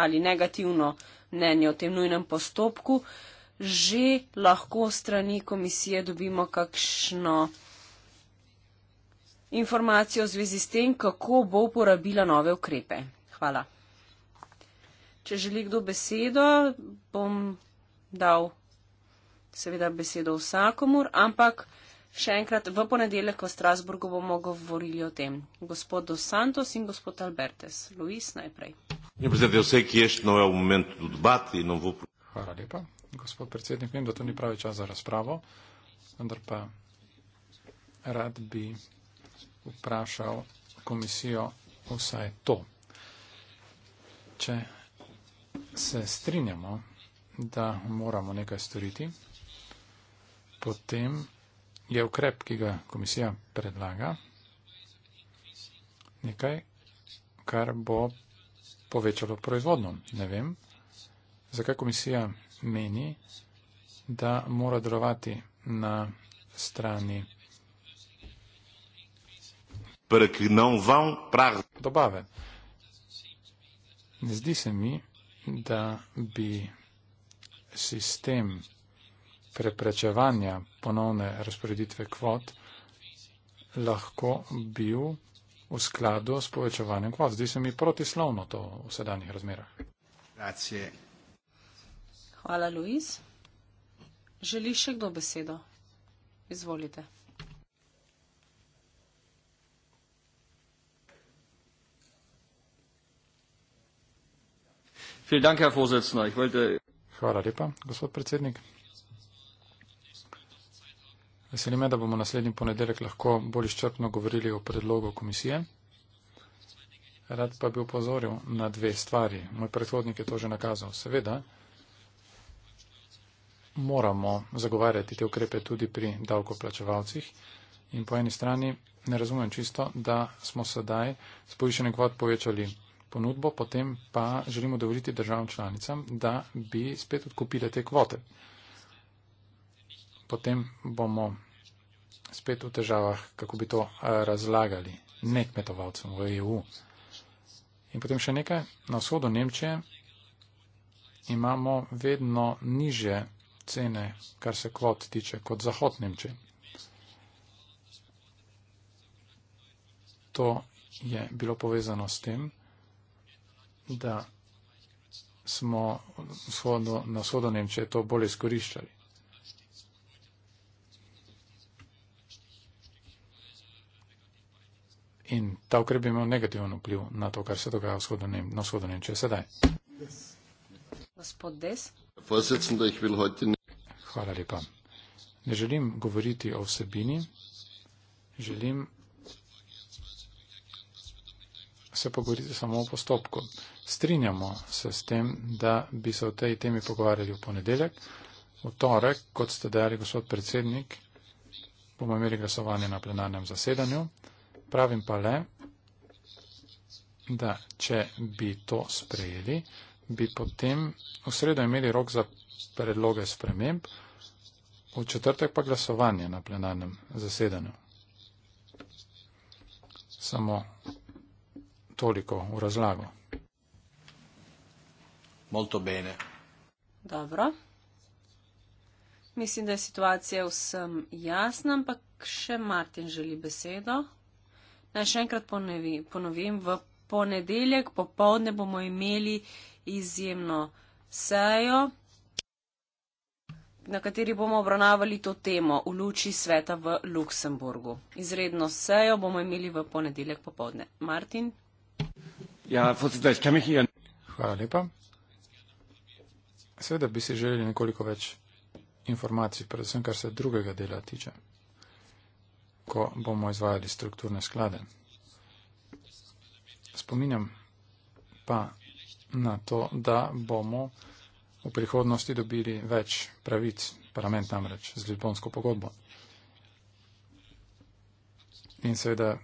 ali negativno mnenje o tem nujnem postopku, že lahko strani komisije dobimo kakšno informacijo v zvezi s tem, kako bo uporabila nove ukrepe. Hvala. Če želi kdo besedo, bom dal seveda besedo vsakomur, ampak. Še enkrat v ponedeljek v Strasburgu bomo govorili o tem. Gospod Dos Santos in gospod Albertes. Luis najprej. E Hvala lepa, gospod predsednik. Vem, da to ni pravi čas za razpravo, vendar pa rad bi vprašal komisijo vsaj to. Če se strinjamo, da moramo nekaj storiti, potem je ukrep, ki ga komisija predlaga, nekaj, kar bo povečalo proizvodno. Ne vem, zakaj komisija meni, da mora delovati na strani dobave. Ne zdi se mi, da bi sistem preprečevanja ponovne razporeditve kvot lahko bil v skladu s povečevanjem kvot. Zdi se mi protislovno to v sedanjih razmerah. Grazie. Hvala, Luiz. Želi še kdo besedo? Izvolite. Hvala lepa, gospod predsednik. Veseli me, da bomo naslednji ponedeljek lahko bolj izčrpno govorili o predlogu komisije. Rad pa bi upozoril na dve stvari. Moj predhodnik je to že nakazal. Seveda moramo zagovarjati te ukrepe tudi pri davkoplačevalcih in po eni strani ne razumem čisto, da smo sedaj s povišenjem kvot povečali ponudbo, potem pa želimo dovoliti državam članicam, da bi spet odkupile te kvote potem bomo spet v težavah, kako bi to eh, razlagali ne kmetovalcem v EU. In potem še nekaj, na vzhodu Nemčije imamo vedno niže cene, kar se kvot tiče, kot zahod Nemčije. To je bilo povezano s tem, da smo vzhodu, na vzhodu Nemčije to bolje izkoriščali. in ta ukrep bi imel negativen vpliv na to, kar se dogaja v vzhodu Nemčije, na vzhodu Nemčije sedaj. Hvala lepa. Ne želim govoriti o vsebini, želim se pogovoriti samo o postopku. Strinjamo se s tem, da bi se o tej temi pogovarjali v ponedeljek. V torek, kot ste dejali, gospod predsednik, bomo imeli glasovanje na plenarnem zasedanju. Pravim pa le, da če bi to sprejeli, bi potem v sredo imeli rok za predloge sprememb, v četrtek pa glasovanje na plenarnem zasedanju. Samo toliko v razlago. Molto bene. Dobro. Mislim, da je situacija vsem jasna, ampak še Martin želi besedo. Naj še enkrat ponevi, ponovim, v ponedeljek popovdne bomo imeli izjemno sejo, na kateri bomo obravnavali to temo v luči sveta v Luksemburgu. Izredno sejo bomo imeli v ponedeljek popovdne. Martin. Ja, Hvala lepa. Seveda bi si želeli nekoliko več informacij, predvsem kar se drugega dela tiče ko bomo izvajali strukturne sklade. Spominjam pa na to, da bomo v prihodnosti dobili več pravic, parlament namreč, z Lizbonsko pogodbo. In seveda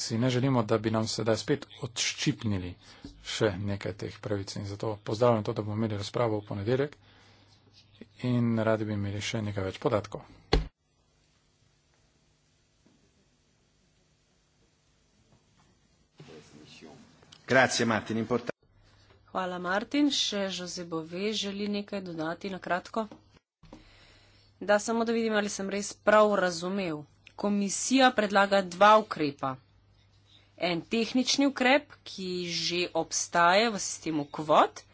si ne želimo, da bi nam sedaj spet odščipnili še nekaj teh pravic. In zato pozdravljam to, da bomo imeli razpravo v ponedeljek in radi bi imeli še nekaj več podatkov. Grazie, Martin. Hvala, Martin. Še Jose Bove želi nekaj dodati na kratko. Da, samo da vidim, ali sem res prav razumev. Komisija predlaga dva ukrepa. En tehnični ukrep, ki že obstaje v sistemu kvot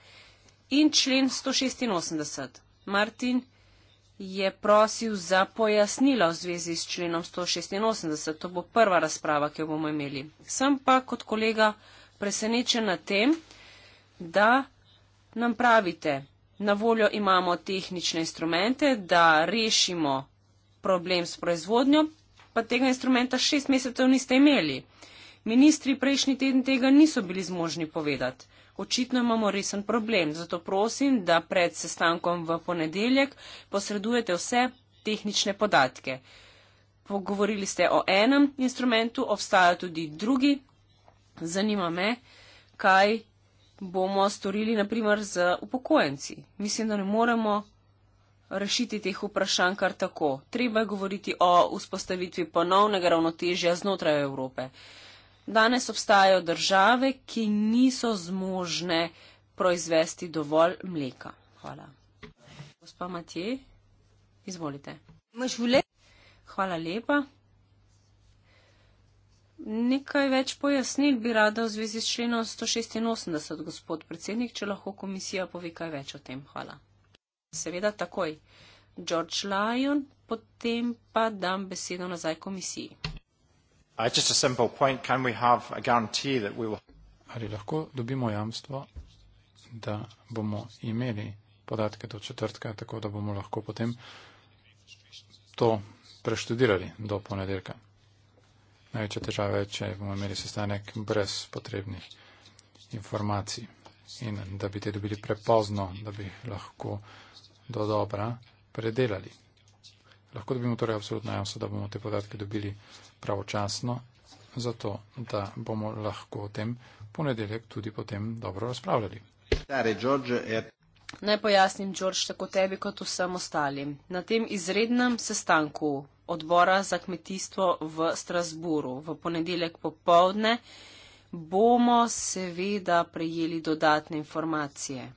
in člen 186. Martin je prosil za pojasnila v zvezi s členom 186. To bo prva razprava, ki jo bomo imeli. Sem pa kot kolega presenečena tem, da nam pravite, na voljo imamo tehnične instrumente, da rešimo problem s proizvodnjo, pa tega instrumenta šest mesecev niste imeli. Ministri prejšnji teden tega niso bili zmožni povedati. Očitno imamo resen problem, zato prosim, da pred sestankom v ponedeljek posredujete vse tehnične podatke. Pogovorili ste o enem instrumentu, obstajajo tudi drugi Zanima me, kaj bomo storili naprimer z upokojenci. Mislim, da ne moremo rešiti teh vprašanj kar tako. Treba je govoriti o vzpostavitvi ponovnega ravnotežja znotraj Evrope. Danes obstajajo države, ki niso zmožne proizvesti dovolj mleka. Hvala. Gospa Matje, izvolite. Hvala lepa. Nekaj več pojasnil bi rada v zvezi s členom 186, gospod predsednik, če lahko komisija pove kaj več o tem. Hvala. Seveda takoj. George Lyon, potem pa dam besedo nazaj komisiji. Uh, Ali lahko dobimo jamstvo, da bomo imeli podatke do četrtka, tako da bomo lahko potem to preštudirali do ponedeljka? največje težave, če bomo imeli sestanek brez potrebnih informacij in da bi te dobili prepozno, da bi lahko do dobra predelali. Lahko dobimo torej absolutno jasno, da bomo te podatke dobili pravočasno, zato da bomo lahko o tem ponedeljek tudi potem dobro razpravljali. Ja. Naj pojasnim, George, tako tebi kot vsem ostalim. Na tem izrednem sestanku odbora za kmetijstvo v Strasburu. V ponedeljek popovdne bomo seveda prejeli dodatne informacije.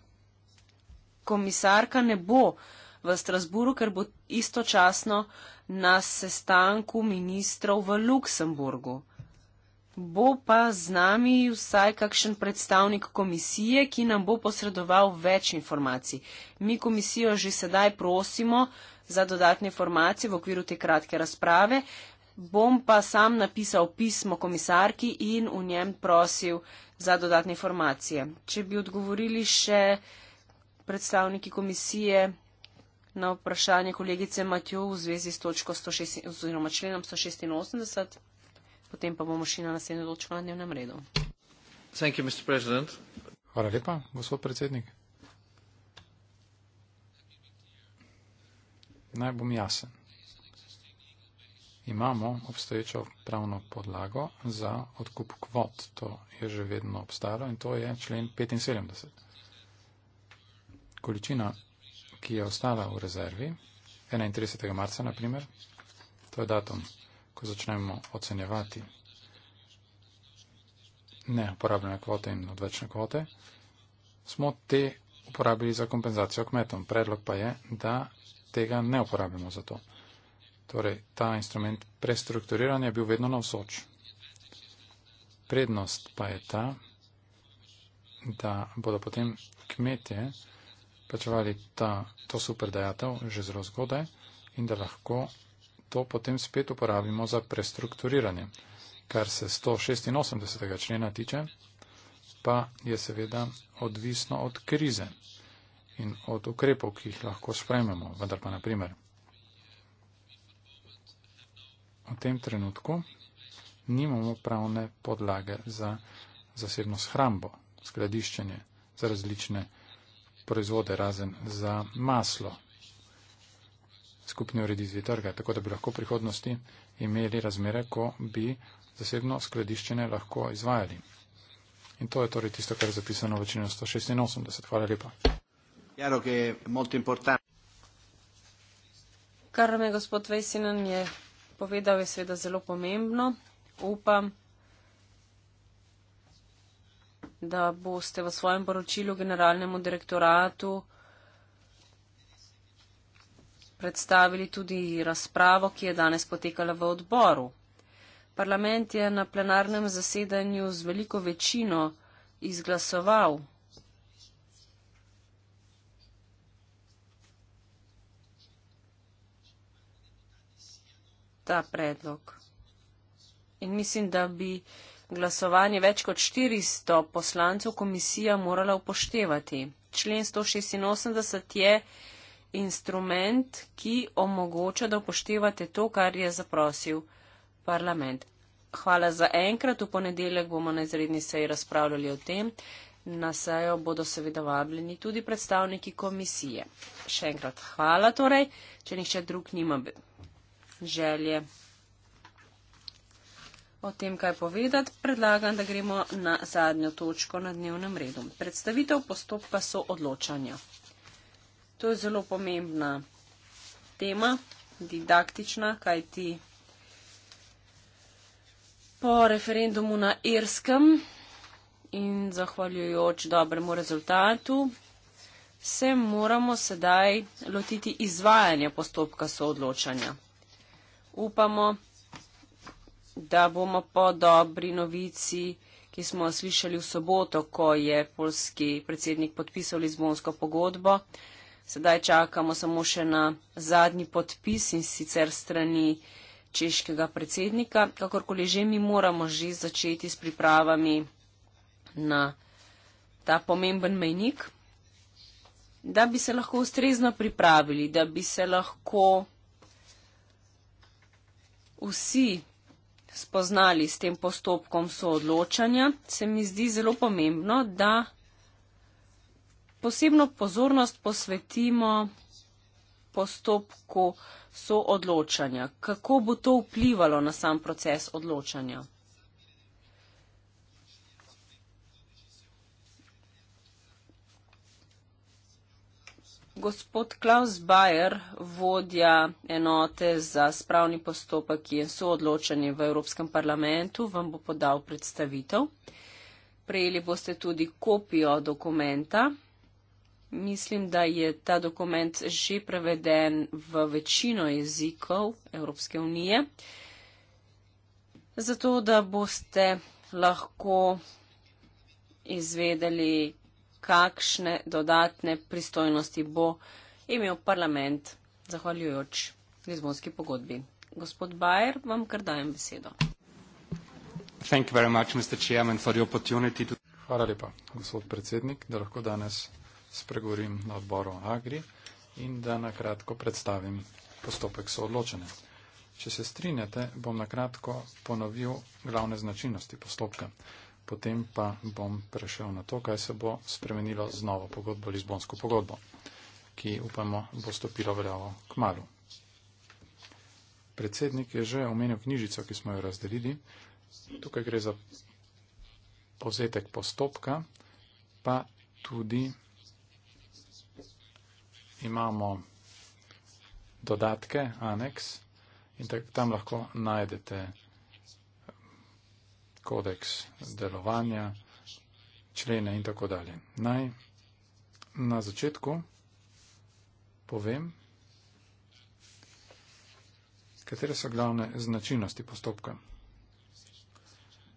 Komisarka ne bo v Strasburu, ker bo istočasno na sestanku ministrov v Luksemburgu. Bo pa z nami vsaj kakšen predstavnik komisije, ki nam bo posredoval več informacij. Mi komisijo že sedaj prosimo, za dodatne informacije v okviru te kratke razprave. Bom pa sam napisal pismo komisarki in v njem prosil za dodatne informacije. Če bi odgovorili še predstavniki komisije na vprašanje kolegice Matjo v zvezi s točko 106, oziroma členom 186, potem pa bomo šli na naslednjo točko na dnevnem redu. Hvala lepa, gospod predsednik. Naj bom jasen. Imamo obstoječo pravno podlago za odkup kvot. To je že vedno obstalo in to je člen 75. Količina, ki je ostala v rezervi, 31. marca naprimer, to je datum, ko začnemo ocenjevati neuporabljene kvote in odvečne kvote, smo te uporabili za kompenzacijo kmetom. Predlog pa je, da tega ne uporabimo za to. Torej, ta instrument prestrukturiranja je bil vedno na vsoč. Prednost pa je ta, da bodo potem kmetje plačevali ta, to super dajatev že zelo zgodaj in da lahko to potem spet uporabimo za prestrukturiranje. Kar se 186. člena tiče, pa je seveda odvisno od krize in od ukrepov, ki jih lahko sprememo. Vendar pa naprimer, v tem trenutku nimamo pravne podlage za zasebno shrambo, skladiščenje za različne proizvode, razen za maslo skupne ureditvi trga, tako da bi lahko v prihodnosti imeli razmere, ko bi zasebno skladiščenje lahko izvajali. In to je torej tisto, kar je zapisano v večini 186. Hvala lepa. Chiaro che è molto importante. Kar me gospod Vesinen je povedal, je seveda zelo pomembno. Upam, da boste v svojem poročilu generalnemu direktoratu predstavili tudi razpravo, ki je danes potekala v odboru. Parlament je na plenarnem zasedanju z veliko večino izglasoval ta predlog. In mislim, da bi glasovanje več kot 400 poslancev komisija morala upoštevati. Člen 186 je instrument, ki omogoča, da upoštevate to, kar je zaprosil parlament. Hvala za enkrat. V ponedeljek bomo na izredni seji razpravljali o tem. Na sejo bodo seveda vabljeni tudi predstavniki komisije. Še enkrat hvala torej, če nihče drug nima. Be želje. O tem, kaj povedati, predlagam, da gremo na zadnjo točko na dnevnem redu. Predstavitev postopka so odločanja. To je zelo pomembna tema, didaktična, kaj ti po referendumu na Irskem in zahvaljujoč dobremu rezultatu se moramo sedaj lotiti izvajanja postopka soodločanja upamo, da bomo po dobri novici, ki smo slišali v soboto, ko je polski predsednik podpisal Lizbonsko pogodbo, sedaj čakamo samo še na zadnji podpis in sicer strani češkega predsednika. Kakorkoli že, mi moramo že začeti s pripravami na ta pomemben mejnik, da bi se lahko ustrezno pripravili, da bi se lahko vsi spoznali s tem postopkom soodločanja, se mi zdi zelo pomembno, da posebno pozornost posvetimo postopku soodločanja. Kako bo to vplivalo na sam proces odločanja? Gospod Klaus Bayer, vodja enote za spravni postopek in soodločanje v Evropskem parlamentu, vam bo podal predstavitev. Prejeli boste tudi kopijo dokumenta. Mislim, da je ta dokument že preveden v večino jezikov Evropske unije, zato da boste lahko izvedeli, kakšne dodatne pristojnosti bo imel parlament, zahvaljujoč Lizbonski pogodbi. Gospod Bajer, vam kar dajem besedo. Much, Chairman, to... Hvala lepa, gospod predsednik, da lahko danes spregovorim na odboru Agri in da nakratko predstavim postopek soodločene. Če se strinjate, bom nakratko ponovil glavne značilnosti postopka potem pa bom prešel na to, kaj se bo spremenilo z novo pogodbo, Lizbonsko pogodbo, ki upamo bo stopila veljavo k malu. Predsednik je že omenil knjižico, ki smo jo razdelili. Tukaj gre za povzetek postopka, pa tudi imamo dodatke, aneks in tam lahko najdete kodeks delovanja, člene in tako dalje. Naj na začetku povem, katere so glavne značilnosti postopka.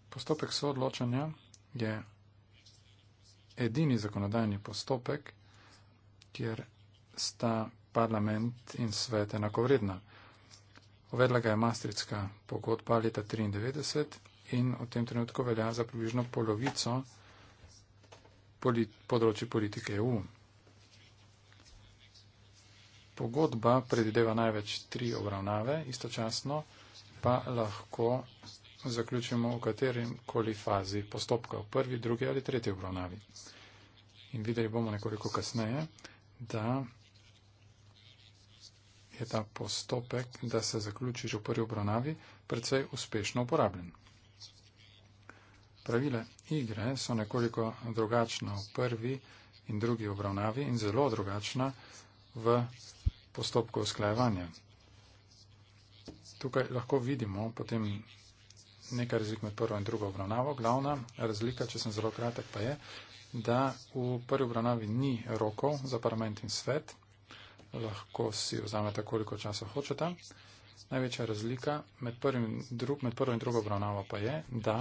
Postopek soodločanja je edini zakonodajni postopek, kjer sta parlament in svet enakovredna. Uvedla ga je Maastrichtska pogodba leta 1993 in v tem trenutku velja za približno polovico polit področji politike EU. Pogodba predideva največ tri obravnave, istočasno pa lahko zaključimo v katerem koli fazi postopka, v prvi, drugi ali tretji obravnavi. In videli bomo nekoliko kasneje, da je ta postopek, da se zaključi že v prvi obravnavi, precej uspešno uporabljen. Pravile igre so nekoliko drugačna v prvi in drugi obravnavi in zelo drugačna v postopku usklajevanja. Tukaj lahko vidimo potem nekaj razlik med prvo in drugo obravnavo. Glavna razlika, če sem zelo kratek, pa je, da v prvi obravnavi ni rokov za parlament in svet. Lahko si vzamete, koliko časa hočete. Največja razlika med, drug, med prvo in drugo obravnavo pa je, da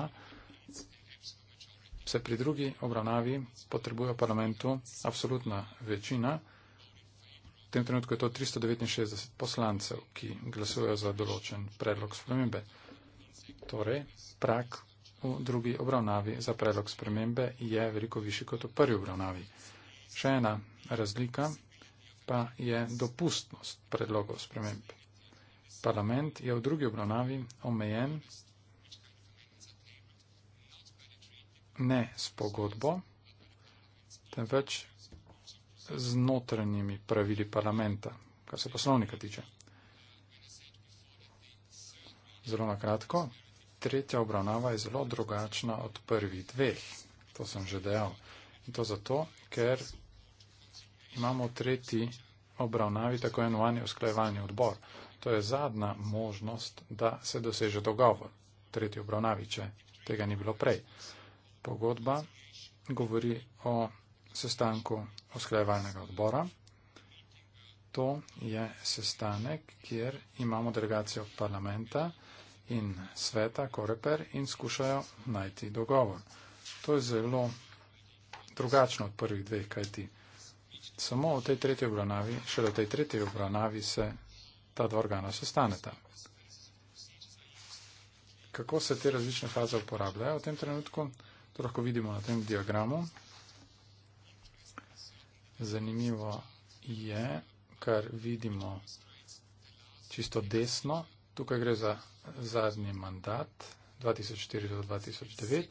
se pri drugi obravnavi potrebuje v parlamentu absolutna večina, v tem trenutku je to 369 poslancev, ki glasujejo za določen predlog spremembe. Torej, prak v drugi obravnavi za predlog spremembe je veliko višji kot v prvi obravnavi. Še ena razlika pa je dopustnost predlogov sprememb. Parlament je v drugi obravnavi omejen ne s pogodbo, temveč z notranjimi pravili parlamenta, kar se poslovnika tiče. Zelo na kratko, tretja obravnava je zelo drugačna od prvih dveh, to sem že dejal. In to zato, ker imamo tretji obravnavi tako enovani usklajevalni odbor. To je zadnja možnost, da se doseže dogovor. Tretji obravnavi, če tega ni bilo prej pogodba govori o sestanku osklajevalnega odbora. To je sestanek, kjer imamo delegacijo parlamenta in sveta, koreper, in skušajo najti dogovor. To je zelo drugačno od prvih dveh, kajti samo v tej tretji obravnavi, šele v tej tretji obravnavi se ta dva organa sestaneta. Kako se te različne faze uporabljajo v tem trenutku? To lahko vidimo na tem diagramu. Zanimivo je, kar vidimo čisto desno. Tukaj gre za zadnji mandat 2004-2009.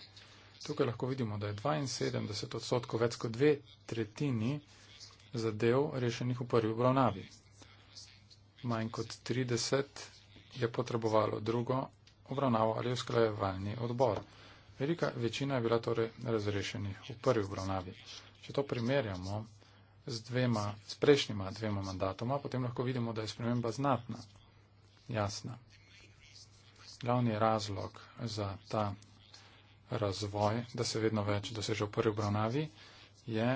Tukaj lahko vidimo, da je 72 odstotkov več kot dve tretjini zadev rešenih v prvi obravnavi. Manj kot 30 je potrebovalo drugo obravnavo ali usklajevalni odbor. Velika večina je bila torej razrešenih v prvi obravnavi. Če to primerjamo z, dvema, z prejšnjima dvema mandatoma, potem lahko vidimo, da je sprememba znatna, jasna. Glavni razlog za ta razvoj, da se vedno več doseže v prvi obravnavi, je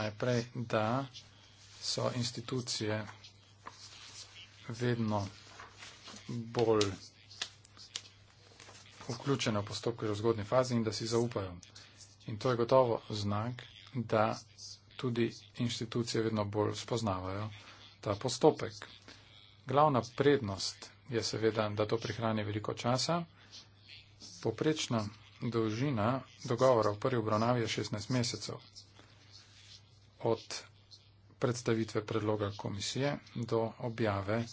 najprej, da so institucije vedno bolj vključena v postopke v zgodni fazi in da si zaupajo. In to je gotovo znak, da tudi inštitucije vedno bolj spoznavajo ta postopek. Glavna prednost je seveda, da to prihrani veliko časa. Poprečna dolžina dogovora v prvi obravnavi je 16 mesecev. Od predstavitve predloga komisije do objave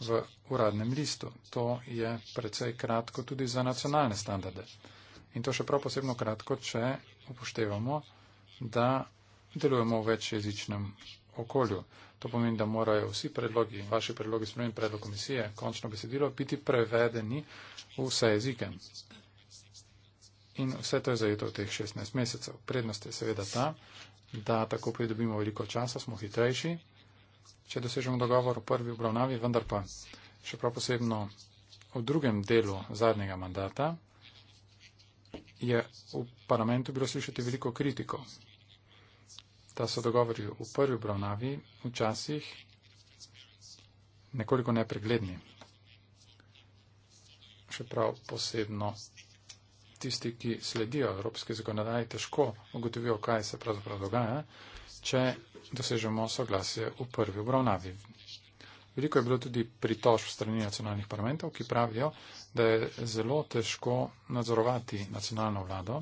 v uradnem listu. To je precej kratko tudi za nacionalne standarde. In to še prav posebno kratko, če upoštevamo, da delujemo v večjezičnem okolju. To pomeni, da morajo vsi predlogi, vaši predlogi, spremenjen predlog komisije, končno besedilo, biti prevedeni v vse jezike. In vse to je zajeto v teh 16 mesecev. Prednost je seveda ta, da tako pridobimo veliko časa, smo hitrejši, če dosežemo dogovor v prvi obravnavi, vendar pa še prav posebno v drugem delu zadnjega mandata je v parlamentu bilo slišati veliko kritiko. Ta so dogovori v prvi obravnavi včasih nekoliko nepregledni. Še prav posebno tisti, ki sledijo evropske zakonodaje, težko ugotovijo, kaj se pravzaprav dogaja če dosežemo soglasje v prvi obravnavi. Veliko je bilo tudi pritožb strani nacionalnih parlamentov, ki pravijo, da je zelo težko nadzorovati nacionalno vlado,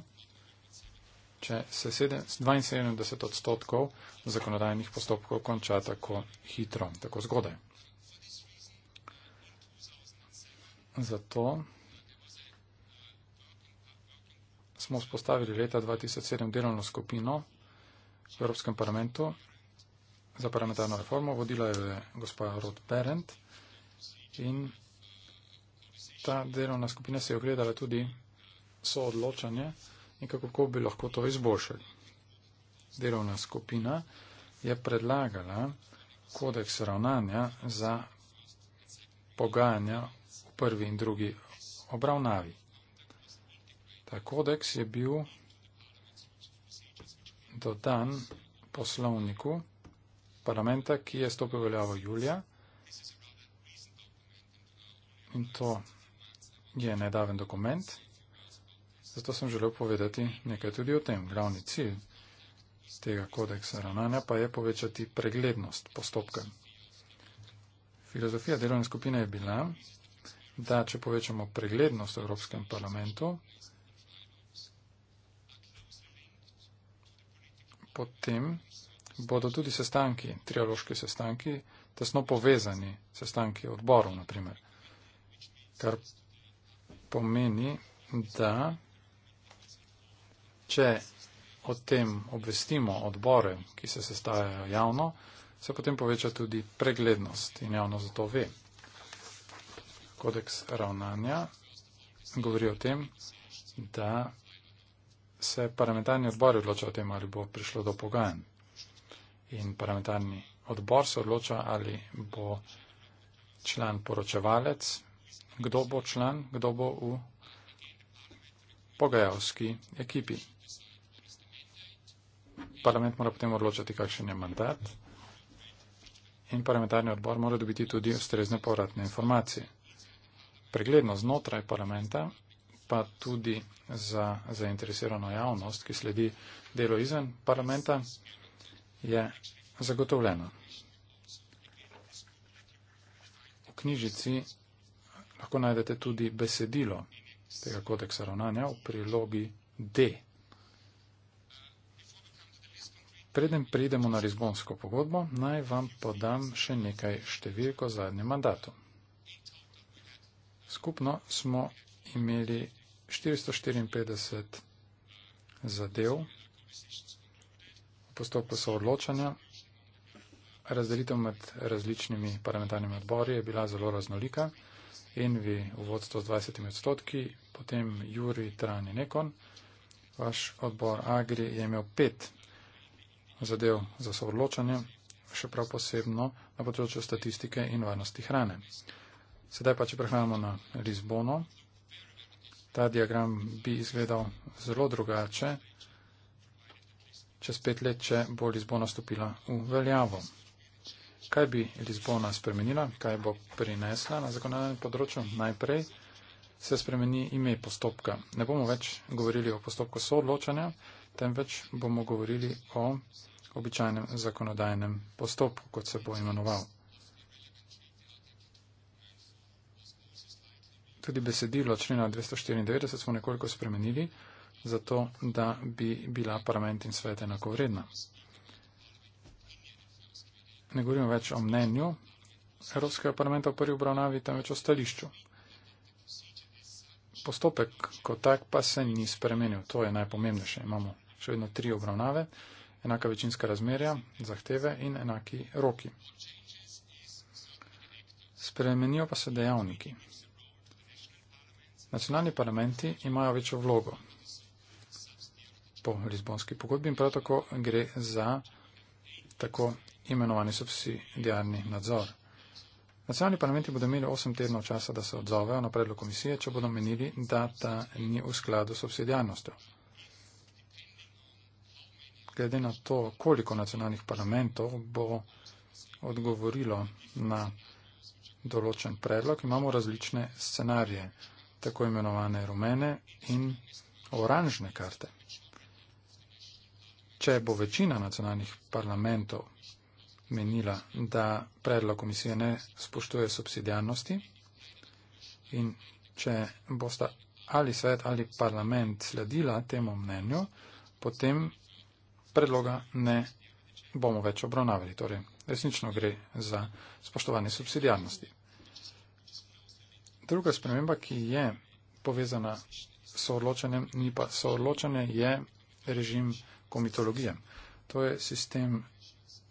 če se 72 odstotkov zakonodajnih postopkov konča tako hitro, tako zgodaj. Zato smo spostavili leta 2007 delovno skupino v Evropskem parlamentu za parlamentarno reformo. Vodila je gospa Rod Perent in ta delovna skupina se je ogledala tudi soodločanje in kako bi lahko to izboljšali. Delovna skupina je predlagala kodeks ravnanja za pogajanja v prvi in drugi obravnavi. Ta kodeks je bil dodan poslovniku parlamenta, ki je stopil veljavo julija. In to je nedaven dokument. Zato sem želel povedati nekaj tudi o tem. Glavni cilj tega kodeksa ravnanja pa je povečati preglednost postopka. Filozofija delovne skupine je bila, da če povečamo preglednost v Evropskem parlamentu, potem bodo tudi sestanki, trialoški sestanki, tesno povezani sestanki odborov, naprimer. Kar pomeni, da če o tem obvestimo odbore, ki se sestajajo javno, se potem poveča tudi preglednost in javno zato ve. Kodeks ravnanja govori o tem, da se parlamentarni odbor odloča o tem, ali bo prišlo do pogajanj. In parlamentarni odbor se odloča, ali bo član poročevalec, kdo bo član, kdo bo v pogajalski ekipi. Parlament mora potem odločati, kakšen je mandat in parlamentarni odbor mora dobiti tudi ustrezne povratne informacije. Preglednost znotraj parlamenta pa tudi za zainteresirano javnost, ki sledi delo izven parlamenta, je zagotovljena. V knjižici lahko najdete tudi besedilo tega kodeksa ravnanja v prilogi D. Preden pridemo na Lizbonsko pogodbo, naj vam podam še nekaj številko zadnjem mandatu. Skupno smo imeli 454 zadev v postopku soodločanja. Razdelitev med različnimi parlamentarnimi odbori je bila zelo raznolika. Envi v vodstvu z 20 odstotki, potem Juri Trani Nekon, vaš odbor Agri je imel pet zadev za soodločanje, še prav posebno na področju statistike in varnosti hrane. Sedaj pa, če prehajamo na Lizbono, ta diagram bi izgledal zelo drugače čez pet let, če bo Lizbona stopila v veljavo. Kaj bi Lizbona spremenila, kaj bo prinesla na zakonodajnem področju? Najprej se spremeni ime postopka. Ne bomo več govorili o postopku soodločanja, temveč bomo govorili o običajnem zakonodajnem postopku, kot se bo imenoval. tudi besedilo člena 294 smo nekoliko spremenili, zato da bi bila parlament in svet enako vredna. Ne govorimo več o mnenju Evropskega parlamenta v prvi obravnavi, temveč o stališču. Postopek kot tak pa se ni spremenil. To je najpomembnejše. Imamo še vedno tri obravnave, enaka večinska razmerja, zahteve in enaki roki. Spremenijo pa se dejavniki. Nacionalni parlamenti imajo večjo vlogo po Lizbonski pogodbi in prav tako gre za tako imenovani subsidijarni nadzor. Nacionalni parlamenti bodo imeli 8 tednov časa, da se odzovejo na predlog komisije, če bodo menili, da ta ni v skladu s subsidijarnostjo. Glede na to, koliko nacionalnih parlamentov bo odgovorilo na določen predlog, imamo različne scenarije tako imenovane rumene in oranžne karte. Če bo večina nacionalnih parlamentov menila, da predlog komisije ne spoštuje subsidijarnosti in če bosta ali svet ali parlament sledila temu mnenju, potem predloga ne bomo več obravnavali. Torej, resnično gre za spoštovanje subsidijarnosti druga sprememba, ki je povezana s odločanjem, ni pa soodločanje, je režim komitologije. To je sistem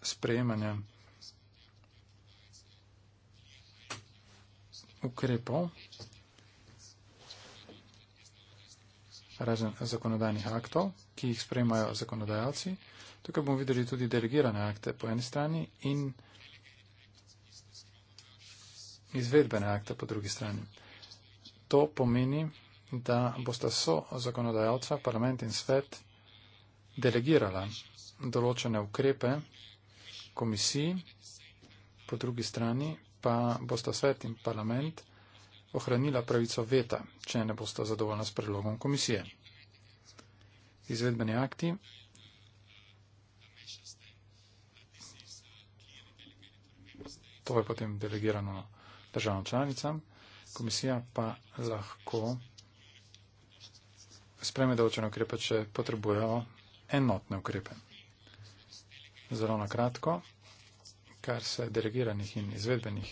sprejemanja ukrepov, razen zakonodajnih aktov, ki jih sprejemajo zakonodajalci. Tukaj bomo videli tudi delegirane akte po eni strani in izvedbene akte po drugi strani. To pomeni, da bosta so zakonodajalca, parlament in svet delegirala določene ukrepe komisiji, po drugi strani pa bosta svet in parlament ohranila pravico veta, če ne bosta zadovoljna s predlogom komisije. Izvedbeni akti. To je potem delegirano državam članicam. Komisija pa lahko spreme določene ukrepe, če potrebujejo enotne ukrepe. Zelo na kratko, kar se delegiranih in izvedbenih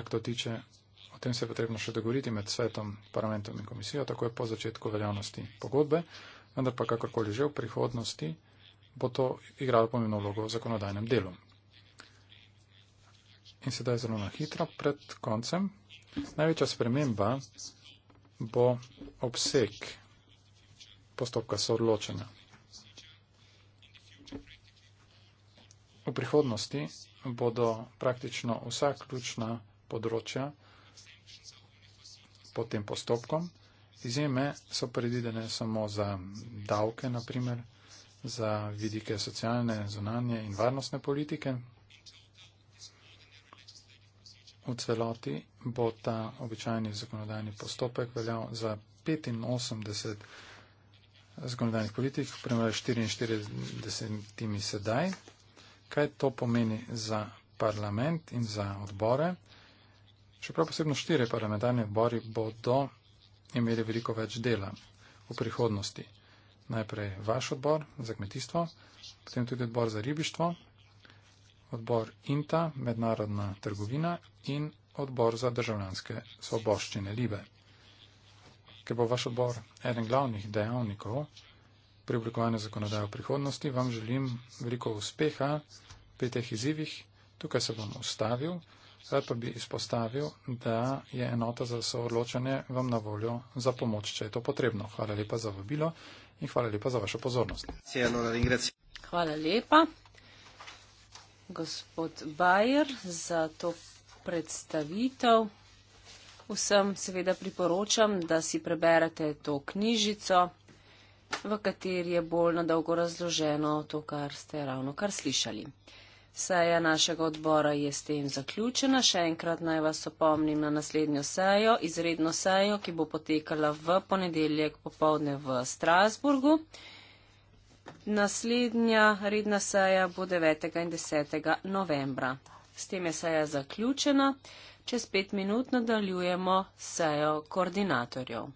aktov tiče, o tem se je potrebno še dogovoriti med svetom, parlamentom in komisijo, tako je po začetku veljavnosti pogodbe, vendar pa kakorkoli že v prihodnosti bo to igralo pomembno vlogo v zakonodajnem delu in sedaj zelo na hitro pred koncem. Največja sprememba bo obseg postopka soodločenja. V prihodnosti bodo praktično vsa ključna področja pod tem postopkom. Izjeme so predvidene samo za davke, naprimer, za vidike socialne, zunanje in varnostne politike, v celoti bo ta običajni zakonodajni postopek veljal za 85 zakonodajnih politik, primarno 44 sedaj. Kaj to pomeni za parlament in za odbore? Čeprav posebno štiri parlamentarne odbori bodo imeli veliko več dela v prihodnosti. Najprej vaš odbor za kmetijstvo, potem tudi odbor za ribištvo, odbor INTA, mednarodna trgovina in odbor za državljanske svoboščine Libe. Ker bo vaš odbor eden glavnih dejavnikov pri oblikovanju zakonodaje v prihodnosti, vam želim veliko uspeha pri teh izzivih. Tukaj se bom ustavil, rad pa bi izpostavil, da je enota za soodločanje vam na voljo za pomoč, če je to potrebno. Hvala lepa za vabilo in hvala lepa za vašo pozornost. Hvala lepa gospod Bajer za to predstavitev. Vsem seveda priporočam, da si preberete to knjižico, v kateri je bolj nadolgo razloženo to, kar ste ravno kar slišali. Seja našega odbora je s tem zaključena. Še enkrat naj vas opomnim na naslednjo sejo, izredno sejo, ki bo potekala v ponedeljek popovdne v Strasburgu. Naslednja redna seja bo 9. in 10. novembra. S tem je seja zaključena. Čez pet minut nadaljujemo sejo koordinatorjev.